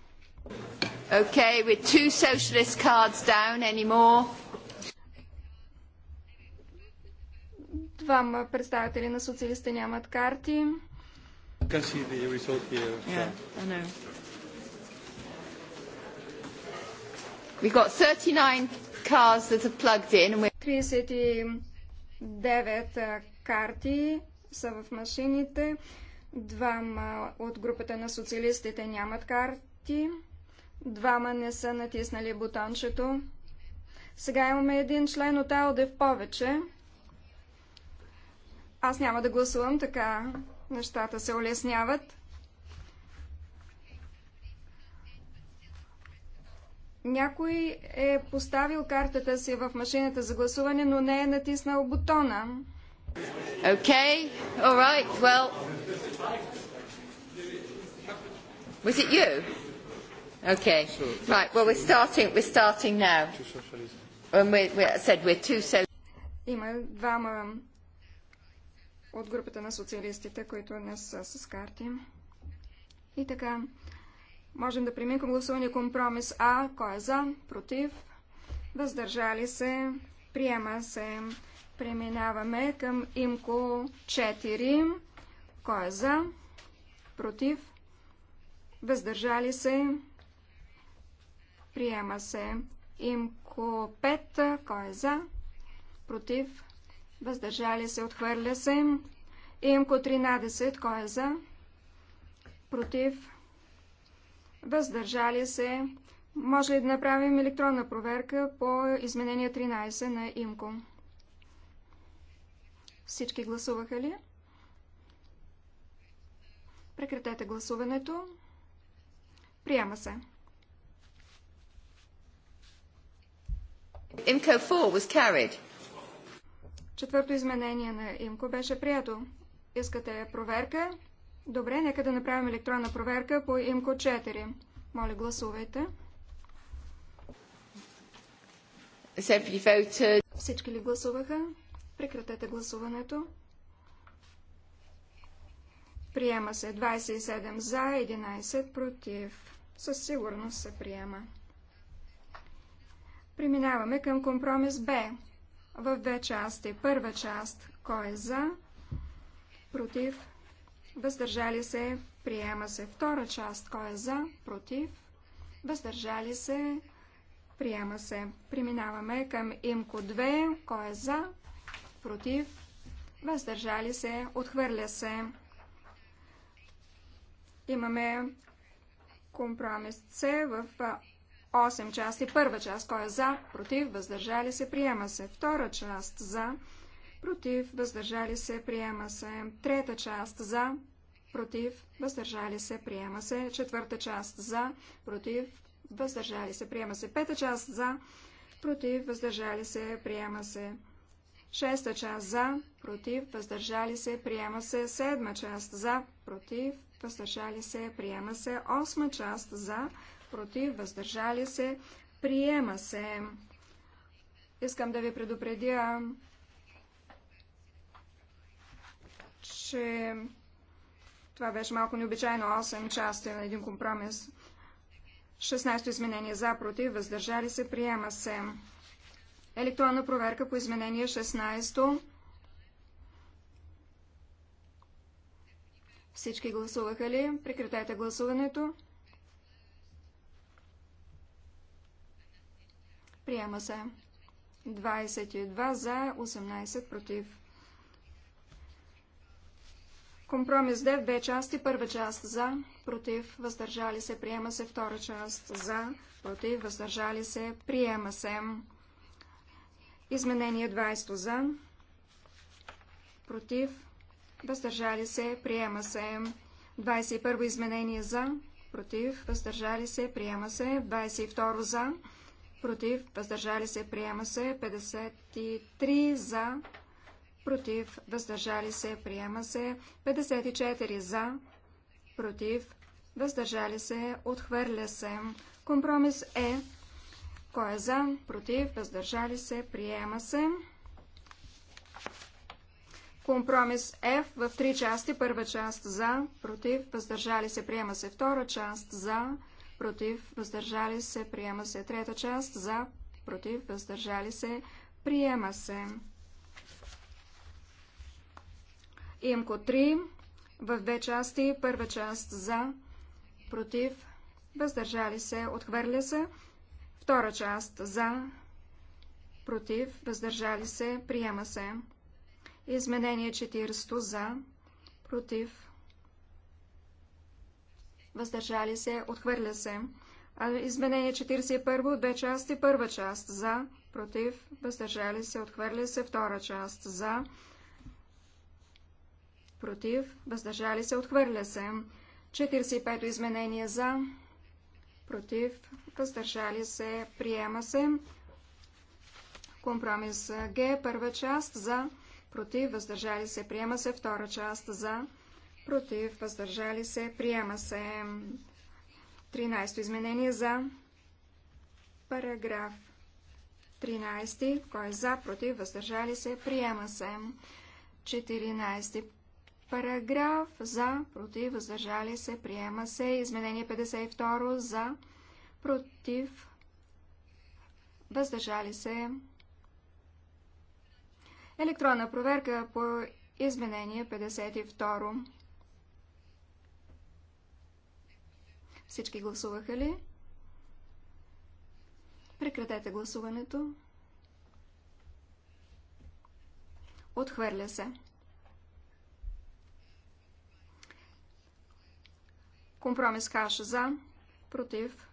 Okay, with two socialist cards down anymore. Двама представители на социалистите нямат карти. Can see the result here. Yeah, I know. We got 39 cars that are plugged in. 39 карти са в машините. Двама от групата на социалистите нямат карти. Двама не са натиснали бутончето. Сега имаме един член от АЛДЕ в повече. Аз няма да гласувам, така нещата се улесняват. Някой е поставил картата си в машината за гласуване, но не е натиснал бутона. Okay, all right, well... Was it you? Okay, right, well we're starting, we're starting now. And we, we said we're two so... Има двама от групата на социалистите, които не са с карти. И така, Можем да преминем към гласуване компромис А. Кой е за? Против? Въздържали се? Приема се. Преминаваме към имко 4. Кой е за? Против? Въздържали се? Приема се. Имко 5. Кой е за? Против? Въздържали се? Отхвърля се. Имко 13. Кой е за? Против? въздържали се. Може ли да направим електронна проверка по изменение 13 на ИМКО? Всички гласуваха ли? Прекратете гласуването. Приема се. ИМКО 4 was carried. Четвърто изменение на ИМКО беше прието. Искате проверка? Добре, нека да направим електронна проверка по имко 4. Моля, гласувайте. Всички ли гласуваха? Прекратете гласуването. Приема се 27 за, 11 против. Със сигурност се приема. Преминаваме към компромис Б. В две части. Първа част. Кой е за? Против? въздържали се, приема се. Втора част, кой е за, против, въздържали се, приема се. Преминаваме към имко 2, кой е за, против, въздържали се, отхвърля се. Имаме компромис С в 8 части. Първа част, кой е за, против, въздържали се, приема се. Втора част, за, против, против, въздържали се, приема се. Трета част за, против, въздържали се, приема се. Четвърта част за, против, въздържали се, приема се. Пета част за, против, въздържали се, приема се. Шеста част за, против, въздържали се, приема се. Седма част за, против, въздържали се, приема се. Осма част за, против, въздържали се, приема се. Искам да ви предупредя, че това беше малко необичайно 8 части на един компромис. 16 изменение за, против, въздържали се, приема се. Електронна проверка по изменение 16. Всички гласуваха ли? Прекратете гласуването. Приема се. 22 за, 18 против. Компромис Д в две части. Първа част за, против, въздържали се, приема се. Втора част за, против, въздържали се, приема се. Изменение 20 за, против, въздържали се, приема се. 21 изменение за, против, въздържали се, приема се. 22 за, против, въздържали се, приема се. 53 за, против, въздържали се, приема се. 54 за, против, въздържали се, отхвърля се. Компромис е, кой е за, против, въздържали се, приема се. Компромис F в три части. Първа част за, против, въздържали се, приема се. Втора част за, против, въздържали се, приема се. Трета част за, против, въздържали се, приема се. Имко 3 в две части. Първа част за, против, въздържали се, отхвърля се. Втора част за, против, въздържали се, приема се. Изменение 40 за, против, въздържали се, отхвърля се. Изменение 41 от две части. Първа част за, против, въздържали се, отхвърля се. Втора част за, против, против, въздържали се, отхвърля се. 45-то изменение за, против, въздържали се, приема се. Компромис Г, първа част за, против, въздържали се, приема се, втора част за, против, въздържали се, приема се. 13-то изменение за параграф 13, кой е за, против, въздържали се, приема се. 14 параграф за, против, въздържали се, приема се. Изменение 52 за, против, въздържали се. Електронна проверка по изменение 52. Всички гласуваха ли? Прекратете гласуването. Отхвърля се. Компромис Хаш за, против,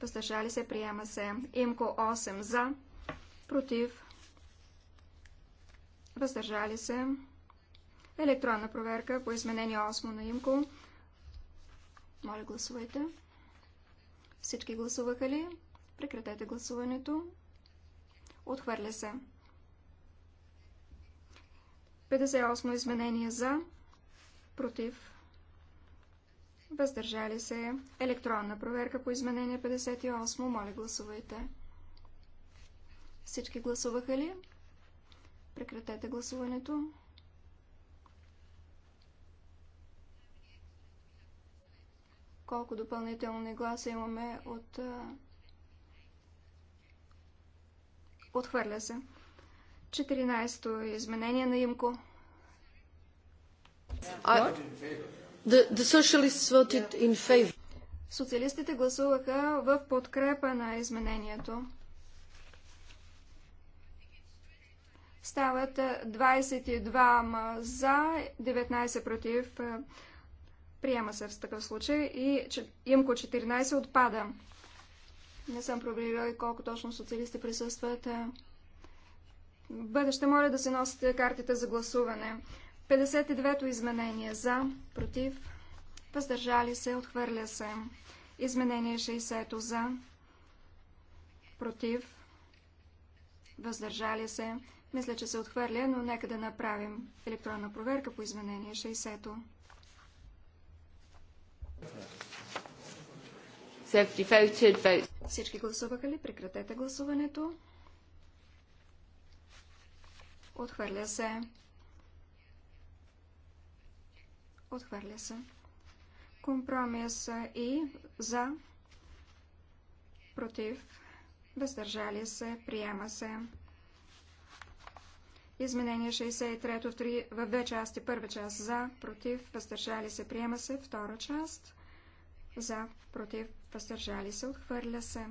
въздържали се, приема се. Имко 8 за, против, въздържали се. Електронна проверка по изменение 8 на Имко. Моля, гласувайте. Всички гласуваха ли? Прекратете гласуването. Отхвърля се. 58 изменение за, против, въздържали се, електронна проверка по изменение 58, моля гласувайте. Всички гласуваха ли? Прекратете гласуването. Колко допълнителни гласа имаме от... Отхвърля се. 14-то изменение на Имко. Социалистите гласуваха в подкрепа на изменението. Стават 22 за, 19 против. Приема се в такъв случай и имко 14 отпада. Не съм проверила колко точно социалисти присъстват. В бъдеще моля да се носите картите за гласуване. 59-то изменение за, против, въздържали се, отхвърля се. Изменение 60-то за, против, въздържали се. Мисля, че се отхвърля, но нека да направим електронна проверка по изменение 60-то. Всички гласуваха ли? Прекратете гласуването. Отхвърля се. Отхвърля се. Компромис и за, против, въздържали се, приема се. Изменение 63 в, 3, в две части. Първа част за, против, въздържали се, приема се. Втора част за, против, въздържали се, отхвърля се.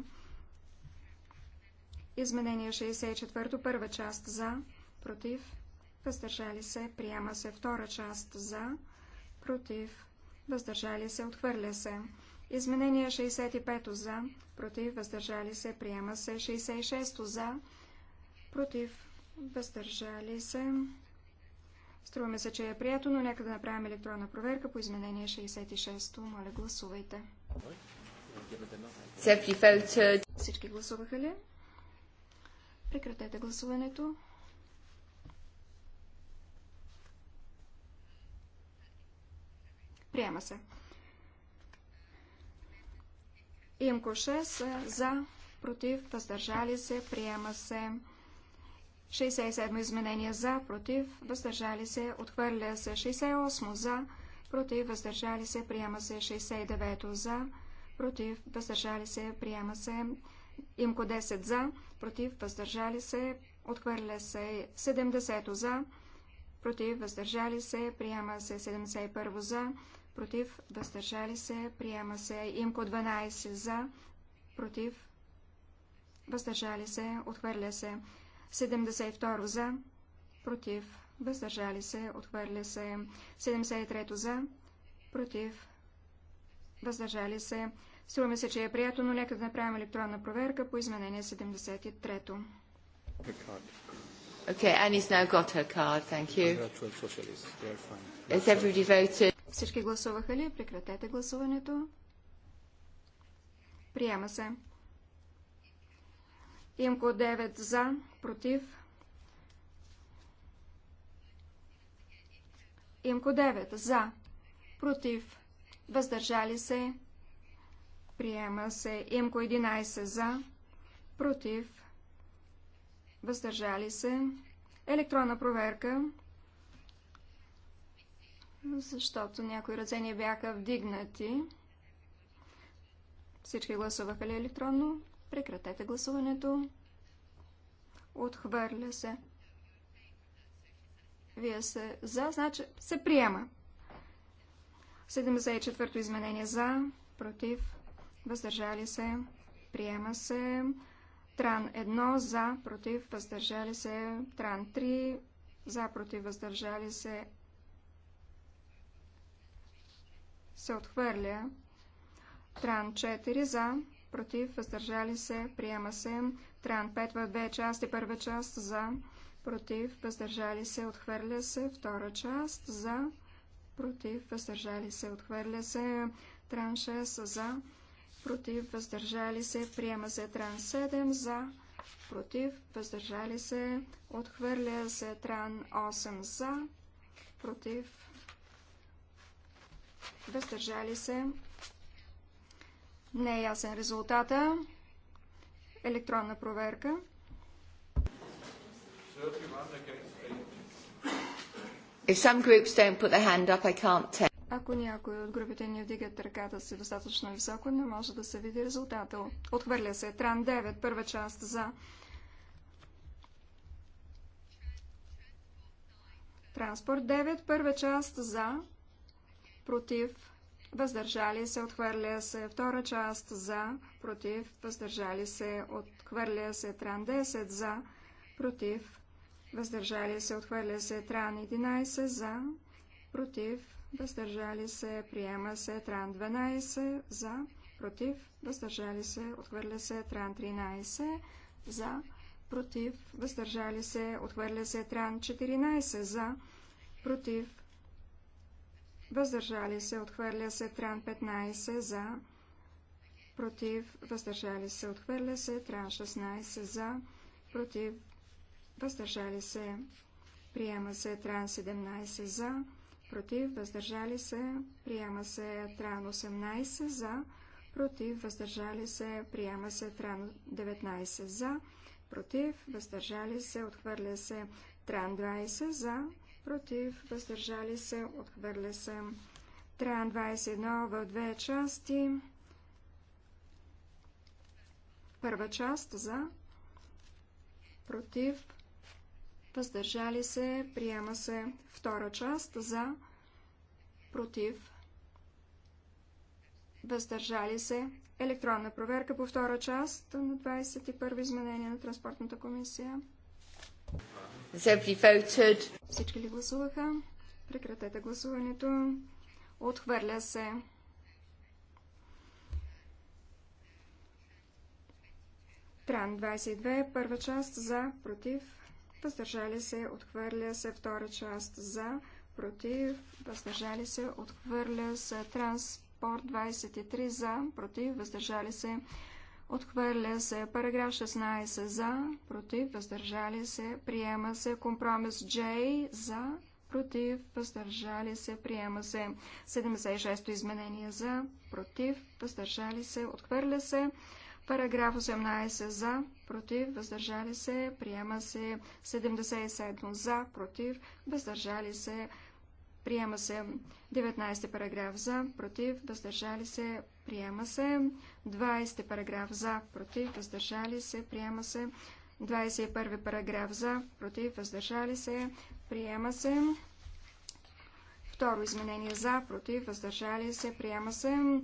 Изменение 64 първа част за, против, въздържали се, приема се. Втора част за, против, въздържали се, отхвърля се. Изменение 65 за, против, въздържали се, приема се. 66 за, против, въздържали се. Струваме се, че е прието, но нека да направим електронна проверка по изменение 66. Моля, гласувайте. Всички гласуваха ли? Прекратете гласуването. Приема се. Имко 6 е, за, против, въздържали се, приема се. 67 изменение за, против, въздържали се, отхвърля се. 68 за, против, въздържали се, приема се. 69 за, против, въздържали се, приема се. Имко 10 за, против, въздържали се, отхвърля се. 70 за, против, въздържали се, приема се. 71 за, против, въздържали се, приема се. Имко 12 за, против, въздържали се, отхвърля се. 72 за, против, въздържали се, отхвърля се. 73 за, против, въздържали се. Струваме се, че е прието, но нека да направим електронна проверка по изменение 73-то. Okay, Annie's now got her card, thank you. Has everybody voted? Всички гласуваха ли? Прекратете гласуването. Приема се. Имко 9 за, против. Имко 9 за, против. Въздържали се. Приема се. Имко 11 за, против. Въздържали се. Електронна проверка защото някои ръце бяха вдигнати. Всички гласуваха ли електронно? Прекратете гласуването. Отхвърля се. Вие се за, значи се приема. 74-то изменение за, против, въздържали се, приема се. Тран 1 за, против, въздържали се. Тран 3 за, против, въздържали се, се отхвърля. Тран 4 за, против, въздържали се, приема се. Тран 5 в две части, първа част за, против, въздържали се, отхвърля се. Втора част за, против, въздържали се, отхвърля се. Тран 6 за, против, въздържали се, приема се. Тран 7 за, против, въздържали се, отхвърля се. Тран 8 за, против, въздържали се. Не е ясен резултата. Електронна проверка. Up, Ако някой от групите не вдигат ръката си е достатъчно високо, не може да се види резултата. Отхвърля се Тран 9, първа част за. Транспорт 9, първа част за против, въздържали се, отхвърля се. Втора част за, против, въздържали се, отхвърля се. Тран 10 за, против, въздържали се, отхвърля се. Тран 11 за, против, въздържали се, приема се. Тран 12 за, против, въздържали се, отхвърля се. Тран 13 за, против, въздържали се, отхвърля се. Тран 14 за, против, въздържали се, отхвърля се, тран 15 за, против, въздържали се, отхвърля се, тран 16 за, против, въздържали се, приема се, тран 17 за, против, въздържали се, приема се, тран 18 за, против, въздържали се, приема се, тран 19 за, против, въздържали се, отхвърля се, тран 20 за, против, въздържали се, отхвърля се. Тран 21 в две части. Първа част за, против, въздържали се, приема се. Втора част за, против, въздържали се. Електронна проверка по втора част на 21 изменение на Транспортната комисия. Всички ли гласуваха? Прекратете гласуването. Отхвърля се. Тран 22, първа част за, против, въздържали се, отхвърля се, втора част за, против, въздържали се, отхвърля се, транспорт 23 за, против, въздържали се, Отхвърля се параграф 16 за, против, въздържали се, приема се. Компромис J за, против, въздържали се, приема се. 76-то изменение за, против, въздържали се, отхвърля се. Параграф 18 за, против, въздържали се, приема се. 77 за, против, въздържали се, приема се. 19 параграф за, против, въздържали се, приема се. 20 параграф за, против, въздържали се, приема се. 21 параграф за, против, въздържали се, приема се. Второ изменение за, против, въздържали се, приема се.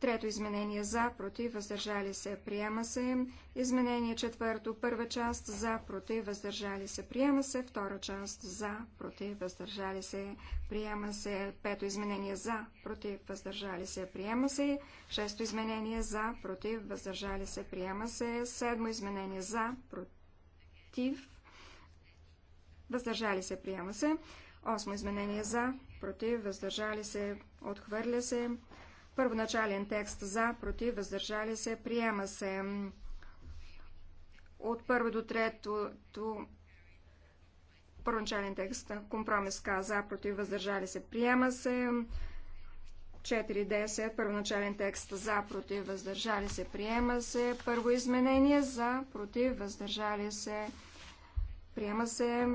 Трето изменение за, против, въздържали се, приема се. Изменение четвърто, първа част за, против, въздържали се, приема се. Втора част за, против, въздържали се, приема се. Пето изменение за, против, въздържали се, приема се. Шесто изменение за, против, въздържали се, приема се. Седмо изменение за, против, въздържали се, приема се. Осмо изменение за, против, въздържали се, отхвърля се. Първоначален текст за, против, въздържали се, приема се. От първо до трето първоначален текст компромис К за, против, въздържали се, приема се. 4.10, първоначален текст за, против, въздържали се, приема се. Първо изменение за, против, въздържали се, приема се.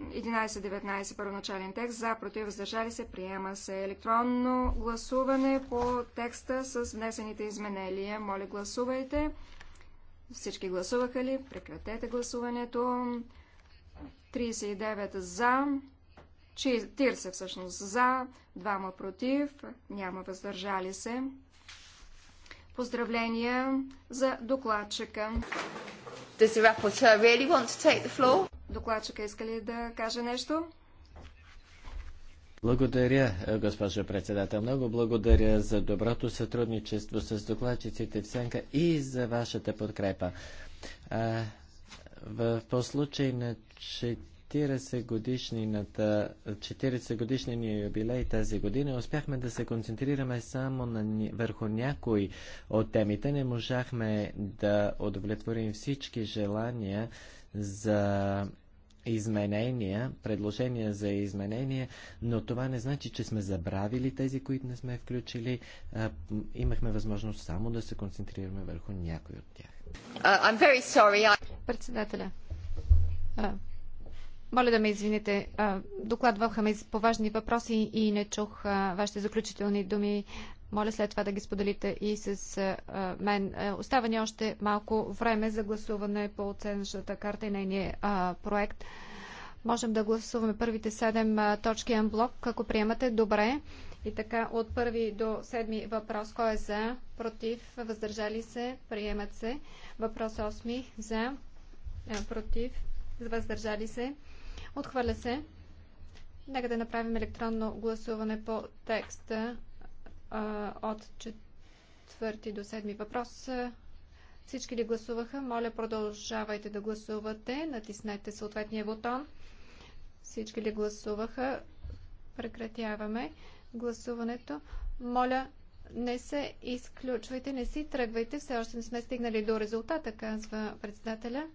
11-19 първоначален текст. За, против, въздържали се. Приема се електронно гласуване по текста с внесените изменения. Моля, гласувайте. Всички гласуваха ли? Прекратете гласуването. 39 за, 40 всъщност за, 2 против, няма въздържали се. Поздравления за докладчика. Does the rapporteur really want to take the floor? Докладчика иска ли да каже нещо? Благодаря, госпожо председател. Много благодаря за доброто сътрудничество с докладчиците в сенка и за вашата подкрепа. А, в, по случай на 40 годишнината, 40 годишния юбилей тази година успяхме да се концентрираме само на, върху някои от темите. Не можахме да удовлетворим всички желания за изменения, предложения за изменения, но това не значи, че сме забравили тези, които не сме включили. А, имахме възможност само да се концентрираме върху някой от тях. Uh, I... Председателя. А, моля да ме извините. А, по важни въпроси и не чух вашите заключителни думи. Моля след това да ги споделите и с мен. Е, остава ни още малко време за гласуване по оценъчната карта и нейния проект. Можем да гласуваме първите 7 точки блок, ако приемате. Добре. И така, от първи до седми въпрос. Кой е за? Против? Въздържали се? Приемат се. Въпрос 8. За? Е, против? Въздържали се? Отхвърля се. Нека да направим електронно гласуване по текста от четвърти до седми въпрос. Всички ли гласуваха? Моля, продължавайте да гласувате. Натиснете съответния бутон. Всички ли гласуваха? Прекратяваме гласуването. Моля, не се изключвайте, не си тръгвайте. Все още не сме стигнали до резултата, казва председателя.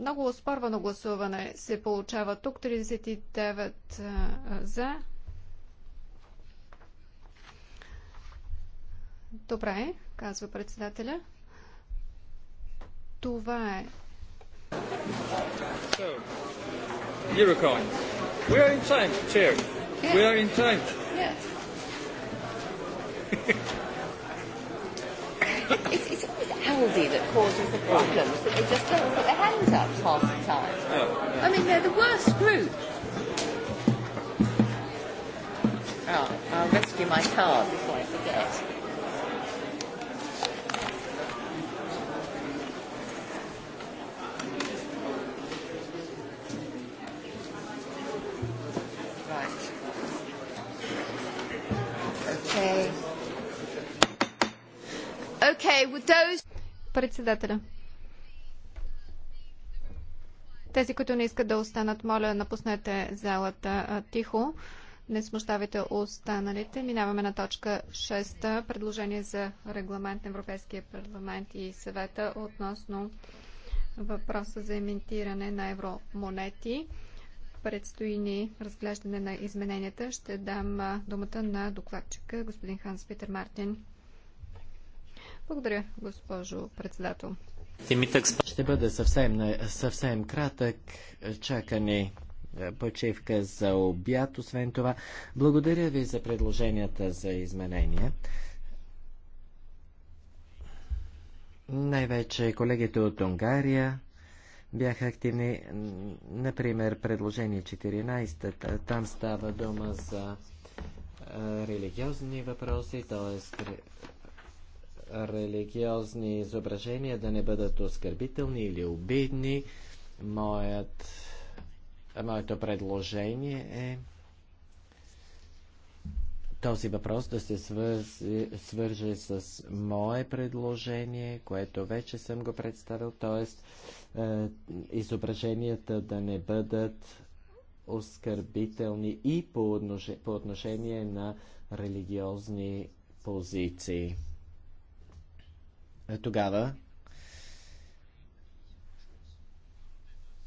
Много оспорвано гласуване се получава тук. 39 за, Добре, казва председателя. Това е. So, Eurocoin. We are in time, Chair. Yeah. We are in time. Yeah. it's, it's always Aldi that causes the problems, that they just don't put their hands up half the time. Oh, yeah. I mean, they're the worst group. Oh, I'll rescue my car before I forget. Okay, with those... Председателя. Тези, които не искат да останат, моля, напуснете залата тихо. Не смущавайте останалите. Минаваме на точка 6. Предложение за регламент на Европейския парламент и съвета относно въпроса за емитиране на евромонети. Предстои ни разглеждане на измененията. Ще дам думата на докладчика господин Ханс Питер Мартин. Благодаря, госпожо председател. Ще бъде съвсем, съвсем кратък. Чакане почивка за обяд. Освен това, благодаря ви за предложенията за изменения. Най-вече колегите от Унгария бяха активни. Например, предложение 14. Там става дума за е, религиозни въпроси, т.е религиозни изображения да не бъдат оскърбителни или обидни. Моят, моето предложение е този въпрос да се свързи, свърже с мое предложение, което вече съм го представил, т.е. Е, изображенията да не бъдат оскърбителни и по отношение на религиозни позиции. Е, тогава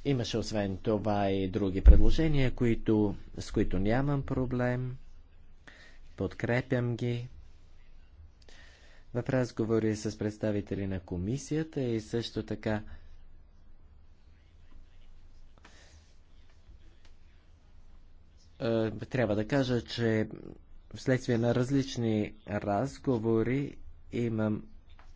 имаше освен това и други предложения, които, с които нямам проблем. Подкрепям ги. В разговори с представители на комисията и също така е, трябва да кажа, че вследствие на различни разговори имам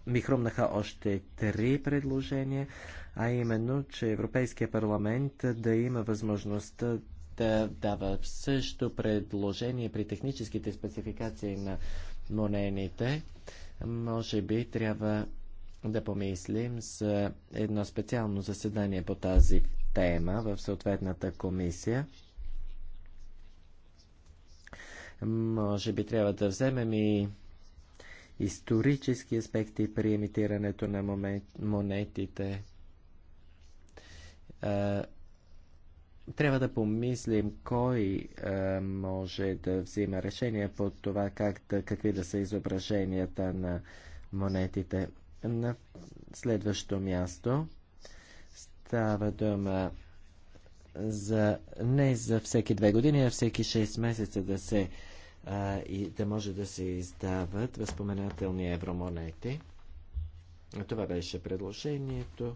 ми хрумнаха още три предложения, а именно, че Европейския парламент да има възможността да дава също предложение при техническите спецификации на монените. Може би трябва да помислим за едно специално заседание по тази тема в съответната комисия. Може би трябва да вземем и исторически аспекти при емитирането на момент, монетите. А, трябва да помислим кой а, може да взима решение по това как да, какви да са изображенията на монетите. На следващо място става дума за не за всеки две години, а всеки 6 месеца да се а, и да може да се издават възпоменателни евромонети. Това беше предложението,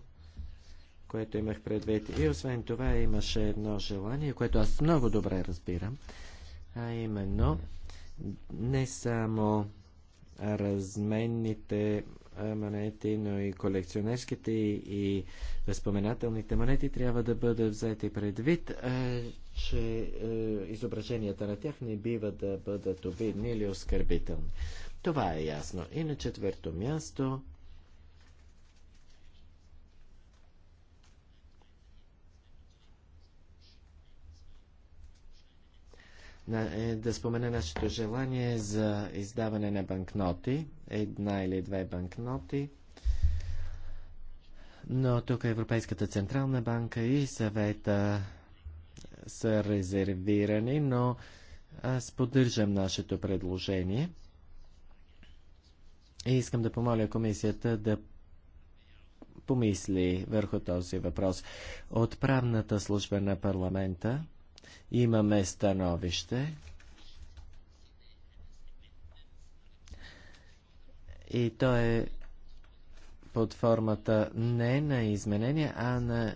което имах предвид. И освен това имаше едно желание, което аз много добре разбирам, а именно не само разменните монети, но и колекционерските и възпоменателните монети трябва да бъдат взети предвид че е, изображенията на тях не бива да бъдат обидни или оскърбителни. Това е ясно. И на четвърто място е да спомена нашето желание за издаване на банкноти, една или две банкноти. Но тук Европейската Централна банка и съвета са резервирани, но аз поддържам нашето предложение и искам да помоля комисията да помисли върху този въпрос. От правната служба на парламента имаме становище и то е под формата не на изменение, а на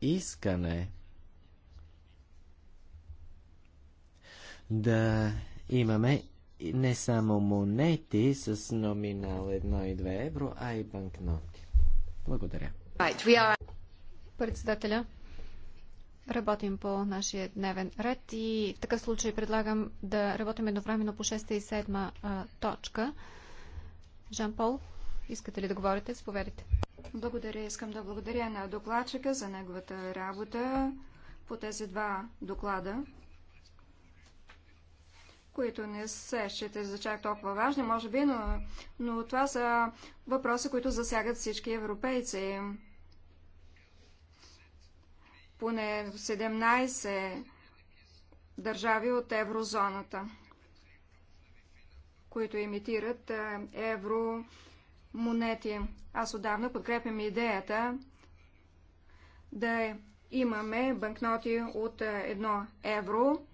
искане да имаме не само монети с номинал 1 и 2 евро, а и банкноти. Благодаря. Председателя, работим по нашия дневен ред и в такъв случай предлагам да работим едновременно по 6 и 7 а, точка. Жан-Пол, искате ли да говорите? Споверите. Благодаря. Искам да благодаря на докладчика за неговата работа по тези два доклада които не се считат за чак толкова важни, може би, но, но това са въпроси, които засягат всички европейци. Поне 17 държави от еврозоната, които имитират е, евромонети. Аз отдавна подкрепям идеята да имаме банкноти от 1 е, евро,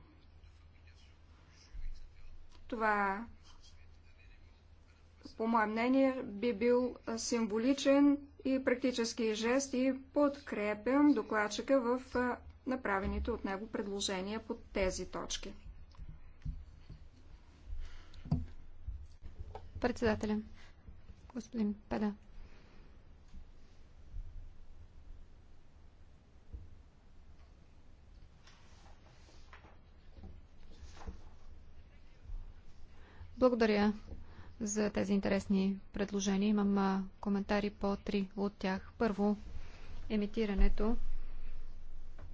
това, по мое мнение, би бил символичен и практически жест и подкрепям докладчика в направените от него предложения по тези точки. Председателя, господин Педа. Благодаря за тези интересни предложения. Имам коментари по три от тях. Първо, емитирането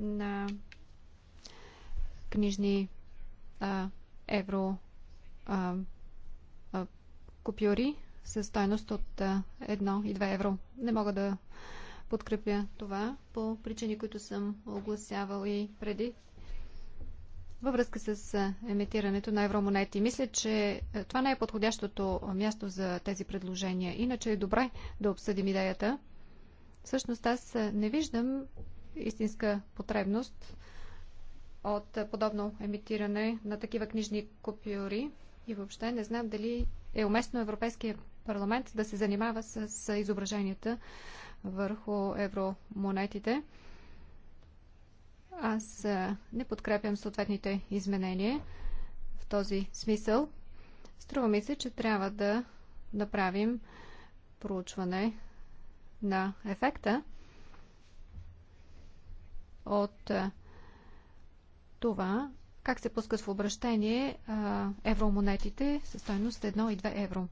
на книжни а, евро а, а, купюри с стойност от 1 и 2 евро. Не мога да подкрепя това по причини, които съм огласявал и преди във връзка с емитирането на евромонети. Мисля, че това не е подходящото място за тези предложения. Иначе е добре да обсъдим идеята. Всъщност аз не виждам истинска потребност от подобно емитиране на такива книжни купюри и въобще не знам дали е уместно Европейския парламент да се занимава с изображенията върху евромонетите. Аз не подкрепям съответните изменения в този смисъл. Струва ми се, че трябва да направим проучване на ефекта от това, как се пускат в обращение евромонетите със стойност 1 и 2 евро.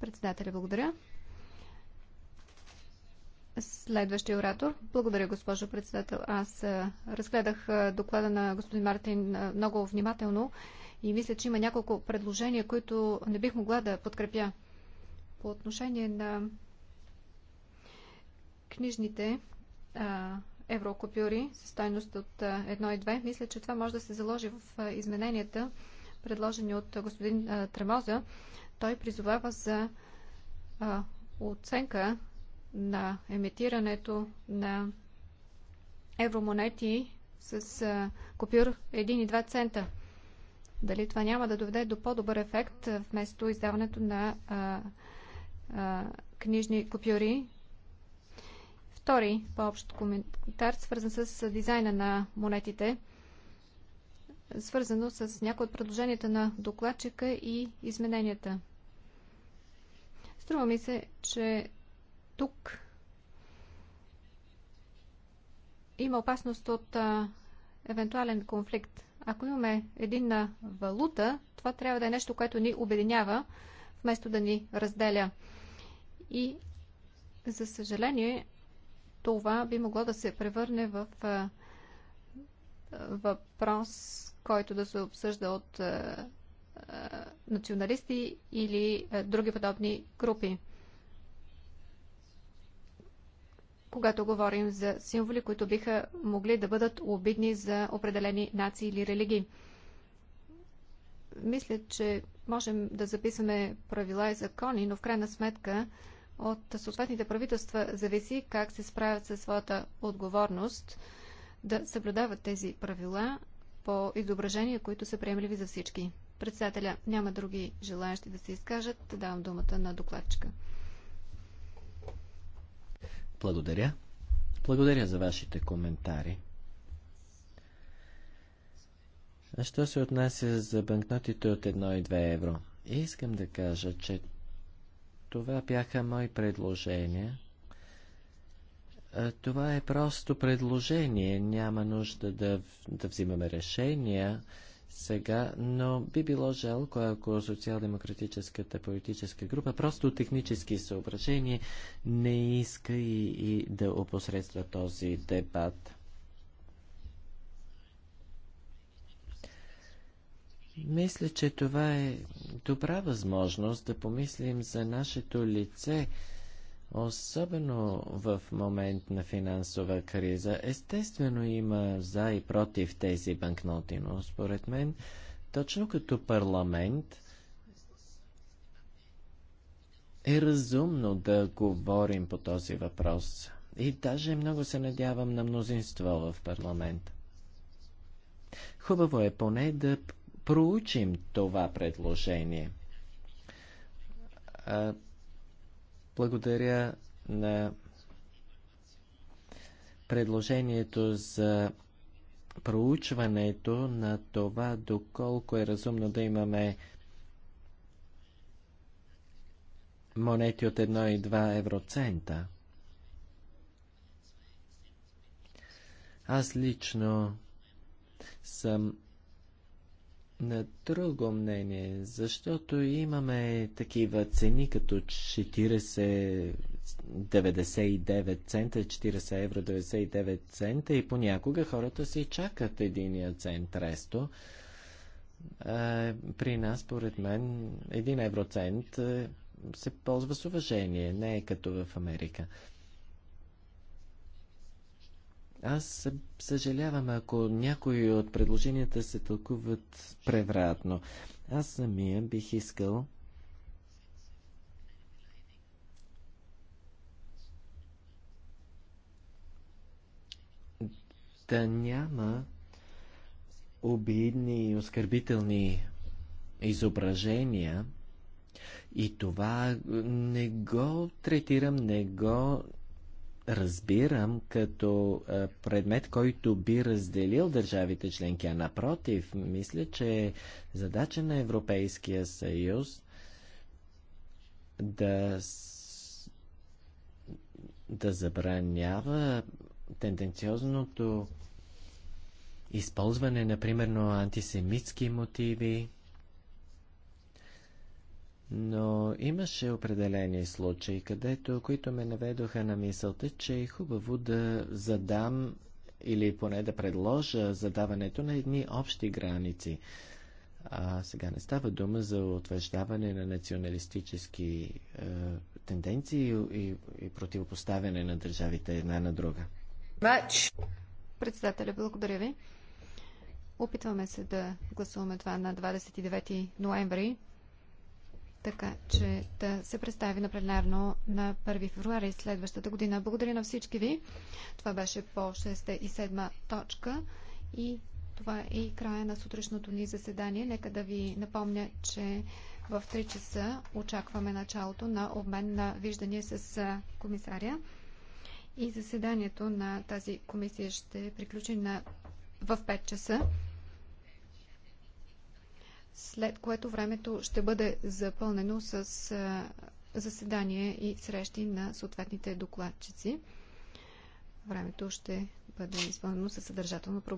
Председателя, благодаря. Следващия оратор. Благодаря, госпожо председател. Аз разгледах доклада на господин Мартин много внимателно и мисля, че има няколко предложения, които не бих могла да подкрепя. По отношение на книжните а, еврокупюри с стойност от 1 и 2, мисля, че това може да се заложи в измененията, предложени от господин а, Тремоза. Той призовава за а, оценка на емитирането на евромонети с купюр 1 и 2 цента. Дали това няма да доведе до по-добър ефект вместо издаването на а, а, книжни купюри? Втори по-общ коментар, свързан с дизайна на монетите, свързано с някои от предложенията на докладчика и измененията. Струва ми се, че тук има опасност от а, евентуален конфликт. Ако имаме единна валута, това трябва да е нещо, което ни обединява, вместо да ни разделя. И, за съжаление, това би могло да се превърне в а, въпрос, който да се обсъжда от а, националисти или други подобни групи. когато говорим за символи, които биха могли да бъдат обидни за определени нации или религии. Мисля, че можем да записваме правила и закони, но в крайна сметка от съответните правителства зависи как се справят със своята отговорност да съблюдават тези правила по изображения, които са приемливи за всички. Председателя, няма други желаящи да се изкажат. Давам думата на докладчика. Благодаря. Благодаря за вашите коментари. А що се отнася за банкнотите от 1 и 2 евро? Искам да кажа, че това бяха мои предложения. Това е просто предложение, няма нужда да, да взимаме решения сега, но би било жалко, ако социал-демократическата политическа група просто технически съображения не иска и, и да опосредства този дебат. Мисля, че това е добра възможност да помислим за нашето лице, Особено в момент на финансова криза, естествено има за и против тези банкноти, но според мен, точно като парламент, е разумно да говорим по този въпрос. И даже много се надявам на мнозинство в парламент. Хубаво е поне да проучим това предложение. А, благодаря на предложението за проучването на това доколко е разумно да имаме монети от 1 и 2 евроцента. Аз лично съм на друго мнение, защото имаме такива цени като 40 99 цента, 40 евро 99 цента и понякога хората си чакат единия цент ресто. При нас, според мен, един евроцент е, се ползва с уважение, не е като в Америка. Аз съжалявам, ако някои от предложенията се тълкуват превратно. Аз самия бих искал да няма обидни и оскърбителни изображения и това не го третирам, не го разбирам като предмет, който би разделил държавите членки, а напротив, мисля, че е задача на Европейския съюз да, да забранява тенденциозното използване, например, на антисемитски мотиви, но имаше определени случаи, където, които ме наведоха на мисълта, че е хубаво да задам или поне да предложа задаването на едни общи граници. А сега не става дума за утвърждаване на националистически е, тенденции и, и противопоставяне на държавите една на друга. Мач! Председателя, благодаря ви. Опитваме се да гласуваме това на 29 ноември така че да се представи на пленарно на 1 февруари следващата година. Благодаря на всички ви. Това беше по 6 и 7 точка и това е и края на сутрешното ни заседание. Нека да ви напомня, че в 3 часа очакваме началото на обмен на виждане с комисаря. И заседанието на тази комисия ще приключи на... в 5 часа след което времето ще бъде запълнено с заседание и срещи на съответните докладчици. Времето ще бъде изпълнено със съдържателна програма.